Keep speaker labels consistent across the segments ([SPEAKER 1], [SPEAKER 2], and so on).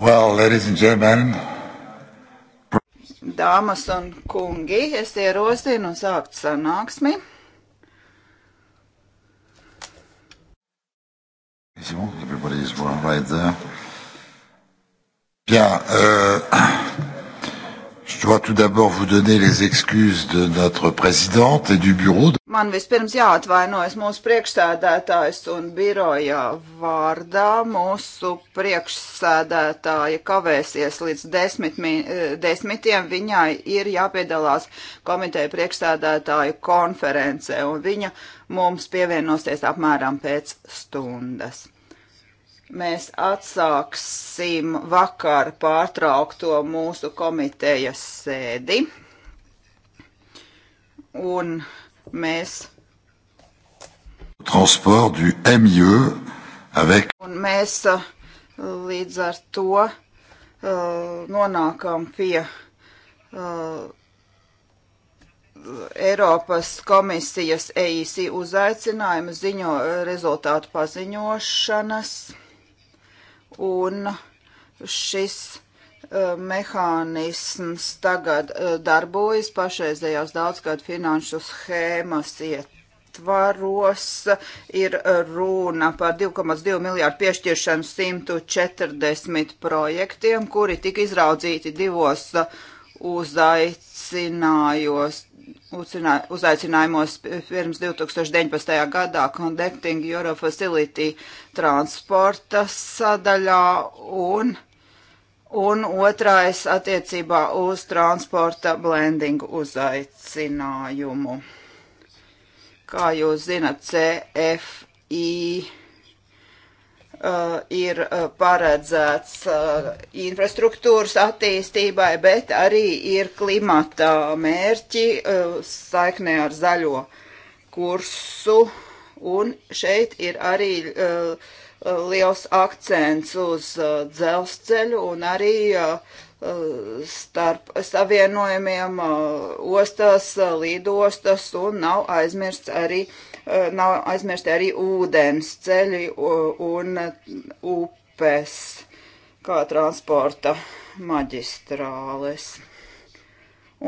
[SPEAKER 1] Well, ladies and gentlemen.
[SPEAKER 2] Dāmas un kungi, es ierosinu sākt sanāksmi.
[SPEAKER 3] Everybody's
[SPEAKER 4] right there. Bien, euh, je dois tout d'abord vous donner les excuses de notre présidente et du bureau. De
[SPEAKER 2] Man vispirms jāatvainojas mūsu priekšsēdētājs un birojā vārdā. Mūsu priekšsēdētāja kavēsies līdz desmit, eh, desmitiem. Viņai ir jāpiedalās komiteja priekšsēdētāju konferencē, un viņa mums pievienosies apmēram pēc stundas. Mēs atsāksim vakar pārtraukto mūsu komitejas sēdi. Un mēs.
[SPEAKER 1] Transport du MIE avec.
[SPEAKER 2] Un mēs uh, līdz ar to uh, nonākam pie uh, Eiropas komisijas EIC uzaicinājuma ziņo rezultātu paziņošanas un šis Eh, mehānisms tagad eh, darbojas pašreizējās daudzgadu finanšu schēmas ietvaros. Ir eh, runa par 2,2 miljārdu piešķiršanu 140 projektiem, kuri tika izraudzīti divos uzaicinājos. Uzaicinājumos pirms 2019. gadā Connecting Europe Facility transporta sadaļā un uh, un otrais attiecībā uz transporta blendingu uzaicinājumu. Kā jūs zinat, CFI uh, ir uh, paredzēts uh, infrastruktūras attīstībai, bet arī ir klimata mērķi uh, saiknē ar zaļo kursu, un šeit ir arī uh, Uh, liels akcents uz uh, dzelzceļu un arī uh, starp savienojumiem ostas, lidostas un nav aizmirsts arī, nav aizmirsti arī ūdens ceļi un upes kā transporta maģistrāles.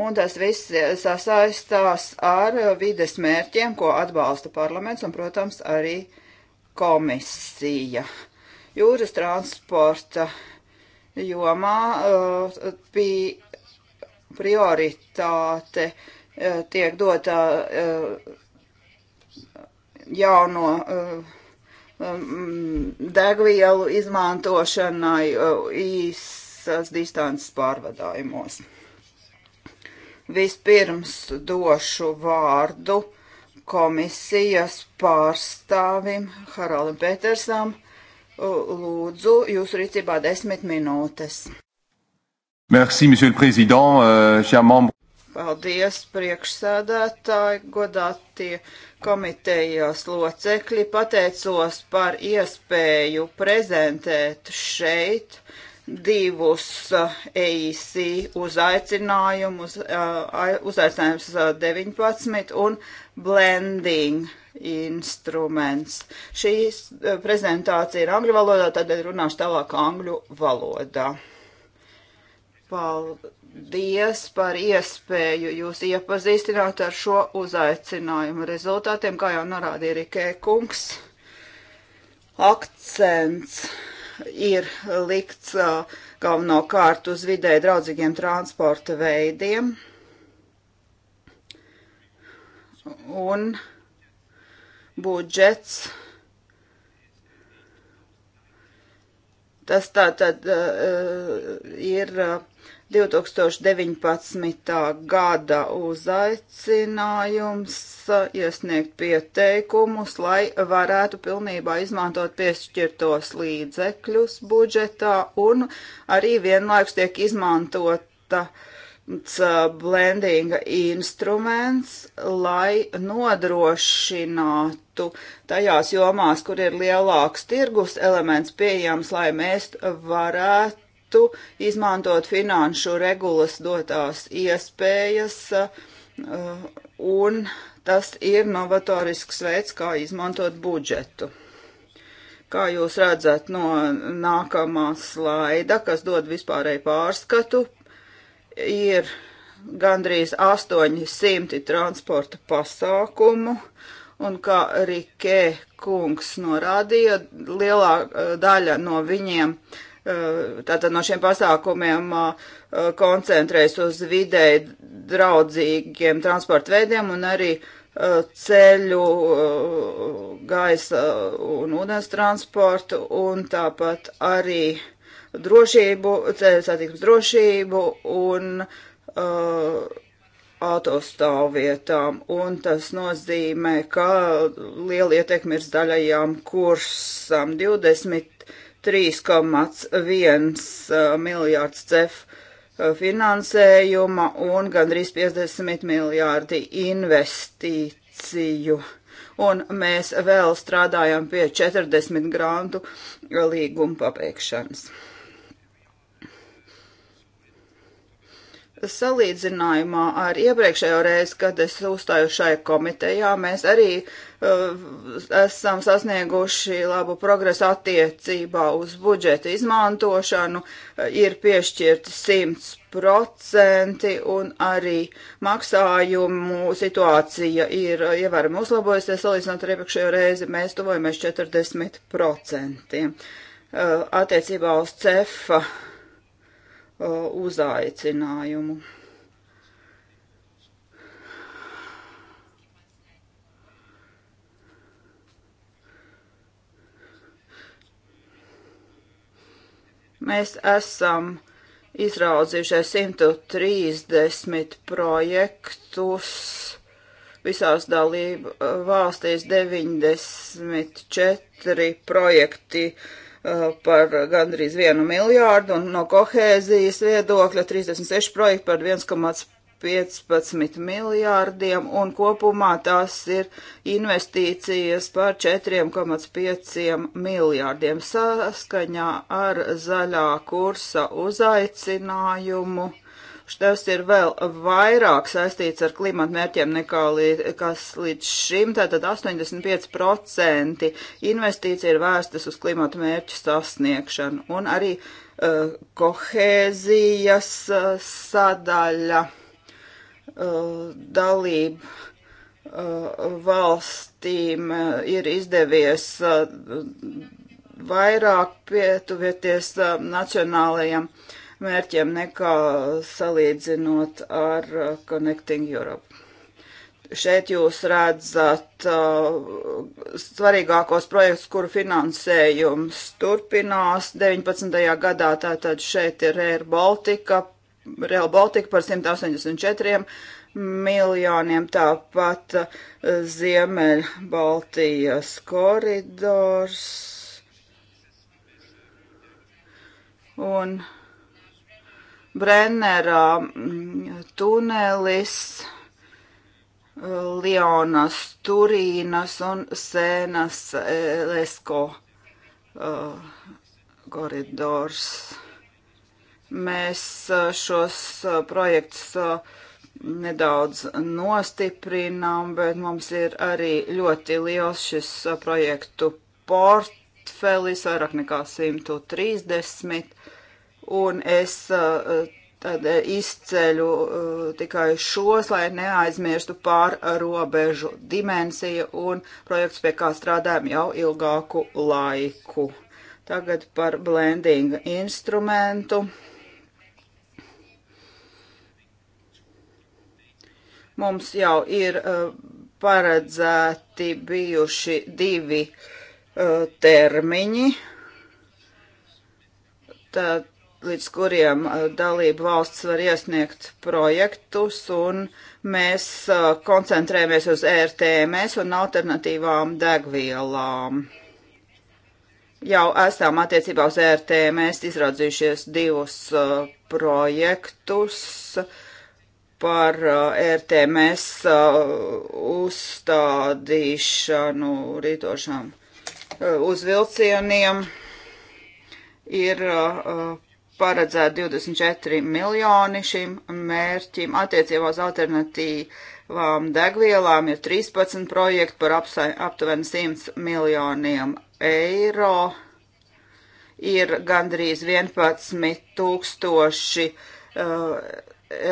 [SPEAKER 2] Un tas viss sasaistās ar vides mērķiem, ko atbalsta parlaments un, protams, arī uh, komisija. Jūras transporta jomā uh, bija prioritāte uh, tiek dota uh, jauno uh, um, degvielu izmantošanai uh, īsas distances pārvadājumos. Vispirms došu vārdu komisijas pārstāvim Haralim Petersam. Lūdzu, jūsu rīcībā desmit minūtes.
[SPEAKER 4] Merci, monsieur le président, euh, chers membres.
[SPEAKER 2] Paldies, priekšsēdētāji, godātie komitejas locekļi. Pateicos par iespēju prezentēt šeit divus EIC uh, uzaicinājumus, uh, uzaicinājumus 19 uh, un blending instruments. Šī eh, prezentācija ir angļu valodā, tādēļ runāšu tālāk angļu valodā. Paldies par iespēju jūs iepazīstināt ar šo uzaicinājumu rezultātiem, kā jau norādīja Rikē kungs. Akcents ir likts eh, galvenokārt uz vidē draudzīgiem transporta veidiem un budžets. Tas tā tad uh, uh ir 2019. Uh, gada uzaicinājums uh, iesniegt pieteikumus, lai varētu pilnībā izmantot piešķirtos līdzekļus budžetā un arī vienlaikus tiek izmantota uh, Uh, blendinga instruments, lai nodrošinātu tajās jomās, kur ir lielāks tirgus elements pieejams, lai mēs varētu izmantot finanšu regulas dotās iespējas, uh, un tas ir novatorisks veids, kā izmantot budžetu. Kā jūs redzat no nākamā slaida, kas dod vispārēju pārskatu ir gandrīz 800 transporta pasākumu, un kā Rikē kungs norādīja, lielā eh, daļa no viņiem, eh, tātad no šiem pasākumiem eh, koncentrēs uz videi draudzīgiem transporta veidiem un arī ceļu, gaisa un ūdens transportu, un tāpat arī uh, drošību, ceļu satiksmes drošību un uh, autostāvvietām, un tas nozīmē, ka liela ietekme ir zaļajām kursām 23,1 uh, miljārds cef uh, finansējuma un gandrīz 50 miljārdi investīciju. Un mēs vēl strādājam pie 40 grantu līguma pabeigšanas. salīdzinājumā ar iepriekšējo reizi, kad es uzstāju šai komitejā, mēs arī uh, esam sasnieguši labu progresu attiecībā uz budžeta izmantošanu, uh, ir piešķirti 100% un arī maksājumu situācija ir uh, ievērami ja uzlabojusies, salīdzinot ar iepriekšējo reizi, mēs tuvojamies 40%. Uh, attiecībā uz cefa Uh, uzaicinājumu. Mēs esam izraudzījušie 130 projektus visās dalību valstīs 94 projekti uh, Eh, par gandrīz 1 miljārdu un no kohēzijas viedokļa 36 projekti par 1,15 miljārdiem un kopumā tās ir investīcijas par 4,5 miljārdiem saskaņā ar zaļā kursa uzaicinājumu Tas ir vēl vairāk saistīts ar klimatu mērķiem nekā līdz, kas līdz šim. Tātad 85% investīcija ir vērstas uz klimatu mērķu sasniegšanu. Un arī uh, kohēzijas uh, sadaļa uh, dalība uh, valstīm uh, ir izdevies. Uh, vairāk pietuvieties uh, nacionālajiem uh, mērķiem nekā salīdzinot ar uh, Connecting Europe. Šeit jūs redzat uh, svarīgākos projektus, kuru finansējums turpinās 19. gadā. Tātad šeit ir Air Baltica, Real Baltica par 184 miljoniem, tāpat uh, Ziemeļ Baltijas koridors. Un Brennerā mm, tunelis, eh, Lionas, Turīnas un Sēnas eh, Lesko uh, koridors. Mēs šos projektus uh, nedaudz nostiprinām, bet mums ir arī ļoti liels šis projektu portfelis, vairāk nekā 130 un es eh, tad eh, izceļu eh, tikai šos, lai neaizmirstu pār robežu dimensiju un projekts, pie kā strādājam jau ilgāku laiku. Tagad par blendinga instrumentu. Mums jau ir paredzēti bijuši divi termiņi. Tad līdz kuriem uh, dalību valsts var iesniegt projektus, un mēs uh, koncentrējamies uz ērtēmēs un alternatīvām degvielām. Jau esam attiecībā uz ērtēmēs izraudzījušies divus uh, projektus par ērtēmēs uzstādīšanu rītošām uz vilcieniem ir uh, paredzēt 24 miljoni šim mērķim. Attiecībā uz alternatīvām degvielām ir 13 projekti par aptuveni 100 miljoniem eiro. Ir gandrīz 11 tūkstoši uh,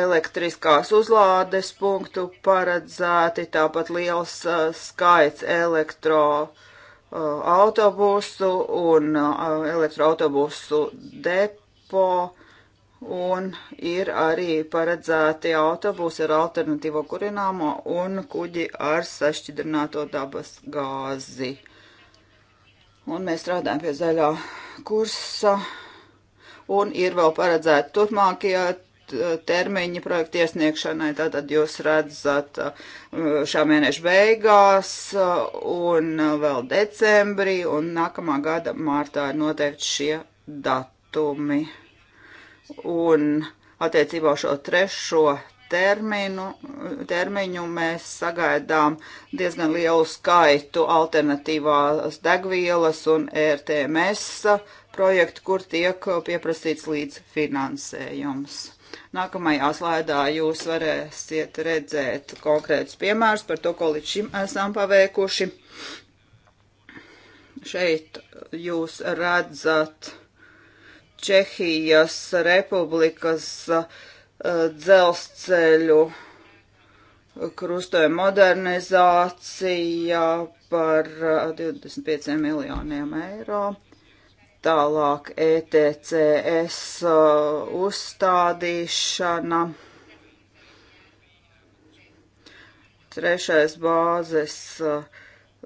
[SPEAKER 2] elektriskās uzlādes punktu paredzēti, tāpat liels uh, skaits elektro uh, autobusu un uh, elektroautobusu depo depo un ir arī paredzēti autobusi ar alternatīvo kurināmo un kuģi ar sašķidrināto dabas gāzi. Un mēs strādājam pie zaļā kursa un ir vēl paredzēti turpmākie termiņi projekta iesniegšanai. Tātad jūs redzat uh, šā mēneša beigās uh, un vēl decembrī un nākamā gada mārtā ir noteikti šie dati datumi. Un attiecībā uz šo trešo terminu, termiņu mēs sagaidām diezgan lielu skaitu alternatīvās degvielas un e RTMS projektu, kur tiek pieprasīts līdz finansējums. Nākamajā slaidā jūs varēsiet redzēt konkrētus piemērus par to, ko līdz šim esam paveikuši. Šeit jūs redzat Čehijas republikas eh, dzelzceļu krustoja modernizācija par 25 eh, miljoniem eiro. Tālāk ETCS eh, uzstādīšana. Trešais bāzes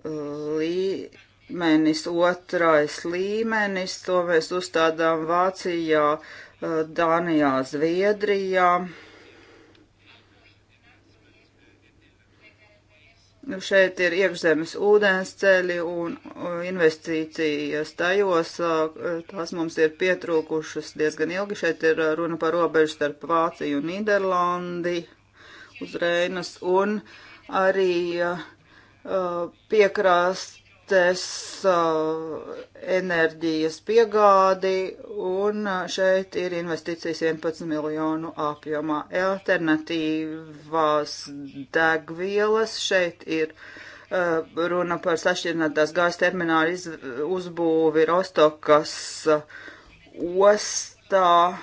[SPEAKER 2] līdz līmenis, otrais līmenis, to mēs uzstādām Vācijā, eh, Dānijā, Zviedrijā. Nu, šeit ir iekšzemes ūdensceļi un eh, investīcijas tajos, eh, tās mums ir pietrūkušas diezgan ilgi. Šeit ir runa par robežu starp Vāciju un Nīderlandi uz Reinas un arī uh, piekrāst naftes, uh, enerģijas piegādi, un uh, šeit ir investīcijas 11 miljonu apjomā. Alternatīvās degvielas šeit ir uh, runa par sašķirnētās gāzes terminālu uzbūvi Rostokas ostā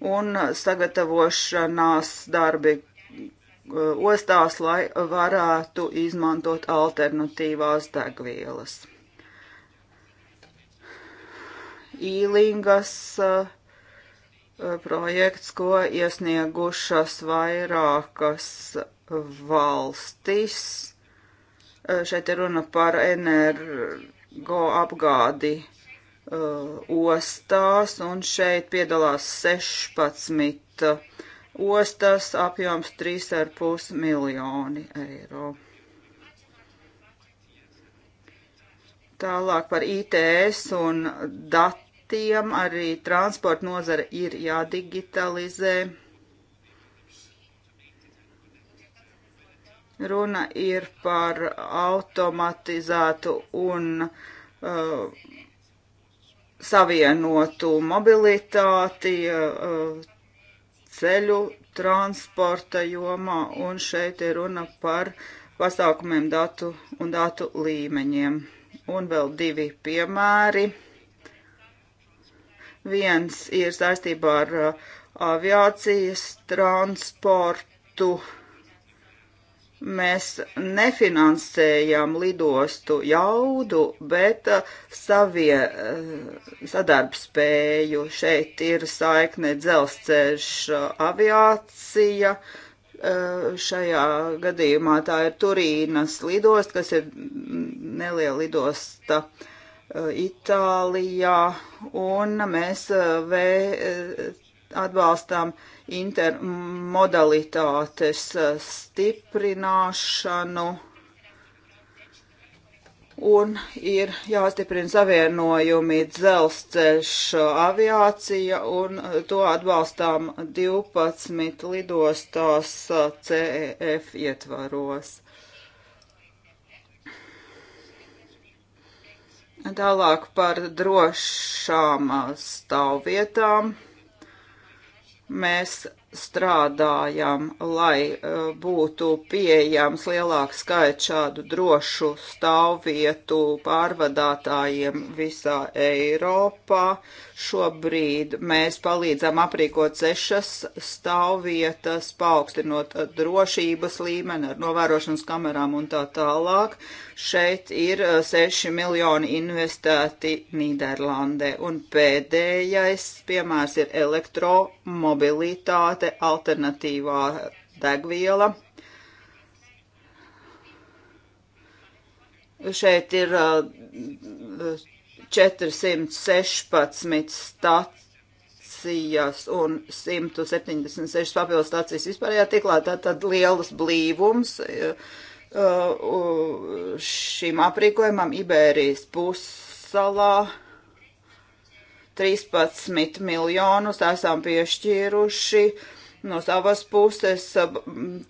[SPEAKER 2] un sagatavošanās darbi Uh, ostās, lai varētu izmantot alternatīvās degvielas. Īlingas uh, uh projekts, ko iesniegušas vairākas valstis. Uh, šeit ir runa par energo apgādi uh, ostās, un šeit piedalās 16 ostas apjoms 3,5 miljoni eiro. Tālāk par ITS un datiem arī transporta nozara ir jādigitalizē. Runa ir par automatizētu un uh, savienotu mobilitāti, uh, ceļu transporta jomā, un šeit ir runa par pasākumiem datu un datu līmeņiem. Un vēl divi piemēri. Viens ir saistībā ar uh, aviācijas transportu mēs nefinansējam lidostu jaudu, bet uh, savie uh, sadarbspēju. Šeit ir saikne dzelzceļš uh, aviācija. Šajā gadījumā tā ir Turīnas lidosta, kas ir mm, neliela lidosta Itālijā, un mēs vē, atbalstām uh, intermodalitātes eh, stiprināšanu un ir jāstiprina savienojumi dzelzceļš, aviācija, un eh, to atbalstām 12 lidostās eh, CEF ietvaros. Tālāk par drošām stāvvietām mēs strādājam, lai e, būtu pieejams lielāks skaits šādu drošu stāvvietu pārvadātājiem visā Eiropā. Šobrīd mēs palīdzam aprīkot sešas stāvvietas, paaugstinot drošības līmeni ar novērošanas kamerām un tā tālāk. Šeit ir 6 eh, miljoni investēti Nīderlandē. Un pēdējais piemērs ir elektromobilitāte, alternatīvā degviela. Šeit ir uh, 416 stācijas un 176 papildus stācijas vispārējā tiklā. Tātad lielas blīvums eh, eh, šim aprīkojumam Iberijas pussalā. 13 miljonus esam piešķīruši no savas puses.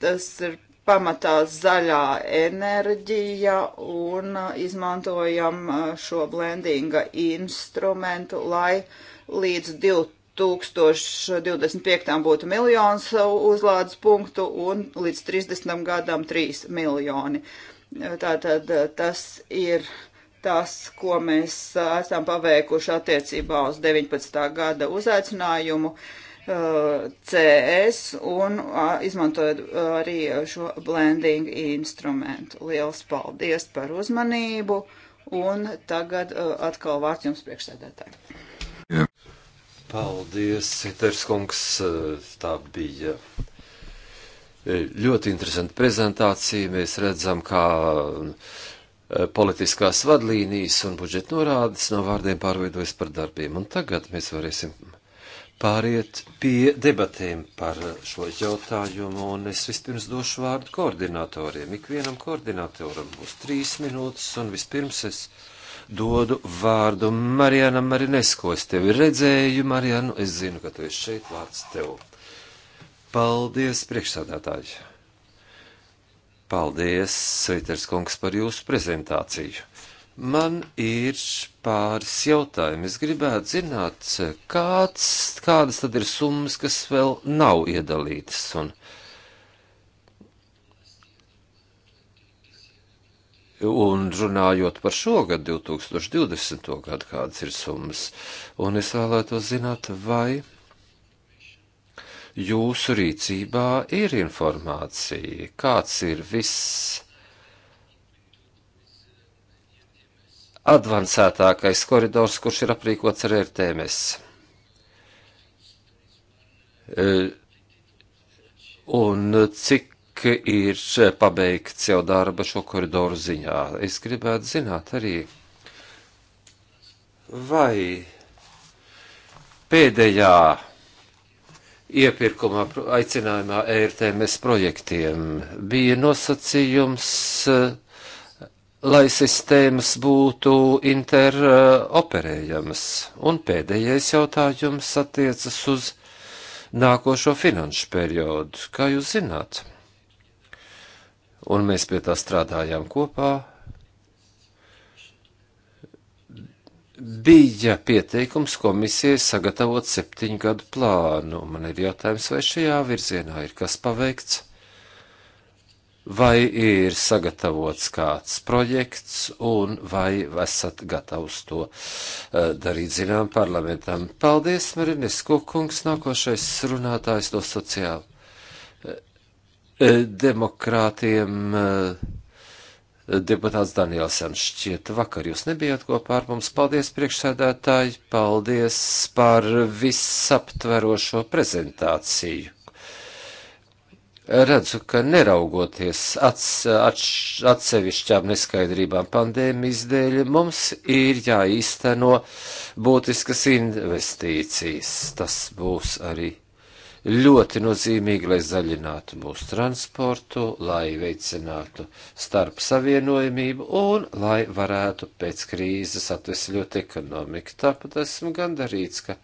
[SPEAKER 2] Tas ir pamatā zaļā enerģija un uh, izmantojam uh, šo blendinga instrumentu, lai līdz 2025. būtu miljons uh, uzlādes punktu un līdz 30. gadam 3 miljoni. Tātad tas ir tas, ko mēs esam paveikuši attiecībā uz 19. gada uzaicinājumu. Uh, CS un izmantojot arī šo blending instrumentu. Liels paldies par uzmanību un tagad atkal vārds jums priekšsēdētāji.
[SPEAKER 1] Paldies, Eters kungs, tā bija e, ļoti interesanta prezentācija. Mēs redzam, kā e, politiskās vadlīnijas un budžeta norādes no vārdiem pārveidojas par darbiem. Un tagad mēs varēsim pāriet pie debatēm par šo jautājumu, un es vispirms došu vārdu koordinatoriem. Ikvienam koordinatoram būs trīs minūtes, un vispirms es dodu vārdu Marijanam Marinesko. Es tevi redzēju, Marijanu, es zinu, ka tu esi šeit, vārds tev. Paldies, priekšsādātāji! Paldies, Sveiters kungs, par jūsu prezentāciju! Man ir pāris jautājumi. Es gribētu zināt, kāds, kādas tad ir summas, kas vēl nav iedalītas. Un, un runājot par šogad, 2020. gadu, kādas ir summas. Un es vēlētos zināt, vai jūsu rīcībā ir informācija, kāds ir viss advancētākais koridors, kurš ir aprīkots ar RTMS. Eh, un cik ir pabeigts jau darba šo koridoru ziņā? Es gribētu zināt arī, vai pēdējā iepirkuma aicinājumā ERTMS projektiem bija nosacījums uh, lai sistēmas būtu interoperējamas. Un pēdējais jautājums attiecas uz nākošo finanšu periodu, kā jūs zināt. Un mēs pie tā strādājām kopā. Bija pieteikums komisijai sagatavot septiņu gadu plānu. Man ir jautājums, vai šajā virzienā ir kas paveikts? vai ir sagatavots kāds projekts un vai esat gatavs to uh, darīt zinām parlamentam. Paldies, Marinis Kukungs, nākošais runātājs no sociāla uh, demokrātiem. Uh, Deputāts Danielsens šķiet, vakar jūs nebijāt kopā ar mums. Paldies, priekšsēdētāji, paldies par visaptverošo prezentāciju redzu, ka neraugoties atsevišķām neskaidrībām pandēmijas dēļ, mums ir jāīsteno būtiskas investīcijas. Tas būs arī ļoti nozīmīgi, lai zaļinātu mūsu transportu, lai veicinātu starp savienojumību un lai varētu pēc krīzes atvesļot ekonomiku. Tāpat esmu gandarīts, ka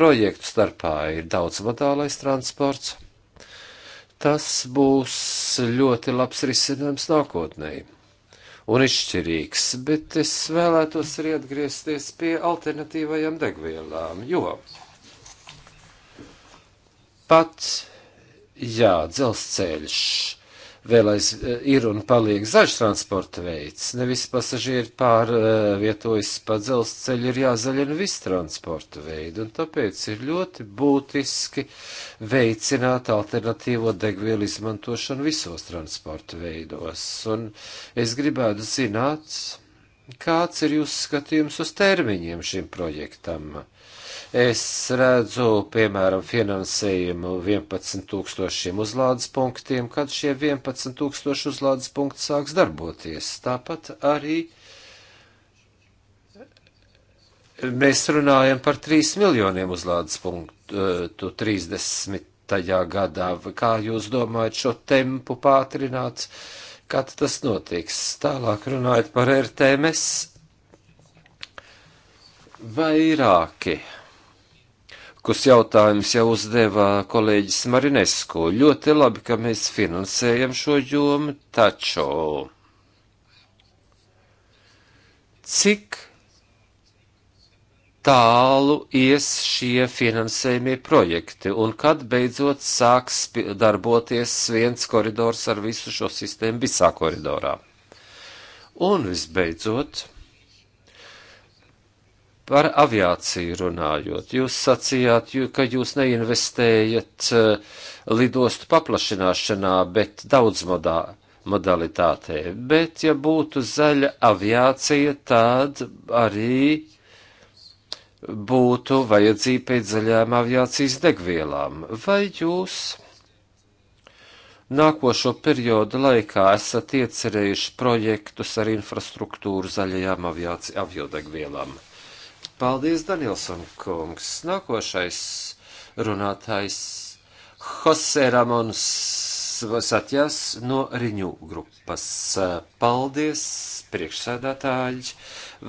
[SPEAKER 1] projektu starpā ir daudz modālais transports Tas būs ļoti labs risinājums nākotnē un izšķirīgs, bet es vēlētos arī atgriezties pie alternatīvajām degvielām, jo pat, jā, dzelzceļš vēl aiz e, ir un paliek zaļš transporta veids. Nevis pasažieri pārvietojas e, pa dzelzceļu, ir jāzaļina viss transporta veidu, un tāpēc ir ļoti būtiski veicināt alternatīvo degvielu izmantošanu visos transporta veidos. Un es gribētu zināt, kāds ir jūsu skatījums uz termiņiem šim projektam? Es redzu, piemēram, finansējumu 11 tūkstošiem uzlādes punktiem, kad šie 11 tūkstoši uzlādes punkti sāks darboties. Tāpat arī mēs runājam par 3 miljoniem uzlādes punktu 30. gadā. Kā jūs domājat šo tempu pātrināt? Kad tas notiks? Tālāk runājot par RTMS. Vairāki Vairākus jautājumus jau uzdevā kolēģis Marinesko. Ļoti labi, ka mēs finansējam šo jomu, taču cik tālu ies šie finansējumie projekti un kad beidzot sāks darboties viens koridors ar visu šo sistēmu visā koridorā. Un visbeidzot, Par aviāciju runājot, jūs sacījāt, ka jūs neinvestējat eh, lidostu paplašināšanā, bet daudzmodā modalitātē. Bet, ja būtu zaļa aviācija, tad arī būtu vajadzība pēc zaļām aviācijas degvielām. Vai jūs nākošo periodu laikā esat iecerējuši projektus ar infrastruktūru zaļajām aviodegvielām? Paldies, Danielson kungs. Nākošais runātājs Jose Ramons Satjās no Riņu grupas. Paldies, priekšsēdētāji.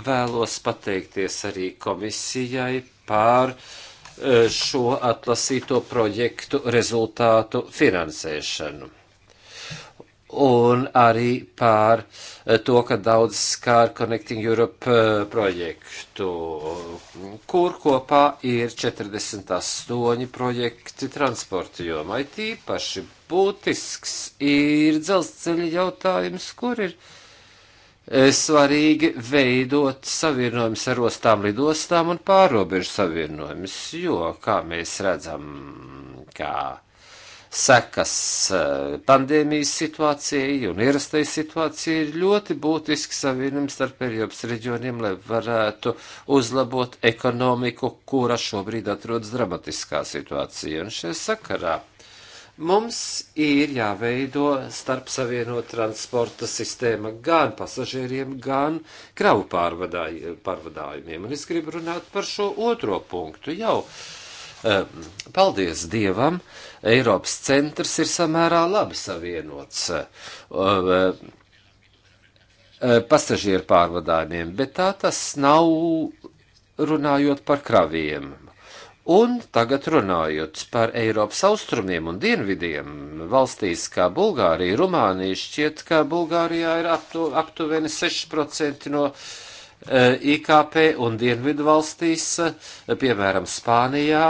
[SPEAKER 1] Vēlos pateikties arī komisijai par eh, šo atlasīto projektu rezultātu finansēšanu un arī pār eh, to, ka daudz skār Connecting Europe eh, projektu, kur kopā ir 48 projekti transporta jomai. Tīpaši būtisks ir dzelzceļa jautājums, kur ir eh, svarīgi veidot savienojumus ar ostām, lidostām un pārobežu savienojumus, jo, kā mēs redzam, kā sekas eh, pandēmijas situācijai un ierastai situācijai ir ļoti būtiski savienojums starp Eiropas reģioniem, lai varētu uzlabot ekonomiku, kura šobrīd atrodas dramatiskā situācija. Un šajā sakarā mums ir jāveido starp savienot transporta sistēma gan pasažieriem, gan kravu pārvadājumiem. Un es gribu runāt par šo otro punktu jau. Uh, Eh, paldies Dievam, Eiropas centrs ir samērā labi savienots eh, eh, pasažieru pārvadājumiem, bet tā tas nav runājot par kraviem. Un tagad runājot par Eiropas austrumiem un dienvidiem, valstīs kā Bulgārija, Rumānija, šķiet, ka Bulgārijā ir aptu, aptuveni 6% no uh, IKP un dienvidu valstīs, piemēram, Spānijā,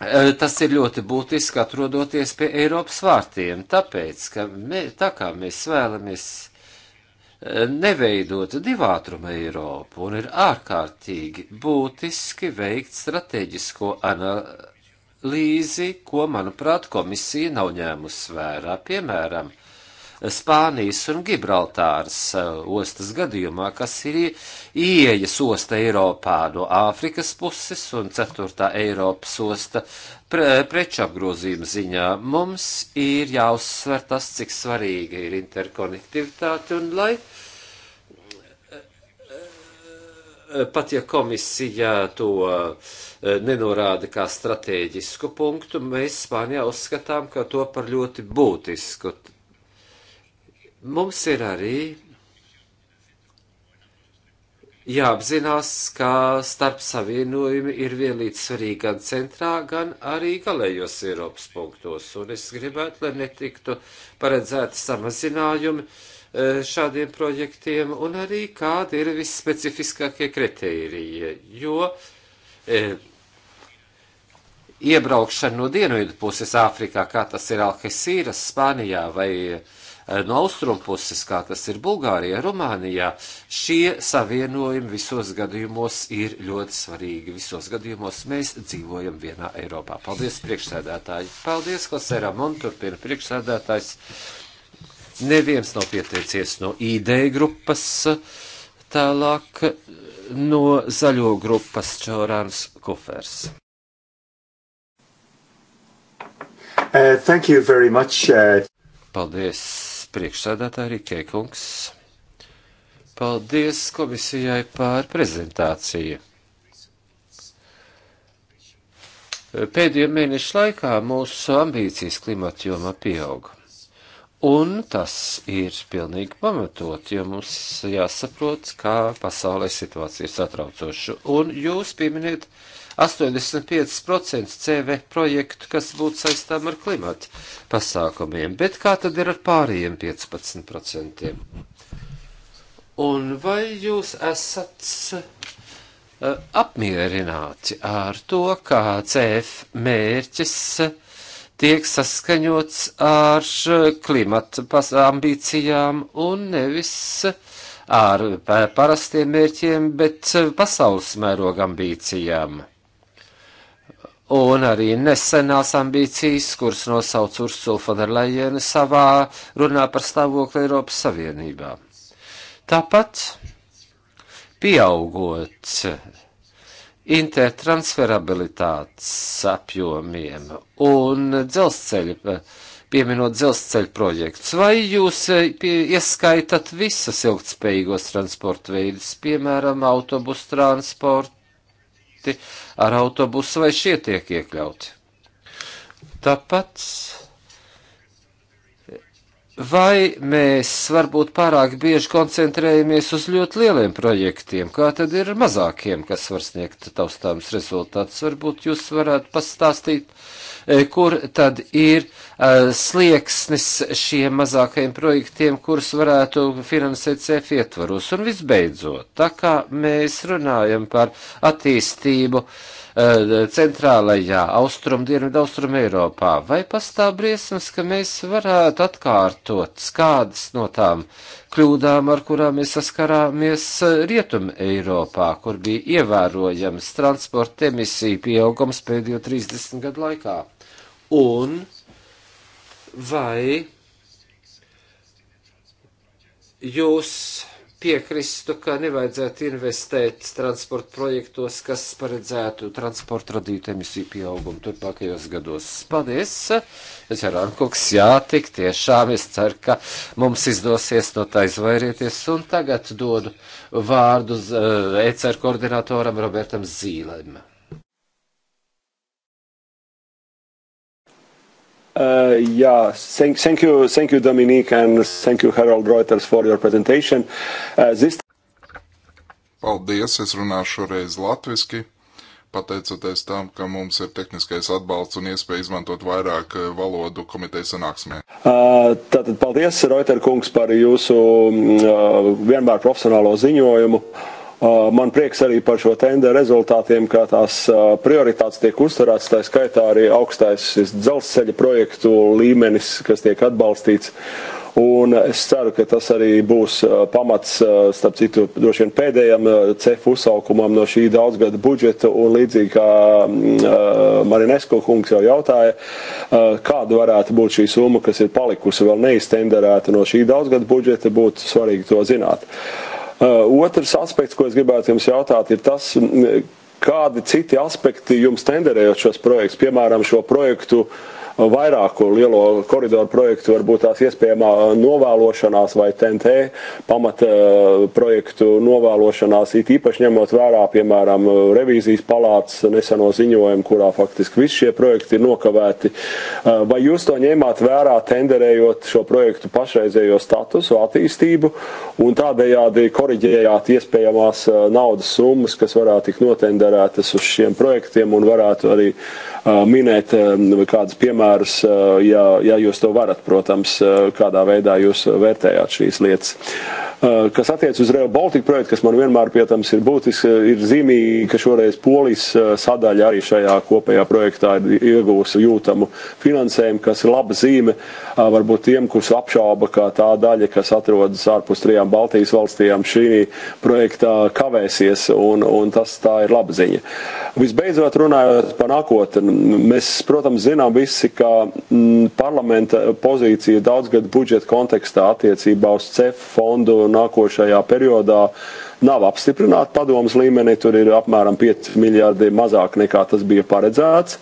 [SPEAKER 1] Eh, tas ir ļoti būtiski atrodoties pie Eiropas vārtiem, tāpēc, ka mē, tā kā mēs vēlamies eh, neveidot divātruma Eiropu un ir ārkārtīgi būtiski veikt strateģisko analīzi, ko, manuprāt, komisija nav ņēmusi vērā, piemēram, Spānijas un Gibraltāras eh, ostas gadījumā, kas ir ieejas osta Eiropā no Āfrikas puses un ceturtā Eiropas osta pre, preču apgrozījuma ziņā. Mums ir jāuzsver tas, cik svarīga ir interkonektivitāte un lai. Eh, pat ja komisija to eh, nenorāda kā stratēģisku punktu, mēs Spānijā uzskatām, ka to par ļoti būtisku. Mums ir arī jāapzinās, ka starp savienojumi ir vienlīdzsvarīgi gan centrā, gan arī galējos Eiropas punktos, un es gribētu, lai netiktu paredzēti samazinājumi e, šādiem projektiem, un arī kādi ir visspecifiskākie kritērija, jo e, iebraukšana no dienvidu puses Āfrikā, kā tas ir Alkesīras, Spānijā vai e, Eh, no austrumpuses, kā tas ir Bulgārijā, Rumānijā, šie savienojumi visos gadījumos ir ļoti svarīgi. Visos gadījumos mēs dzīvojam vienā Eiropā. Paldies, priekšsēdētāji! Paldies, Klaseram, un turpina priekšsēdētājs. Neviens nav pieteicies no ID grupas. Tālāk no zaļo grupas Čorāns Kufers. Uh, thank you very much. Uh... Paldies priekšsēdētāji Rikē Kungs. Paldies komisijai par prezentāciju. Pēdējo mēnešu laikā mūsu ambīcijas klimata jomā pieauga. Un tas ir pilnīgi pamatot, jo mums jāsaprot, kā pasaulē situācija ir satraucoša. Un jūs pieminiet uh, 85% CV projektu, kas būtu saistām ar klimatu pasākumiem, bet kā tad ir ar pārējiem 15%? Un vai jūs esat eh, apmierināti ar to, kā CF mērķis tiek saskaņots ar klimata ambīcijām un nevis ar eh, parastiem mērķiem, bet eh, pasaules mēroga ambīcijām un arī nesenās ambīcijas, kuras nosauc Ursula Fonderlajena savā runā par stāvokli Eiropas Savienībā. Tāpat pieaugot intertransferabilitātes apjomiem un dzelzceļa, pieminot dzelzceļa projektus, vai jūs eh, pie, ieskaitat visas ilgtspējīgos transporta veidus, piemēram, autobusu transportu, citi ar autobusu, vai šie tiek iekļauti. Tāpat Vai mēs varbūt pārāk bieži koncentrējamies uz ļoti lieliem projektiem, kā tad ir mazākiem, kas var sniegt taustāms rezultāts? Varbūt jūs varētu pastāstīt E, kur tad ir e, slieksnis šiem mazākajiem projektiem, kurus varētu finansēt CF ietvaros. Un visbeidzot, tā kā mēs runājam par attīstību e, centrālajā austrum, dienvidu austrum Eiropā, vai pastāv briesmas, ka mēs varētu atkārtot kādas no tām kļūdām, ar kurām mēs saskarāmies Rietum Eiropā, kur bija ievērojams transporta emisiju pieaugums pēdējo 30 gadu laikā? un vai jūs piekristu, ka nevajadzētu investēt transporta projektos, kas paredzētu transporta radītu emisiju pieaugumu turpmākajos gados. Paldies! Es ar Ankuks, jā, tik tiešām es ceru, ka mums izdosies no tā izvairīties. Un tagad dodu vārdu uh, eh, ECR koordinatoram Robertam Zīlēm.
[SPEAKER 5] Uh, yeah. Thank you, Dominic, and thank you, Harald Reuters, for your presentation. Uh,
[SPEAKER 4] paldies! Es runāšu šoreiz latviski. Pateicoties tam, ka mums ir tehniskais atbalsts un iespēja izmantot vairāk uh, valodu komitejas sanāksmē.
[SPEAKER 5] Tātad paldies, Reuter kungs, par jūsu mm, vienmēr profesionālo ziņojumu. Uh, man prieks arī par šo tenderu rezultātiem, kā tās uh, prioritātes tiek uzturētas, tā skaitā arī augstais dzelzceļa projektu līmenis, kas tiek atbalstīts. Un es ceru, ka tas arī būs uh, pamats, starp citu, droši vien pēdējam cefu uzsaukumam no šī daudzgada budžeta. Un līdzīgi kā mm, Marinesko kungs jau jautāja, kāda varētu būt šī summa, kas ir palikusi vēl neiztenderēta no šī daudzgada budžeta, būtu svarīgi to zināt. Uh, otrs aspekts, ko es gribētu jums jautāt, ir tas, kādi citi aspekti jums tenderējot šos projektus, piemēram, šo projektu vairāku lielo koridoru projektu, varbūt tās iespējamā novēlošanās vai TNT pamata eh, projektu novēlošanās, it īpaši ņemot vērā, piemēram, revīzijas palātas neseno ziņojumu, kurā faktiski visi šie projekti ir nokavēti. Eh, vai jūs to ņēmāt vērā, tenderējot šo projektu pašreizējo statusu, attīstību un tādējādi koriģējāt iespējamās eh, naudas summas, kas varētu tikt notenderētas uz šiem projektiem un varētu arī Eh, minēt eh, kādus piemērus, eh, ja, ja jūs to varat, protams, kādā veidā jūs vērtējāt šīs lietas. Kas attiecas uz Real Baltica projektu, kas man vienmēr, protams, ir būtiski, ir zīmīgi, ka šoreiz Polijas sadaļa arī šajā kopējā projektā ir iegūsi jūtamu finansējumu, kas ir laba zīme varbūt tiem, kurus apšauba, ka tā daļa, kas atrodas ārpus trijām Baltijas valstijām, šī projektā kavēsies, un, un tas tā ir laba ziņa. Visbeidzot, runājot par nākotni, Mēs, protams, zinām visi, ka mm, parlamenta pozīcija daudzgadu budžeta kontekstā attiecībā uz CEF fondu nākošajā periodā nav apstiprināta padomas līmenī. Tur ir apmēram 5 miljardi mazāk nekā tas bija paredzēts.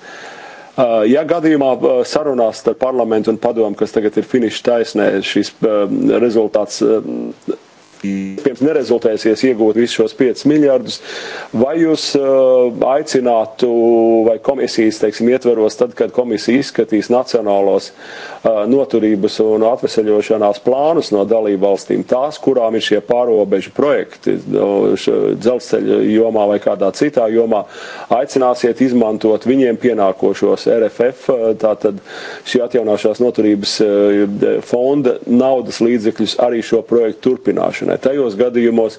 [SPEAKER 5] Uh, ja gadījumā uh, sarunās ar parlamentu un padomu, kas tagad ir finiša taisnē, šis uh, rezultāts Pirms nerezultēsies iegūt visus šos 5 miljardus, vai jūs eh, aicinātu vai komisijas, teiksim, ietveros tad, kad komisija izskatīs nacionālos eh, noturības un atveseļošanās plānus no dalību valstīm, tās, kurām ir šie pārobežu projekti dzelzceļa jomā vai kādā citā jomā, aicināsiet izmantot viņiem pienākošos RFF, eh, tātad šī atjaunošās noturības fonda naudas līdzekļus arī šo projektu turpināšanu iekšēnē. Tajos gadījumos,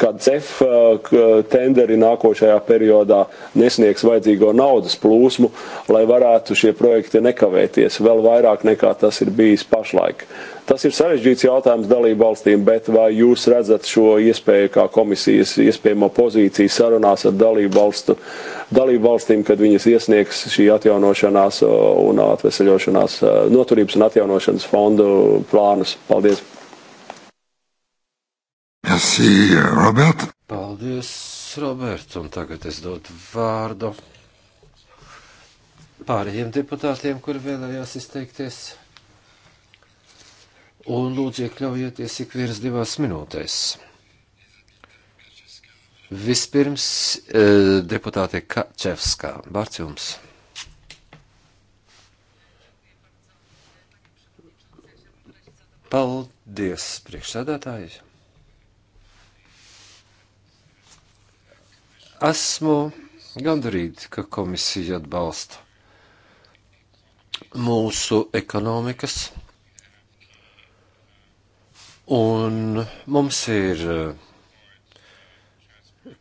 [SPEAKER 5] kad CEF eh, tenderi nākošajā periodā nesniegs vajadzīgo naudas plūsmu, lai varētu šie projekti nekavēties vēl vairāk nekā tas ir bijis pašlaik. Tas ir sarežģīts jautājums dalību valstīm, bet vai jūs redzat šo iespēju kā komisijas iespējamo pozīciju sarunās ar dalību, valstu, dalību valstīm, kad viņas iesniegs šī atjaunošanās eh, un atveseļošanās, eh, noturības un atjaunošanas fondu plānus? Paldies! Merci,
[SPEAKER 1] Robert. Paldies, Robert, un tagad es dodu vārdu pārējiem deputātiem, kuri vēlējās izteikties. Un lūdzu, iekļaujieties ik viens divās minūtēs. Vispirms eh, deputāte Kačevskā. Vārds jums. Paldies, priekšsēdētāji. Esmu gandrīz, ka komisija atbalsta mūsu ekonomikas, un mums ir eh,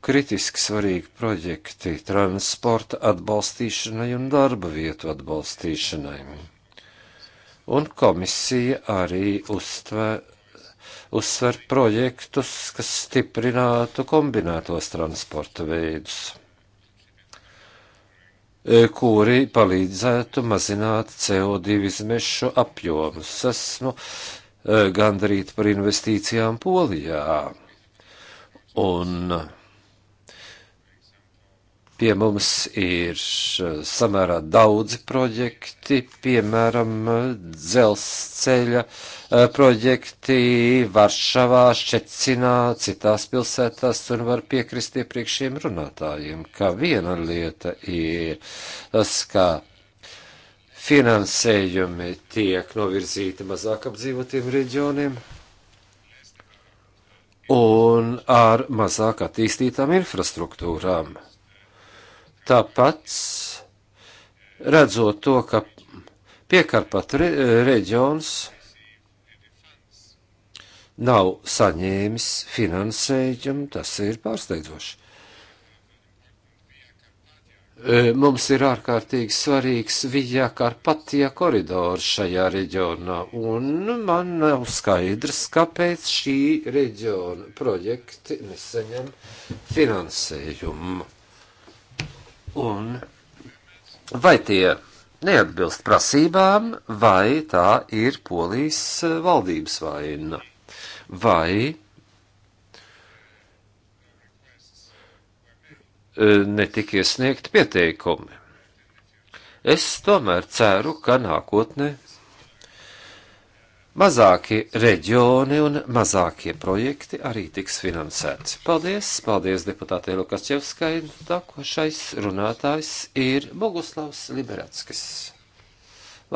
[SPEAKER 1] kritiski svarīgi projekti transporta atbalstīšanai un darba vietu atbalstīšanai. Un komisija arī uztver uzsver projektus, kas stiprinātu kombinētos transporta veidus e, kuri palīdzētu mazināt CO2 izmešu apjomus. Esmu e, gandrīt par investīcijām Polijā. Un uh, Pie mums ir eh, samērā daudzi projekti, piemēram, dzelzceļa eh, projekti Varšavā, Ščecinā, citās pilsētās, un var piekrist iepriekšējiem runātājiem, ka viena lieta ir tas, ka finansējumi tiek novirzīti mazāk apdzīvotiem reģioniem un ar mazāk attīstītām infrastruktūrām Tāpat redzot to, ka piekarpat re, reģions nav saņēmis finansējumu, tas ir pārsteidzoši. E, mums ir ārkārtīgi svarīgs Vijā Karpatija koridors šajā reģionā, un man nav skaidrs, kāpēc šī reģiona projekti nesaņem finansējumu. Un vai tie neatbilst prasībām, vai tā ir polijas eh, valdības vaina? Vai eh, netika iesniegti pieteikumi? Es tomēr ceru, ka nākotnē mazākie reģioni un mazākie projekti arī tiks finansēti. Paldies, paldies deputātei Lukačevskai. Nākošais runātājs ir Boguslavs Liberatskis.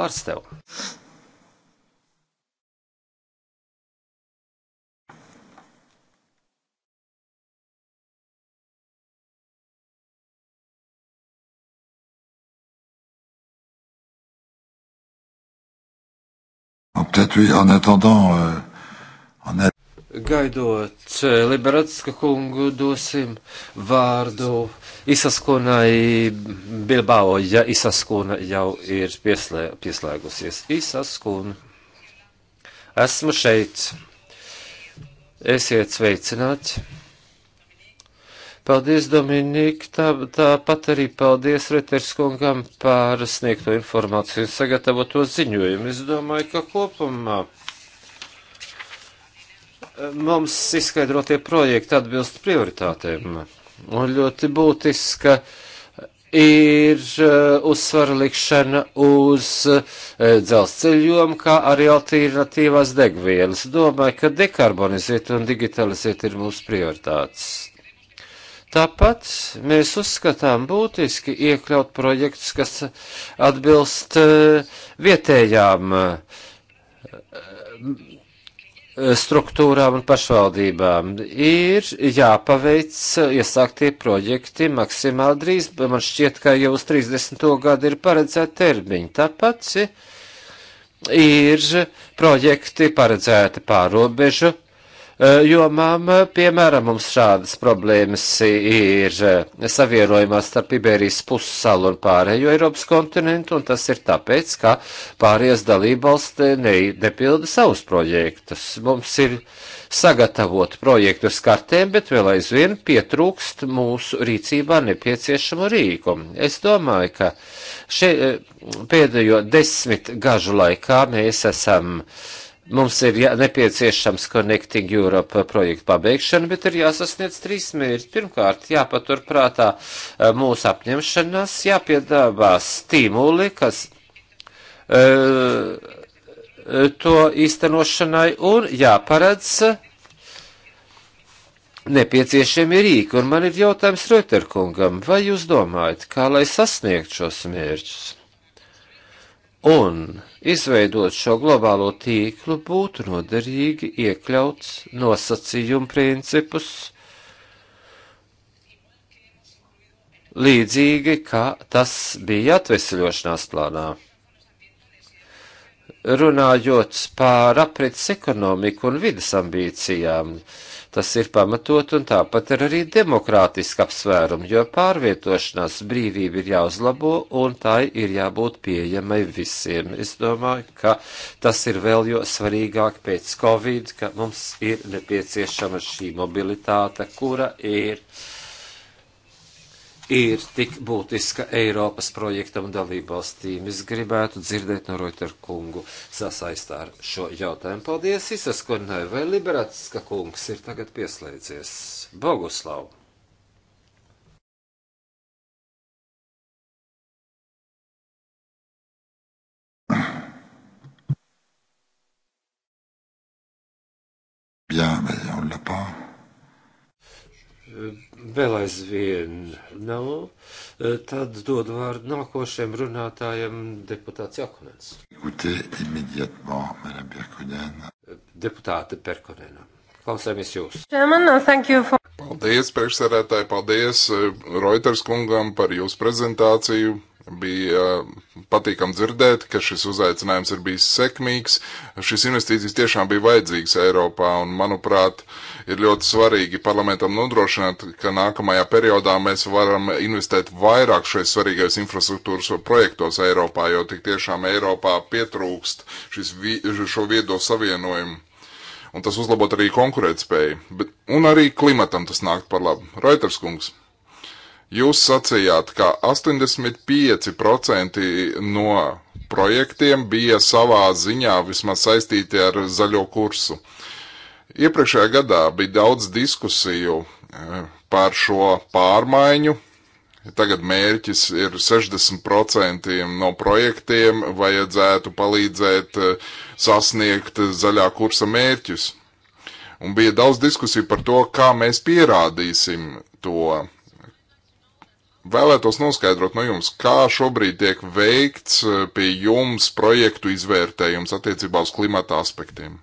[SPEAKER 1] Vārds tev!
[SPEAKER 3] peut-être, oui, en attendant. Euh, en a... Gaidot
[SPEAKER 1] eh, Liberatska kungu dosim vārdu Isaskunai Bilbao, ja Isaskuna jau ir pieslē, pieslēgusies. Isaskuna. Esmu šeit. Esiet sveicināti. Paldies, Dominika, tāpat tā arī paldies Reterskungam par sniegto informāciju un sagatavoto ziņojumu. Es domāju, ka kopumā mums izskaidrotie projekti atbilst prioritātēm. Un ļoti būtiska ir uh, uzsvara likšana uz uh, dzelzceļu jomu, kā arī alternatīvās degvielas. Domāju, ka dekarbonizēt un digitalizēt ir mūsu prioritātes. Tāpat mēs uzskatām būtiski iekļaut projekts, kas atbilst e, vietējām e, struktūrām un pašvaldībām. Ir jāpaveic iesāktie projekti maksimāli drīz, man šķiet, ka jau uz 30. gadu ir paredzēta termiņa. Tāpat ir projekti paredzēti pārobežu Eh, jomām, eh, piemēram, mums šādas problēmas ir eh, savienojumā starp Iberijas pussalu un pārējo Eiropas kontinentu, un tas ir tāpēc, ka pārējās dalībvalsts nepilda savus projektus. Mums ir sagatavot projektu uz kartēm, bet vēl aizvien pietrūkst mūsu rīcībā nepieciešamo rīku. Es domāju, ka še, pēdējo desmit gažu laikā mēs esam uh, Mums ir jā, nepieciešams Connecting Europe projektu pabeigšana, bet ir jāsasniedz trīs mērķi. Pirmkārt, jāpaturprātā eh, mūsu apņemšanās, jāpiedāvā stimuli, kas uh, to īstenošanai un jāparedz nepieciešami rīki. Un man ir jautājums Reuterkungam, vai jūs domājat, kā lai sasniegtu šos mērķus? Un izveidot šo globālo tīklu būtu noderīgi iekļauts nosacījumu principus līdzīgi, kā tas bija atvesļošanās plānā. Runājot pār aprits ekonomiku un vidas ambīcijām, uh, Tas ir pamatot un tāpat ir arī demokrātiski apsvērumi, jo pārvietošanās brīvība ir jāuzlabo un tai ir jābūt pieejamai visiem. Es domāju, ka tas ir vēl jo svarīgāk pēc Covid, ka mums ir nepieciešama šī mobilitāte, kura ir ir tik būtiska Eiropas projektam dalībvalstīm. Es gribētu dzirdēt no Reuter kungu sasaistā ar šo jautājumu. Paldies, Isas Kornai, vai Liberatska kungs ir
[SPEAKER 3] tagad pieslēdzies? Boguslavu!
[SPEAKER 1] Bien, mais on ne l'a pas vēl aizvien nav, tad dod vārdu nākošajam runātājam deputāts Jakunens.
[SPEAKER 4] Deputāte Perkonēna. Klausāmies jūs.
[SPEAKER 1] Uh,
[SPEAKER 4] paldies, priekšsarētāji, paldies uh, Reuters kungam par jūsu prezentāciju. Bija eh, patīkam dzirdēt, ka šis uzaicinājums ir bijis sekmīgs. Šis investīcijas tiešām bija vajadzīgs Eiropā, un, manuprāt, ir ļoti svarīgi parlamentam nodrošināt, ka nākamajā periodā mēs varam investēt vairāk šajos svarīgajos infrastruktūras projektos Eiropā, jo tik tiešām Eiropā pietrūkst šis, vi, šo viedo savienojumu. Un tas uzlabot arī konkurētspēju, bet, un arī klimatam tas nāk par labu. Reuters kungs. Jūs sacījāt, ka 85% no projektiem bija savā ziņā vismaz saistīti ar zaļo kursu. Iepriekšējā gadā bija daudz diskusiju eh, par šo pārmaiņu. Tagad mērķis ir 60% no projektiem vajadzētu palīdzēt eh, sasniegt zaļā kursa mērķus. Un bija daudz diskusiju par to, kā mēs pierādīsim to vēlētos noskaidrot no jums, kā šobrīd tiek veikts eh, pie jums projektu izvērtējums attiecībā uz klimata aspektiem.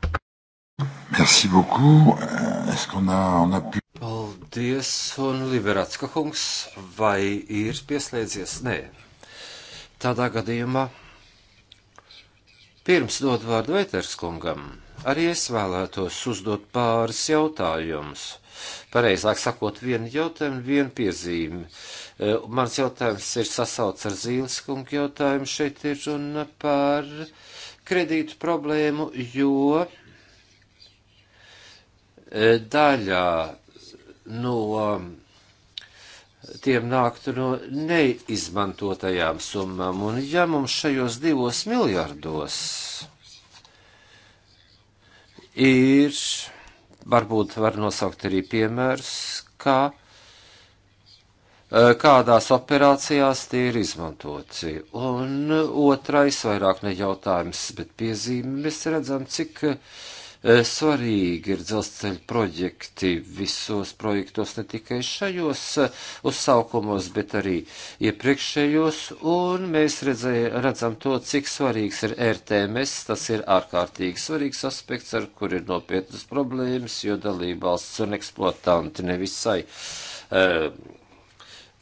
[SPEAKER 4] Merci beaucoup. Euh, est-ce qu'on a, on a pu...
[SPEAKER 1] Paldies, un Liberatska kungs,
[SPEAKER 4] vai ir
[SPEAKER 1] pieslēdzies? Nē. Tādā gadījumā pirms dod vārdu Vēters kungam, arī es vēlētos uzdot pāris jautājumus. Pareizāk sakot, vienu jautājumu, vienu piezīmi. Uh, Eh, mans jautājums ir sasauts ar Zīles kungu jautājumu. Šeit ir runa par kredītu problēmu, jo eh, daļā no tiem nāktu no neizmantotajām summām. Un ja mums šajos divos miljardos ir, varbūt var nosaukt arī piemērs, kā Eh, kādās operācijās tie ir izmantoti. Un otrais, vairāk ne jautājums, bet piezīme, mēs redzam, cik eh, svarīgi ir dzelzceļa projekti visos projektos, ne tikai šajos eh, uzsaukumos, bet arī iepriekšējos, un mēs redzē, redzam to, cik svarīgs ir RTMS, tas ir ārkārtīgi svarīgs aspekts, ar kur ir nopietnas problēmas, jo dalībvalsts un eksploatanti nevisai. Uh,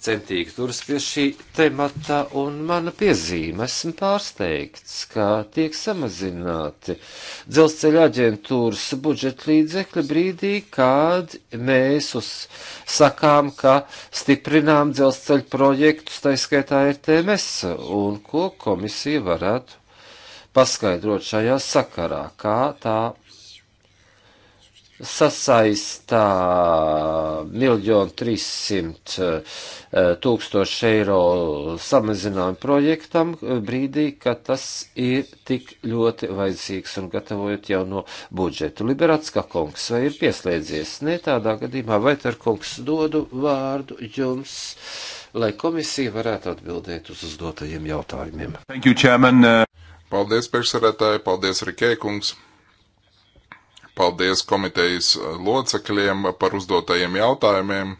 [SPEAKER 1] centīgi turas pie šī temata, un mana piezīme esmu pārsteigts, ka tiek samazināti dzelzceļa aģentūras budžeta līdzekļi brīdī, kad mēs uzsakām, ka stiprinām dzelzceļa projektus, tā skaitā ir TMS, un ko komisija varētu paskaidrot šajā sakarā, kā tā sasaistā 1 300 eh, tūkstoši eiro samazinājumu projektam brīdī, kad tas ir tik ļoti vajadzīgs un gatavojot jau no budžetu. Liberatska kungs vai ir pieslēdzies? Nē, tādā gadījumā vai tar kungs dodu vārdu jums, lai komisija
[SPEAKER 4] varētu atbildēt uz uzdotajiem jautājumiem. Thank you, chairman. Paldies, priekšsarētāji, paldies, Rikē kungs. Paldies komitejas eh, locekļiem par uzdotajiem jautājumiem.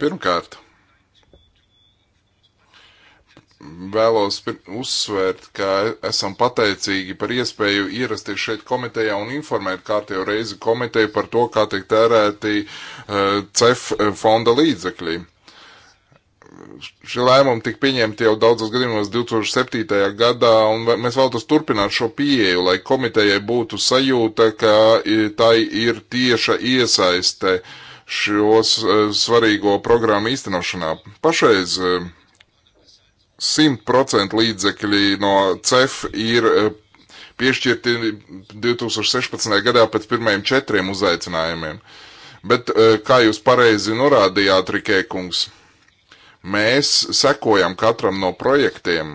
[SPEAKER 4] Pirmkārt, vēlos uzsvērt, ka e-, esam pateicīgi par iespēju ierasties šeit komitejā un informēt kārtējo reizi komiteju par to, kā tiek tērēti eh, CEF fonda līdzekļi šie lēmumi tika pieņemti jau daudzos gadījumos 2007. gadā, un mēs vēlamies turpināt šo pieeju, lai komitejai būtu sajūta, ka tai ir tieša iesaiste šos e, svarīgo programmu īstenošanā. Pašreiz 100% e, līdzekļi no CEF ir e, piešķirti 2016. gadā pēc pirmajiem četriem uzaicinājumiem. Bet, kā jūs pareizi norādījāt, Rikē kungs, Mēs sekojam katram no projektiem,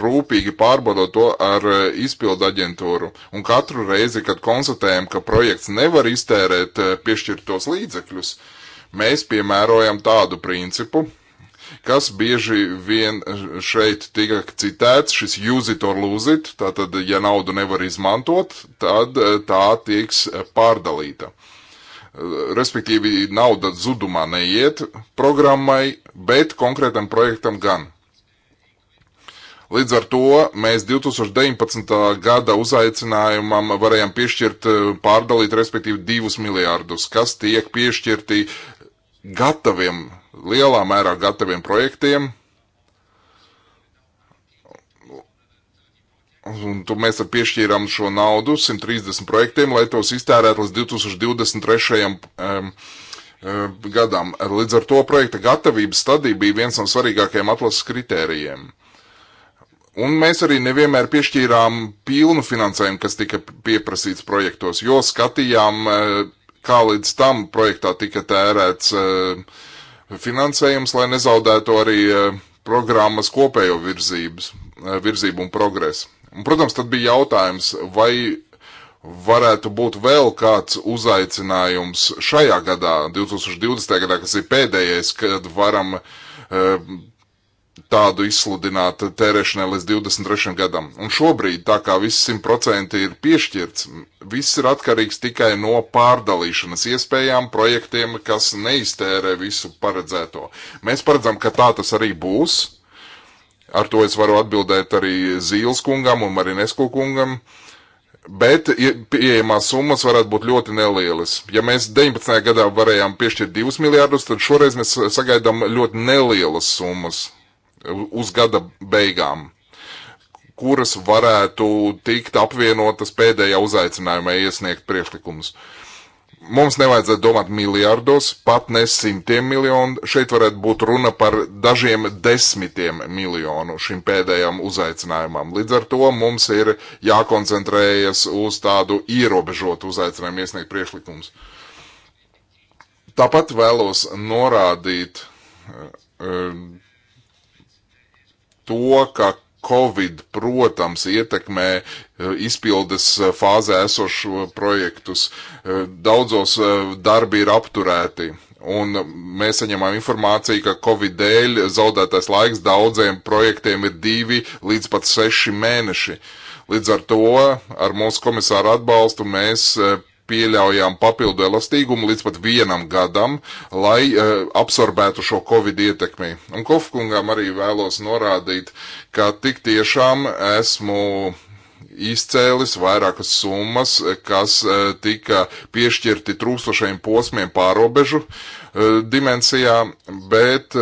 [SPEAKER 4] rūpīgi pārbaudot to ar e, izpildu aģentūru. Un katru reizi, kad konstatējam, ka projekts nevar iztērēt e, piešķirtos līdzekļus, mēs piemērojam tādu principu, kas bieži vien e, šeit tika citēts, šis use it or lose it, tātad, ja naudu nevar izmantot, tad tā tiks pārdalīta respektīvi nauda zudumā neiet programmai, bet konkrētam projektam gan. Līdz ar to mēs 2019. gada uzaicinājumam varējām piešķirt, eh, pārdalīt, respektīvi, divus miljārdus, kas tiek piešķirti gataviem, lielā mērā gataviem projektiem, Un tu mēs piešķīrām šo naudu 130 projektiem, lai tos iztērētu līdz 2023. Um, um, gadam. Līdz ar to projekta gatavības stadija bija viens no svarīgākajiem atlases kritērijiem. Un mēs arī nevienmēr piešķīrām pilnu finansējumu, kas tika pieprasīts projektos, jo skatījām, e, kā līdz tam projektā tika tērēts e, finansējums, lai nezaudētu arī e, programmas kopējo virzības, virzību un progresu. Un, protams, tad bija jautājums, vai varētu būt vēl kāds uzaicinājums šajā gadā, 2020. gadā, kas ir pēdējais, kad varam eh, tādu izsludināt tērēšanai līdz 23. gadam. Un šobrīd, tā kā viss 100% ir piešķirts, viss ir atkarīgs tikai no pārdalīšanas iespējām projektiem, kas neiztērē visu paredzēto. Mēs paredzam, ka tā tas arī būs, Ar to es varu atbildēt arī Zīles kungam un Marinesko kungam. Bet pieejamās summas varētu būt ļoti nelielas. Ja mēs 19. gadā varējām piešķirt 2 miljārdus, tad šoreiz mēs sagaidām ļoti nelielas summas uz gada beigām, kuras varētu tikt apvienotas pēdējā uzaicinājumā iesniegt priekšlikumus. Uh, Mums nevajadzētu domāt miljardos, pat ne simtiem miljonu. Šeit varētu būt runa par dažiem desmitiem miljonu šim pēdējam uzaicinājumam. Līdz ar to mums ir jākoncentrējas uz tādu ierobežotu uzaicinājumu iesniegt priekšlikumus. Tāpat vēlos norādīt eh, to, ka Covid, protams, ietekmē eh, izpildes eh, fāzē esošo projektus. Eh, daudzos darbi ir apturēti. Un mēs saņemam informāciju, ka Covid dēļ zaudētais laiks daudziem projektiem ir divi līdz pat seši mēneši. Līdz ar to ar mūsu komisāru atbalstu mēs pieļaujām papildu elastīgumu līdz pat vienam gadam, lai uh, absorbētu šo covid ietekmi. Un Kofkungam arī vēlos norādīt, ka tik tiešām esmu izcēlis vairākas summas, eh, kas eh, tika piešķirti trūkstošajiem posmiem pārobežu eh, dimensijā, bet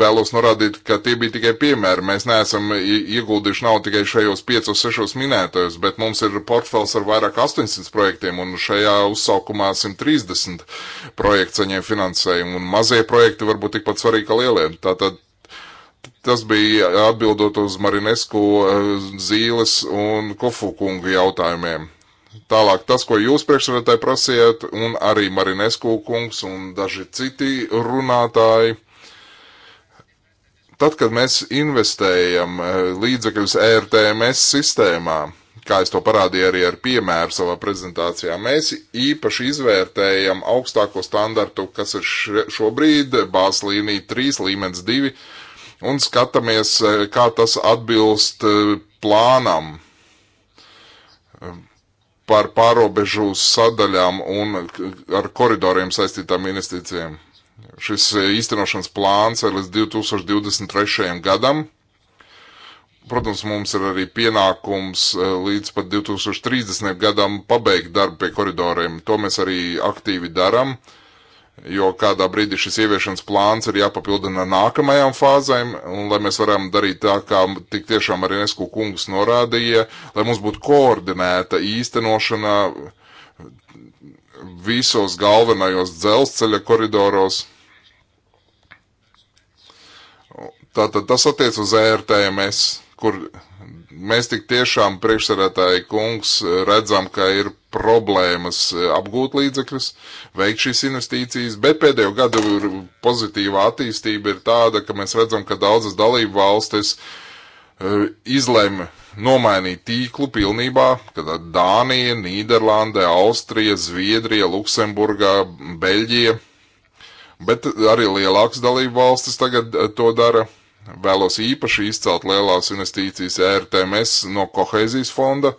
[SPEAKER 4] vēlos norādīt, ka tie bija tikai piemēri. Mēs neesam ieguldījuši naudu tikai šajos 5, 6 minētojos, bet mums ir portfels ar vairāk 800 projektiem, un šajā uzsaukumā 130 projekti saņēma finansējumu, un mazie projekti varbūt tikpat svarīgi kā lielie. Tātad Tas bija atbildot uz Marinesku eh, zīles un Kofu kungu jautājumiem. Tālāk tas, ko jūs priekšsēdētāji prasījāt, un arī Marinesku kungs un daži citi runātāji. Tad, kad mēs investējam eh, līdzekļus ERTMS sistēmā, kā es to parādīju arī ar piemēru savā prezentācijā, mēs īpaši izvērtējam augstāko standartu, kas ir šobrīd bāzlīnija 3, līmenis 2 un skatāmies, e, kā tas atbilst e, plānam e, par pārobežu sadaļām un ar koridoriem saistītām investīcijām. Šis īstenošanas plāns ir līdz 2023. gadam. Protams, mums ir arī pienākums līdz pat 2030. gadam pabeigt darbu pie koridoriem. To mēs arī aktīvi darām. Uh, jo kādā brīdī šis ieviešanas plāns ir jāpapildina ar nākamajām fāzēm, un lai mēs varam darīt tā, kā tik tiešām arī Nesku kungs norādīja, lai mums būtu koordinēta īstenošana visos galvenajos dzelzceļa koridoros. Tātad tas attiec uz ērtējumies, e kur Mēs tik tiešām priekšsarētāji kungs redzam, ka ir problēmas e, apgūt līdzekļus, veikt šīs investīcijas, bet pēdējo gadu pozitīvā attīstība ir tāda, ka mēs redzam, ka daudzas dalību valstis e, izlēma nomainīt tīklu pilnībā, kad Dānija, Nīderlande, Austrija, Zviedrija, Luksemburgā, Beļģija, bet arī lielākas dalību valstis tagad e, to dara. Vēlos īpaši izcelt lielās investīcijas ERTMS no kohēzijas fonda.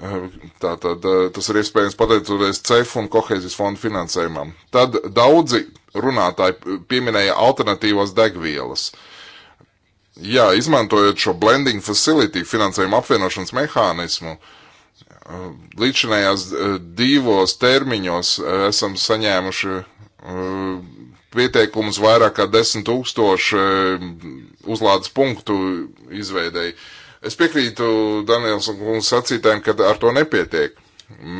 [SPEAKER 4] Eh, tātad eh, tas ir iespējams pateicoties CEF un kohēzijas fonda finansējumam. Tad daudzi runātāji pieminēja alternatīvos degvielas. Jā, izmantojot šo blending facility finansējumu apvienošanas mehānismu, eh, līdzinējās divos termiņos esam saņēmuši pieteikumus vairāk kā 10 tūkstoši eh, uzlādes punktu izveidēji. Es piekrītu Daniels un sacītēm, ka ar to nepietiek.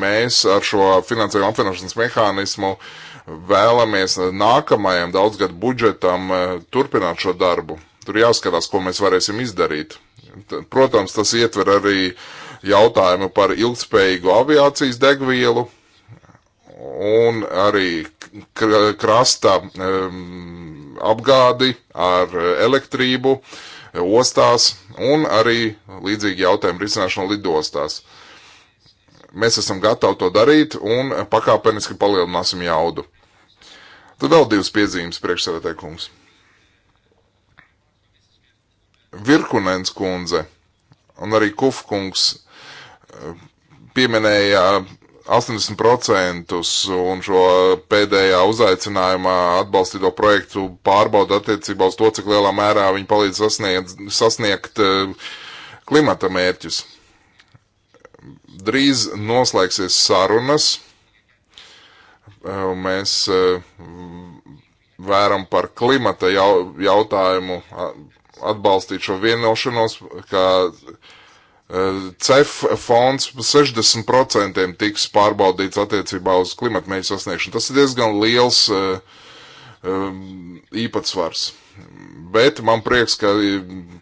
[SPEAKER 4] Mēs ar šo finansējumu apvienošanas mehānismu vēlamies nākamajam daudzgad budžetam eh, turpināt šo darbu. Tur jāskatās, ko mēs varēsim izdarīt. Protams, tas ietver arī jautājumu par ilgspējīgu aviācijas degvielu un arī krasta apgādi ar elektrību ostās un arī līdzīgi jautājumu risināšanu lidostās. Mēs esam gatavi to darīt un pakāpeniski palielināsim jaudu. Tad vēl divas piezīmes priekšsēdētāj kungs. Virkunens kundze un arī Kufkungs pieminēja 80% un šo pēdējā uzaicinājumā atbalstīto projektu pārbauda attiecībā uz to, cik lielā mērā viņi palīdz sasniegt, sasniegt eh, klimata mērķus. Drīz noslēgsies sarunas. Eh, mēs eh, vēram par klimata jautājumu atbalstīt šo vienošanos, ka CEF fonds 60% tiks pārbaudīts attiecībā uz klimatmēģu sasniegšanu. Tas ir diezgan liels eh, eh, īpatsvars. Bet man prieks, ka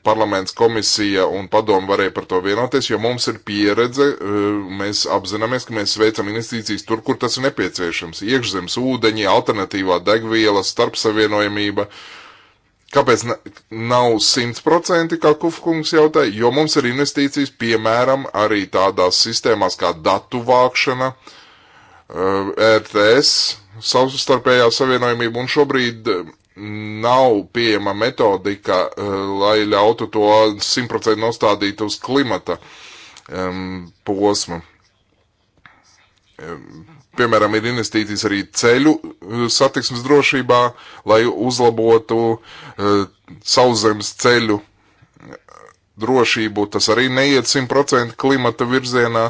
[SPEAKER 4] parlaments komisija un padomu varēja par to vienoties, jo mums ir pieredze, eh, mēs apzināmies, ka mēs veicam investīcijas tur, kur tas ir nepieciešams. Iekšzemes ūdeņi, alternatīvā degviela, starpsavienojamība. Uh, Kāpēc nav 100%, kā Kufkungs jautāja, jo mums ir investīcijas, piemēram, arī tādās sistēmās kā datu vākšana, eh, RTS, savstarpējā savienojumība, un šobrīd eh, nav pieejama metodika, eh, lai ļautu to 100% nostādīt uz klimata um, posmu. Um, piemēram, ir investīcijas arī ceļu eh, satiksmes drošībā, lai uzlabotu uh, sauszemes ceļu eh, drošību. Tas arī neiet 100% klimata virzienā.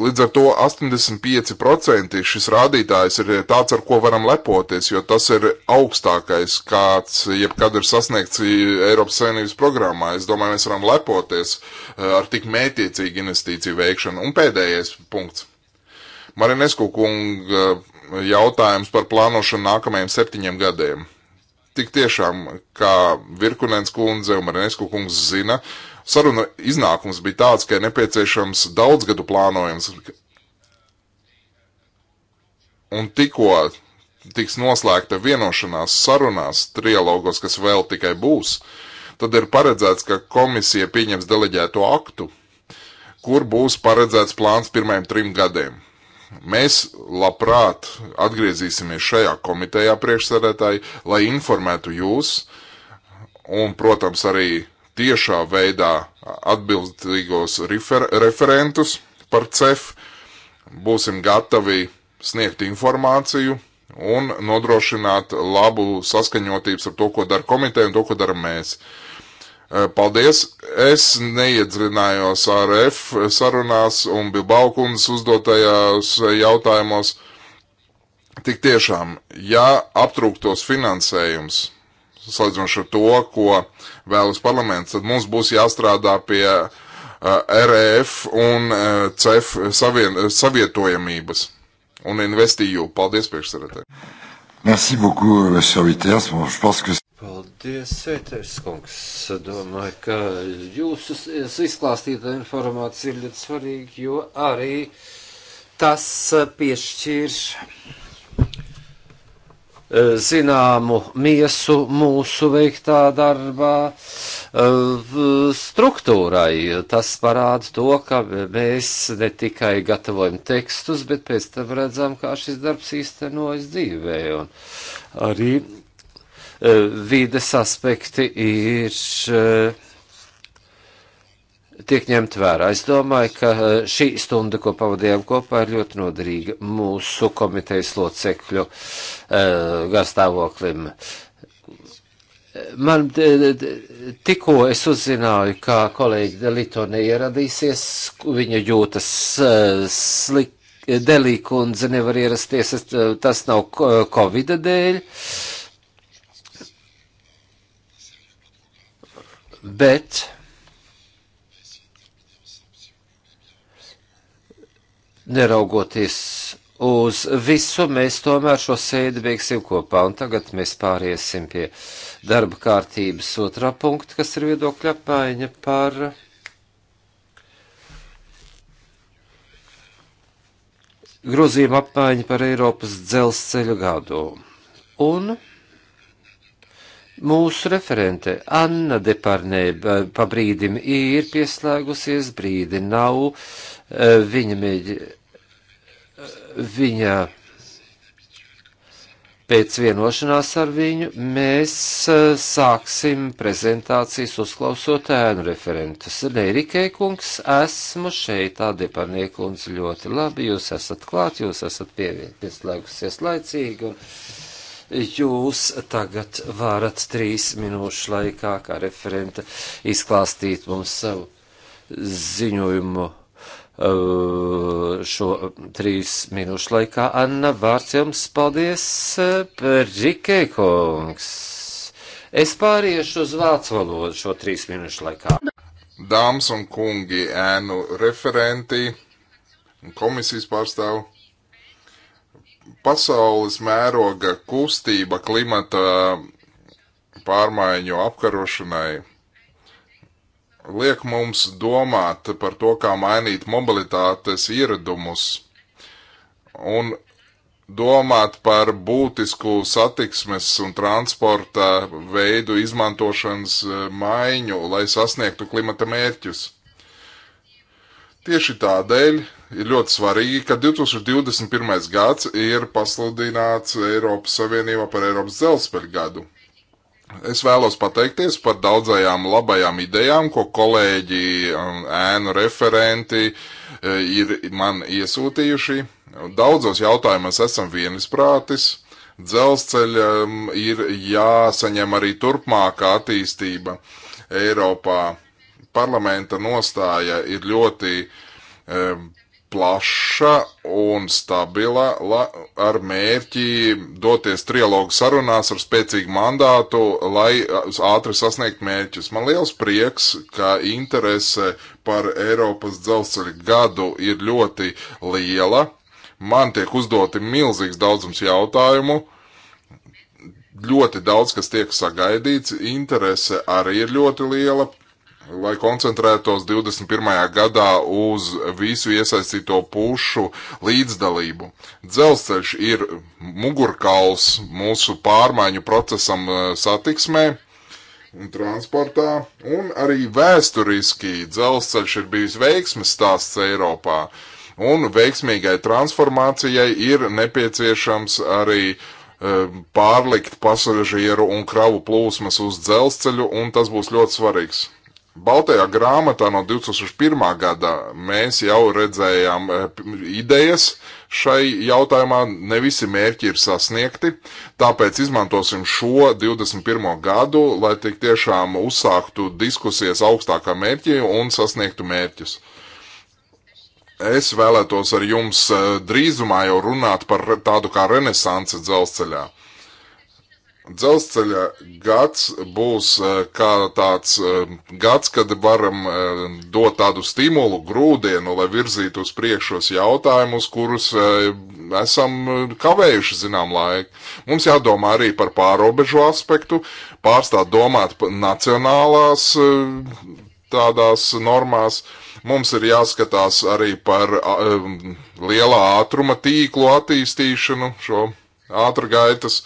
[SPEAKER 4] Līdz ar to 85% šis rādītājs ir tāds, ar ko varam lepoties, jo tas ir augstākais, kāds jebkad ir sasniegts Eiropas Savienības programmā. Es domāju, mēs varam lepoties ar tik mētiecīgu investīciju veikšanu. Un pēdējais punkts. Marinesku kunga eh, jautājums par plānošanu nākamajiem septiņiem gadiem. Tik tiešām, kā Virkunens kundze un Marinesku kungs zina, saruna iznākums bija tāds, ka ir nepieciešams daudzgadu plānojums. Un tikko tiks noslēgta vienošanās sarunās, trialogos, kas vēl tikai būs, tad ir paredzēts, ka komisija pieņems deleģēto aktu, kur būs paredzēts plāns pirmajiem trim gadiem. Mēs labprāt atgriezīsimies šajā komitejā priekšsēdētāji, lai informētu jūs un, protams, arī tiešā veidā atbildīgos refer referentus par CEF. Būsim gatavi sniegt informāciju un nodrošināt labu saskaņotības ar to, ko dara komiteja un to, ko dara mēs. Uh, Eh, paldies! Es neiedzinājos RF sarunās un Bilbao kundas uzdotajās jautājumos. Tik tiešām, ja aptrūktos finansējums, salīdzinot ar to, ko vēlas parlaments, tad mums būs jāstrādā pie uh, eh, RF un uh, eh, CEF savien, savietojamības un investīju. Paldies, priekšsēdētāji!
[SPEAKER 1] Merci beaucoup, monsieur Viters. Bon, je pense que
[SPEAKER 4] Paldies, Sēters kungs. Domāju, ka jūsu
[SPEAKER 1] izklāstītā informācija ir ļoti svarīga, jo arī tas piešķirs e, zināmu miesu mūsu veiktā darbā e, struktūrai. Tas parāda to, ka mēs ne tikai gatavojam tekstus, bet pēc tam redzam, kā šis darbs īstenojas dzīvē. Un arī Eh, vides aspekti ir eh, tiek ņemt vērā. Es domāju, ka eh, šī stunda, ko pavadījām kopā, ir ļoti noderīga mūsu komitejas locekļu garstāvoklim. Man tikko es uzzināju, ka kolēģi Delito neieradīsies, viņa jūtas slik, Delī kundze nevar ierasties, tas nav covida dēļ. Uh, bet neraugoties uz visu, mēs tomēr šo sēdi beigsim kopā, un tagad mēs pāriesim pie darba kārtības otrā punkta, kas ir viedokļa apmaiņa par. Grozījuma apmaiņa par Eiropas dzelzceļa gadu. Un Mūsu referente Anna Deparnē pa brīdim ir pieslēgusies, brīdi nav. E, viņa mēģi, e, viņa pēc vienošanās ar viņu mēs e, sāksim prezentācijas uzklausot ēnu referentus. Nerikai kungs, esmu šeit, tā Deparnē kundze ļoti labi, jūs esat klāt, jūs esat pieslēgusies laicīgi. Un jūs tagad varat trīs minūšu laikā, kā referente, izklāstīt mums savu ziņojumu uh, šo trīs minūšu laikā. Anna, vārds jums paldies, uh, Rikē kungs.
[SPEAKER 4] Es pāriešu uz vācu valodu šo trīs minūšu laikā. Dāmas un kungi, ēnu referenti un komisijas pārstāvu pasaules mēroga kustība klimata pārmaiņu apkarošanai liek mums domāt par to, kā mainīt mobilitātes ieradumus un domāt par būtisku satiksmes un transporta veidu izmantošanas e, maiņu, lai sasniegtu klimata mērķus. Tieši tādēļ ir ļoti svarīgi, ka 2021. gads ir pasludināts Eiropas Savienībā par Eiropas dzelzceļa gadu. Es vēlos pateikties par daudzajām labajām idejām, ko kolēģi un ēnu referenti e, ir man iesūtījuši. Daudzos jautājumos esam vienisprātis. Dzelzceļam ir jāsaņem arī turpmākā attīstība Eiropā. Parlamenta nostāja ir ļoti um, plaša un stabila la, ar mērķi doties trialogu sarunās ar spēcīgu mandātu, lai uh, ātri sasniegt mērķus. Man liels prieks, ka interese par Eiropas dzelzceļa gadu ir ļoti liela. Man tiek uzdoti milzīgs daudzums jautājumu ļoti daudz, kas tiek sagaidīts, interese arī ir ļoti liela lai koncentrētos 21. gadā uz visu iesaistīto pušu līdzdalību. Dzelzceļš ir mugurkauls mūsu pārmaiņu procesam eh, satiksmē un transportā, un arī vēsturiski dzelzceļš ir bijis veiksmes stāsts Eiropā, un veiksmīgai transformācijai ir nepieciešams arī eh, pārlikt pasažieru un kravu plūsmas uz dzelzceļu, un tas būs ļoti svarīgs. Baltajā grāmatā no 2001. gada mēs jau redzējām eh, idejas šai jautājumā, ne visi mērķi ir sasniegti, tāpēc izmantosim šo 21. gadu, lai tik tiešām uzsāktu diskusijas augstākā mērķī un sasniegtu mērķus. Es vēlētos ar jums eh, drīzumā jau runāt par tādu kā renesansi dzelzceļā Dzelzceļa gads būs eh, kā tāds eh, gads, kad varam eh, dot tādu stimulu, grūdienu, lai virzītu uz priekšos jautājumus, kurus esam kavējuši zinām laiku. Mums jādomā arī par pārobežu aspektu, pārstāt domāt nacionālās tādās normās. Mums ir jāskatās arī par lielā ātruma tīklu attīstīšanu, šo ātrgaitas gaitas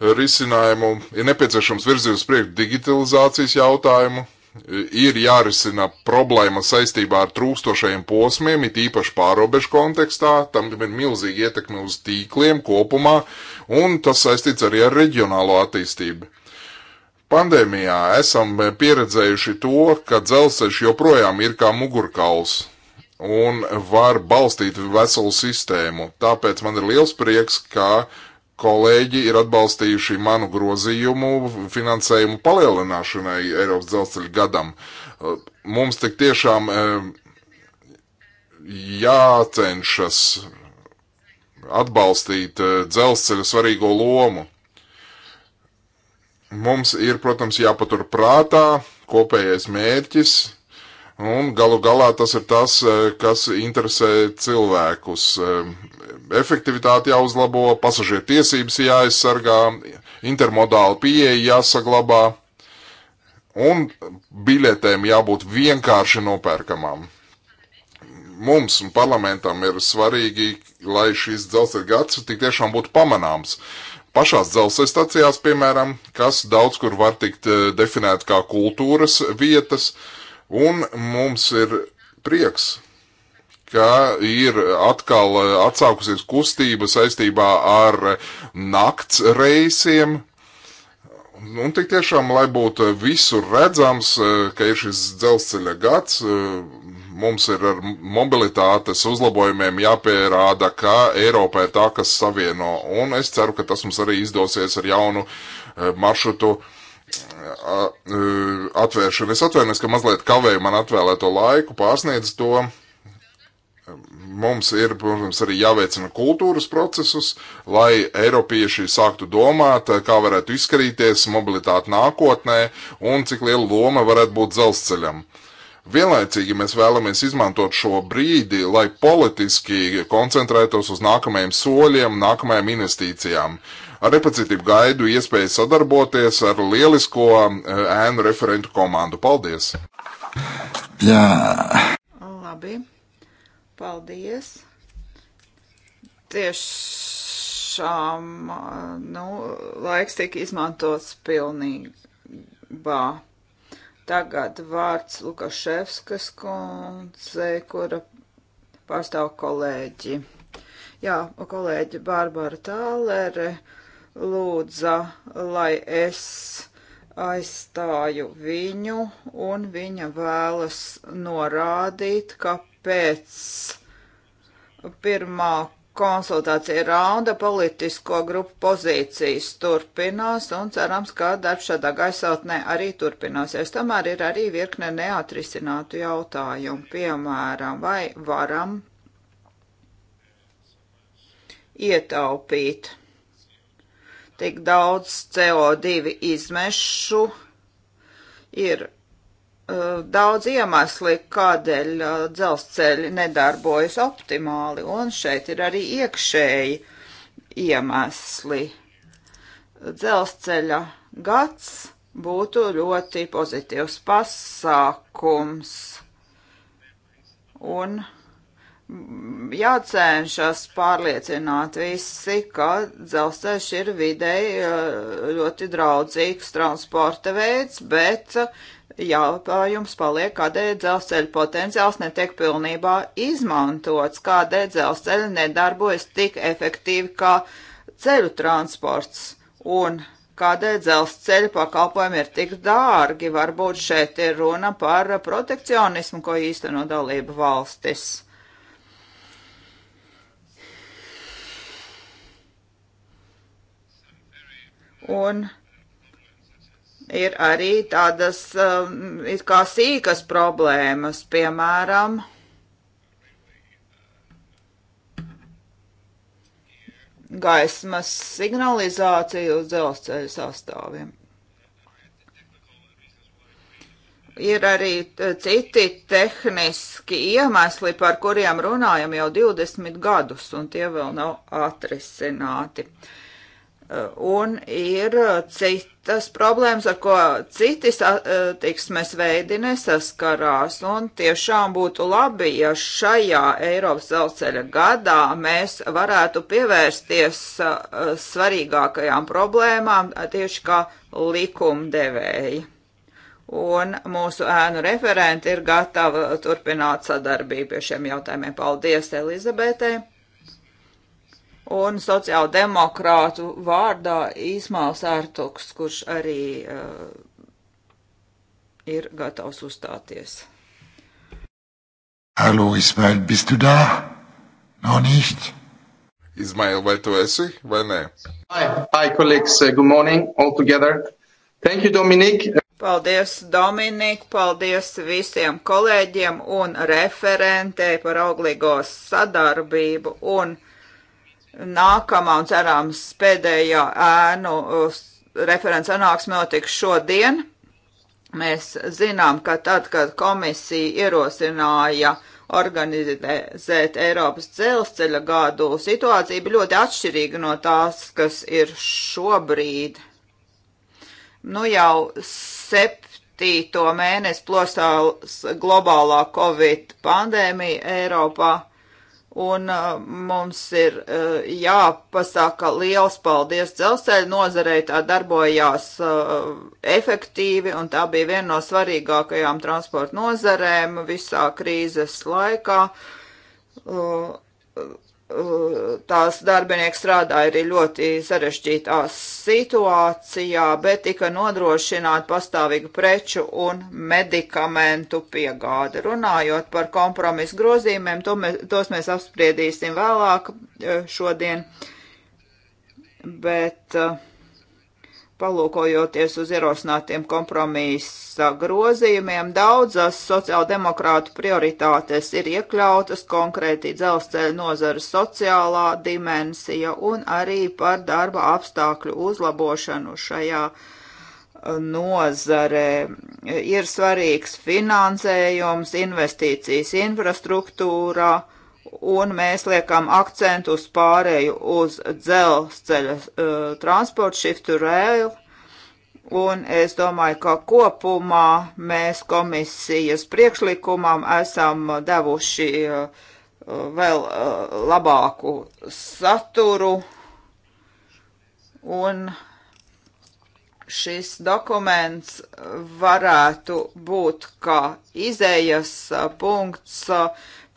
[SPEAKER 4] risinājumu, ir nepieciešams virzības priekš digitalizācijas jautājumu, ir jārisina problēma saistībā ar trūkstošajiem posmiem, it īpaši pārobežu kontekstā, tam ir milzīga ietekme uz tīkliem kopumā, un tas saistīts arī ar reģionālo attīstību. Pandēmijā esam pieredzējuši to, ka dzelzceļš joprojām ir kā mugurkauls un var balstīt veselu sistēmu. Tāpēc man ir liels prieks, ka kolēģi ir atbalstījuši manu grozījumu finansējumu palielināšanai Eiropas dzelzceļa gadam. Eh, mums tik tiešām eh, jācenšas atbalstīt eh, dzelzceļa svarīgo lomu. Mums ir, protams, jāpatur prātā kopējais mērķis, un galu galā tas ir tas, kas interesē cilvēkus efektivitāte jāuzlabo, pasažieru tiesības jāaizsargā, intermodāla pieeja jāsaglabā un biļetēm jābūt vienkārši nopērkamām. Mums un parlamentam ir svarīgi, lai šis dzelzceļa gads tik tiešām būtu pamanāms. Pašās dzelzceļa stacijās, piemēram, kas daudz kur var tikt eh, definēt kā kultūras vietas, un mums ir prieks, ka ir atkal eh, atsākusies kustība saistībā ar nakts reisiem. Nu, un tik tiešām, lai būtu visur redzams, eh, ka ir šis dzelzceļa gads, eh, mums ir ar mobilitātes uzlabojumiem jāpierāda, ka Eiropa ir tā, kas savieno. Un es ceru, ka tas mums arī izdosies ar jaunu maršrutu atvēršanu. Es atvainojos, ka mazliet kavēju man atvēlēto laiku, pārsniedz to mums ir, protams, arī jāveicina kultūras procesus, lai Eiropieši sāktu domāt, eh, kā varētu izskatīties mobilitāte nākotnē un cik liela loma varētu būt dzelzceļam. Vienlaicīgi mēs vēlamies izmantot šo brīdi, lai politiski koncentrētos uz nākamajiem soļiem, nākamajām investīcijām. Ar nepacietību gaidu iespēju sadarboties ar lielisko eh, ēnu referentu komandu. Paldies! Jā.
[SPEAKER 2] Labi. Paldies! Tiešām, nu, laiks tika izmantots pilnībā. Tagad vārds Lukaševskas kundzei, kura pārstāv kolēģi. Jā, kolēģi Bārbara Tālere lūdza, lai es aizstāju viņu, un viņa vēlas norādīt, ka pēc pirmā konsultācija raunda politisko grupu pozīcijas turpinās un cerams, ka darbs šādā gaisotnē arī turpināsies. Tomēr ir arī virkne neatrisinātu jautājumu, piemēram, vai varam ietaupīt tik daudz CO2 izmešu ir Eh, daudz iemesli, kādēļ eh, dzelzceļi nedarbojas optimāli, un šeit ir arī iekšēji iemesli. Dzelzceļa gads būtu ļoti pozitīvs pasākums, un jācenšas pārliecināt visi, ka dzelzceļš ir videi eh, ļoti draudzīgs transporta veids, bet jautājums paliek, kādēļ dzelzceļa potenciāls netiek pilnībā izmantots, kādēļ dzelzceļa nedarbojas tik efektīvi kā ceļu transports un kādēļ dzelzceļa pakalpojumi ir tik dārgi. Varbūt šeit ir runa par protekcionismu, ko īsteno dalību valstis. Un ir arī tādas um, it kā sīkas problēmas, piemēram, gaismas signalizācija uz dzelzceļa sastāviem. Ir arī citi tehniski iemesli, par kuriem runājam jau 20 gadus, un tie vēl nav atrisināti. Uh, un ir citi tas problēmas, ar ko citi satiksmes e, veidi nesaskarās. Un tiešām būtu labi, ja šajā Eiropas dzelzceļa gadā mēs varētu pievērsties e, svarīgākajām problēmām e, tieši kā likumdevēji. Un mūsu ēnu referenti ir gatava turpināt sadarbību pie šiem jautājumiem. Paldies Elizabetei! un sociāla demokrātu vārdā Īsmāls Ārtuks, kurš arī uh, ir gatavs uzstāties.
[SPEAKER 4] Hallo, Ismail, bist du da? No nicht? Ismail, vai tu esi, vai nē? Hi, hi colleagues, uh, good morning, all together. Thank you, Dominik.
[SPEAKER 2] Paldies, Dominika, paldies visiem kolēģiem un referentei par auglīgo sadarbību un Nākamā un cerāms pēdējā ēnu uh, referents sanāksme notiks šodien. Mēs zinām, ka tad, kad komisija ierosināja organizēt Eiropas dzelzceļa gadu, situācija bija ļoti atšķirīga no tās, kas ir šobrīd. Nu jau septīto mēnesi plosās globālā Covid pandēmija Eiropā Un uh, mums ir uh, jāpasaka liels paldies dzelzceļa nozarei, tā darbojās uh, efektīvi, un tā bija viena no svarīgākajām transporta nozarēm visā krīzes laikā. Uh, tās darbinieki strādāja arī ļoti sarežģītā situācijā, bet tika nodrošināta pastāvīga preču un medikamentu piegāde. Runājot par kompromisu grozījumiem, to mēs, tos mēs apspriedīsim vēlāk eh, šodien, bet uh, palūkojoties uz ierosinātiem kompromisa grozījumiem, daudzas sociāldemokrātu prioritātes ir iekļautas konkrēti dzelzceļa nozara sociālā dimensija un arī par darba apstākļu uzlabošanu šajā uh, nozare. Ir svarīgs finansējums, investīcijas infrastruktūrā un mēs liekam akcentu uz pārēju uz dzelzceļa uh, transportu, shift to rail. Un es domāju, ka kopumā mēs komisijas priekšlikumam esam devuši uh, vēl uh, labāku saturu. Un šis dokuments varētu būt kā izējas uh, punkts uh,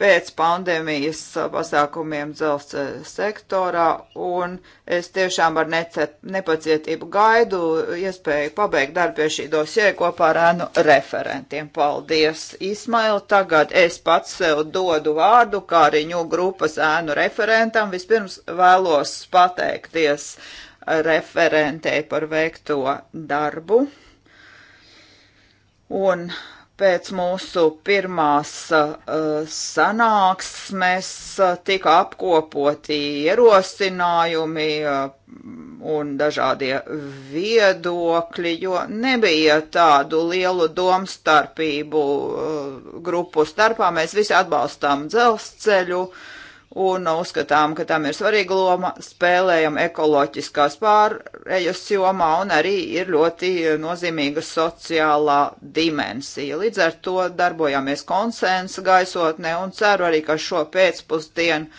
[SPEAKER 2] pēc pandēmijas pasākumiem dzelzceļa eh, sektorā, un es tiešām ar necet, nepacietību gaidu iespēju pabeigt darbu pie šī dosie kopā ar ēnu referentiem. Paldies, Ismail! Tagad es pats sev dodu vārdu, kā arī ņū grupas ēnu referentam. Vispirms vēlos pateikties referentei par veikto darbu. Un pēc mūsu pirmās uh, sanāksmes eh, tika apkopoti ierosinājumi uh, un dažādie viedokļi, jo nebija tādu lielu domstarpību uh, grupu starpā. Mēs visi atbalstām dzelzceļu. Uh, un uzskatām, ka tam ir svarīga loma, spēlējam ekoloģiskās pārējas jomā un arī ir ļoti nozīmīga sociālā dimensija. Līdz ar to darbojāmies konsensa gaisotnē un ceru arī, ka šo pēcpusdienu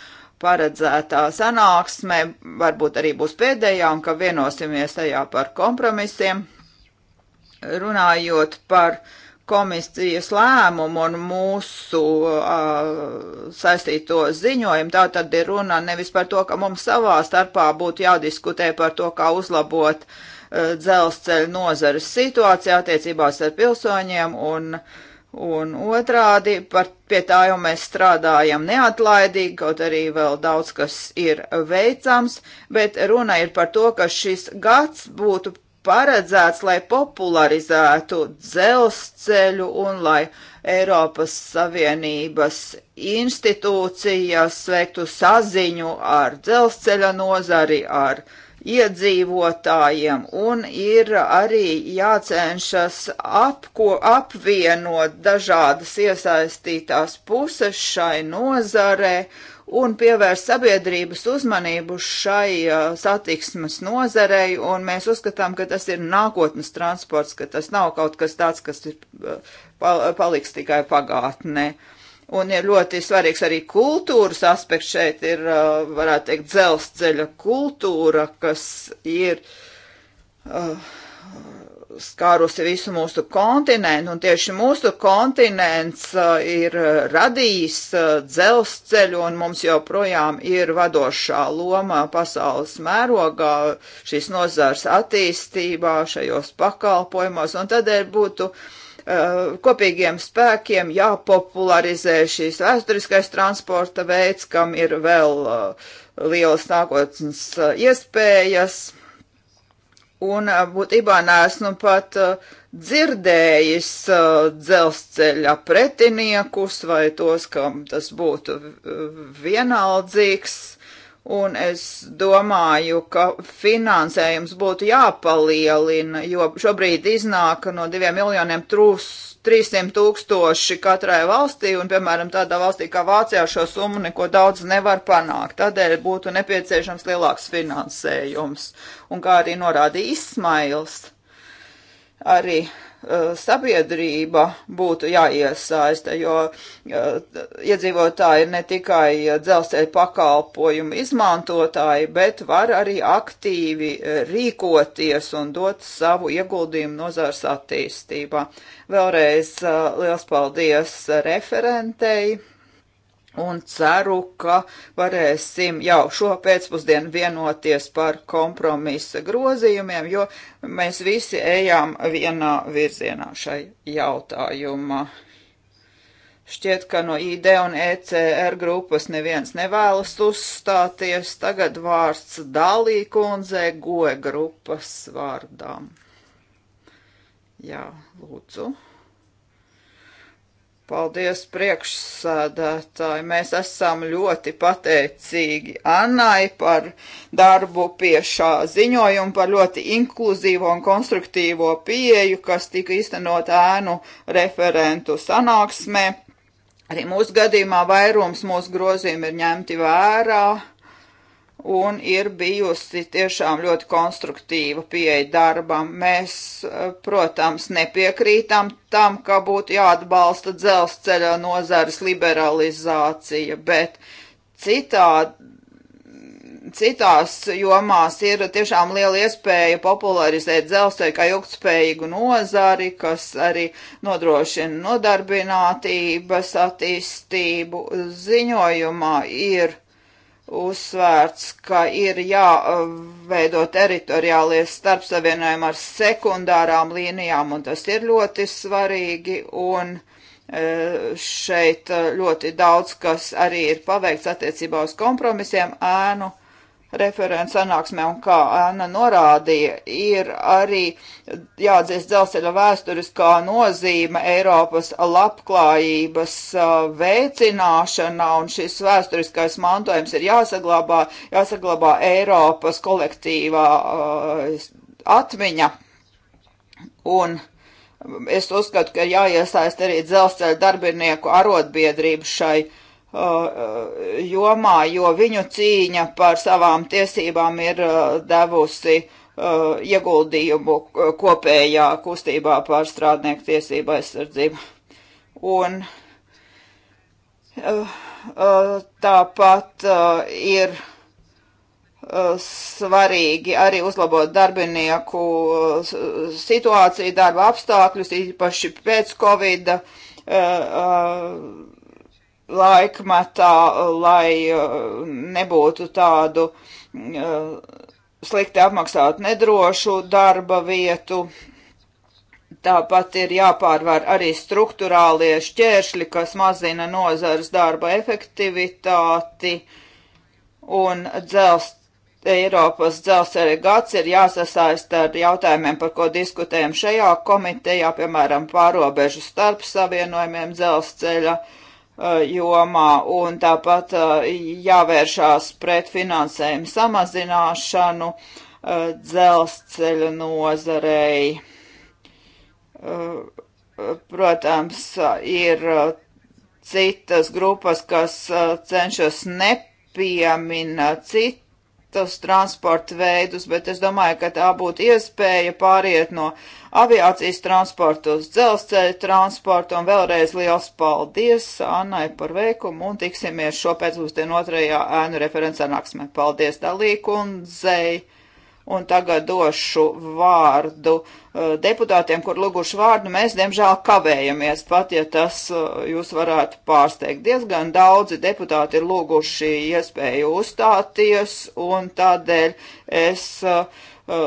[SPEAKER 2] paredzētā sanāksme varbūt arī būs pēdējā un ka vienosimies tajā par kompromisiem. Runājot par uh, komisijas lēmumu un mūsu uh, saistīto ziņojumu. Tā tad ir runa nevis par to, ka mums savā starpā būtu jādiskutē par to, kā uzlabot uh, dzelzceļa nozares situāciju attiecībās ar pilsoņiem un, un otrādi. Par, pie tā jau mēs strādājam neatlaidīgi, kaut arī vēl daudz kas ir veicams, bet runa ir par to, ka šis gads būtu paredzēts, lai popularizētu dzelzceļu un lai Eiropas Savienības institūcijas veiktu saziņu ar dzelzceļa nozari, ar iedzīvotājiem un ir arī jācenšas apko, apvienot dažādas iesaistītās puses šai nozarei un pievērst sabiedrības uzmanību šai uh, satiksmes nozarei, un mēs uzskatām, ka tas ir nākotnes transports, ka tas nav kaut kas tāds, kas ir, pal paliks tikai pagātnē. Un ir ļoti svarīgs arī kultūras aspekts šeit ir, uh, varētu teikt, dzelzceļa kultūra, kas ir uh, skārusi visu mūsu kontinentu, un tieši mūsu kontinents uh, ir radījis uh, dzelzceļu, un mums joprojām ir vadošā loma pasaules mērogā šīs nozars attīstībā, šajos pakalpojumos, un tādēļ būtu uh, kopīgiem spēkiem jāpopularizē šīs vēsturiskais transporta veids, kam ir vēl lielas nākotnes iespējas un būtībā neesmu pat uh, dzirdējis uh, dzelzceļa pretiniekus vai tos, kam tas būtu vienaldzīgs. Un es domāju, ka finansējums būtu jāpalielina, jo šobrīd iznāk no diviem miljoniem trūs 300 tūkstoši katrai valstī, un, piemēram, tādā valstī kā Vācijā šo summu neko daudz nevar panākt. Tādēļ būtu nepieciešams lielāks finansējums. Un kā arī norādīja Ismails, arī Eh, sabiedrība būtu jāiesaista, jo eh, iedzīvotāji ir ne tikai dzelzceļa pakalpojumu izmantotāji, bet var arī aktīvi eh, rīkoties un dot savu ieguldījumu nozars attīstībā. Vēlreiz liels paldies referentei! un ceru, ka varēsim jau šo pēcpusdienu vienoties par kompromisa grozījumiem, jo mēs visi ejām vienā virzienā šai jautājumā. Šķiet, ka no ID un ECR grupas neviens nevēlas uzstāties. Tagad vārds Dalī kundze goe grupas vārdām. Jā, lūdzu. Paldies priekšsādātāji. Mēs esam ļoti pateicīgi Annai par darbu pie šā ziņojuma, par ļoti inkluzīvo un konstruktīvo pieeju, kas tika iztenot ēnu referentu sanāksmē. Arī mūsu gadījumā vairums mūsu grozījumi ir ņemti vērā un ir bijusi tiešām ļoti konstruktīva pieeja darbam. Mēs, eh, protams, nepiekrītam tam, ka būtu jāatbalsta dzelzceļa nozares liberalizācija, bet citā, citās jomās ir tiešām liela iespēja popularizēt dzelzceļu kā ilgtspējīgu nozari, kas arī nodrošina nodarbinātības attīstību. Ziņojumā ir uzsvērts, ka ir jāveido teritoriālie starpsavienojumi ar sekundārām līnijām, un tas ir ļoti svarīgi, un e, šeit e, ļoti daudz, kas arī ir paveikts attiecībā uz kompromisiem ēnu referents sanāksmē un kā Anna norādīja, ir arī jāatdzīst dzelzceļa vēsturiskā nozīme Eiropas labklājības veicināšanā un šis vēsturiskais mantojums ir jāsaglabā, jāsaglabā Eiropas kolektīvā atmiņa. Un es uzskatu, ka jāiesaist arī dzelzceļa darbinieku arotbiedrību šai uh, Uh, jomā, jo viņu cīņa par savām tiesībām ir uh, devusi uh, ieguldījumu kopējā kustībā par strādnieku tiesību aizsardzību. Un tāpat ir svarīgi arī uzlabot darbinieku situāciju, darba apstākļus, īpaši pēc covida laikmatā, lai uh, nebūtu tādu uh, slikti apmaksātu nedrošu darba vietu. Tāpat ir jāpārvar arī struktūrālie šķēršļi, kas mazina nozares darba efektivitāti un dzelst. Eiropas dzelzceļa gads ir jāsasaista ar jautājumiem, par ko diskutējam šajā komitejā, piemēram, pārobežu starp savienojumiem dzelzceļa. Uh, Eh, jomā un tāpat eh, jāvēršās pret finansējumu samazināšanu eh, dzelzceļa nozarei. Protams, ir citas grupas, kas cenšas nepieminēt citu citus transporta veidus, bet es domāju, ka tā būtu iespēja pāriet no aviācijas transporta uz dzelzceļa transportu. Un vēlreiz liels paldies Annai par veikumu un tiksimies šopēc būs dien otrajā ēnu referents sanāksmē. Paldies Dalīkundzei! Un tagad došu vārdu eh, deputātiem, kur lūguši vārdu. Mēs, diemžēl, kavējamies, pat ja tas eh, jūs varētu pārsteigt. Diezgan daudzi deputāti ir lūguši iespēju uzstāties, un tādēļ es eh,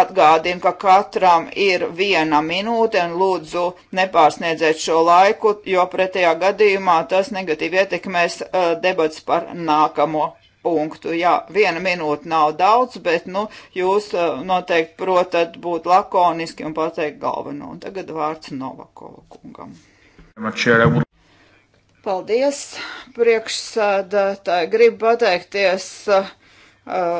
[SPEAKER 2] atgādina, ka katram ir viena minūte un lūdzu nepārsniedziet šo laiku, jo pretējā gadījumā tas negatīvi ietekmēs uh, debats par nākamo punktu. Jā, viena minūte nav daudz, bet, nu, jūs eh, noteikti protat būt lakoniski un pateikt galveno. Un tagad vārds Novakova kungam. Paldies, priekšsēdētāji. Gribu pateikties uh, eh,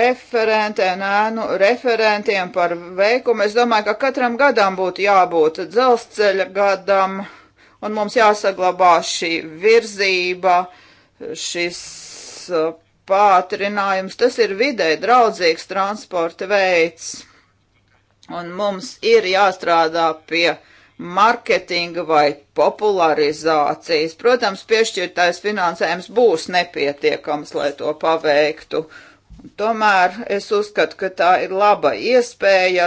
[SPEAKER 2] referentē, nē, nu, referentiem par veikumu. Es domāju, ka katram gadam būtu jābūt dzelzceļa gadam, un mums jāsaglabā šī virzība, šis Uh, pātrinājums. Tas ir vidē draudzīgs transporta veids. Un mums ir jāstrādā pie marketinga vai popularizācijas. Protams, piešķirtais finansējums būs nepietiekams, lai to paveiktu. Uh, Tomēr es uzskatu, ka tā ir laba iespēja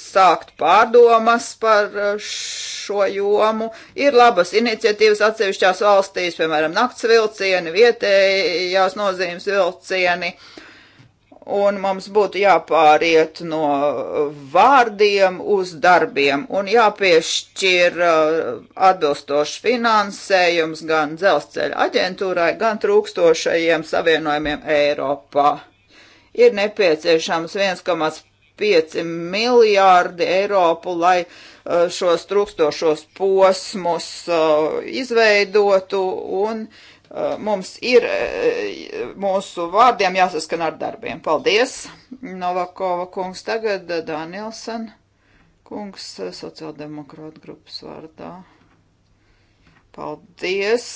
[SPEAKER 2] sākt pārdomas par uh, šo jomu. Ir labas iniciatīvas atsevišķās valstīs, piemēram, nakts vilcieni, vietējās nozīmes vilcieni. Un mums būtu jāpāriet no vārdiem uz darbiem un jāpiešķir uh, atbilstošs finansējums gan dzelzceļa aģentūrai, gan trūkstošajiem savienojumiem Eiropā ir nepieciešams 1,5 miljārdi Eiropu, lai uh, šos trūkstošos posmus uh, izveidotu un uh, mums ir mūsu vārdiem jāsaskan ar darbiem. Paldies, Novakova kungs, tagad Danielsen kungs sociāldemokrāta grupas vārdā. Paldies!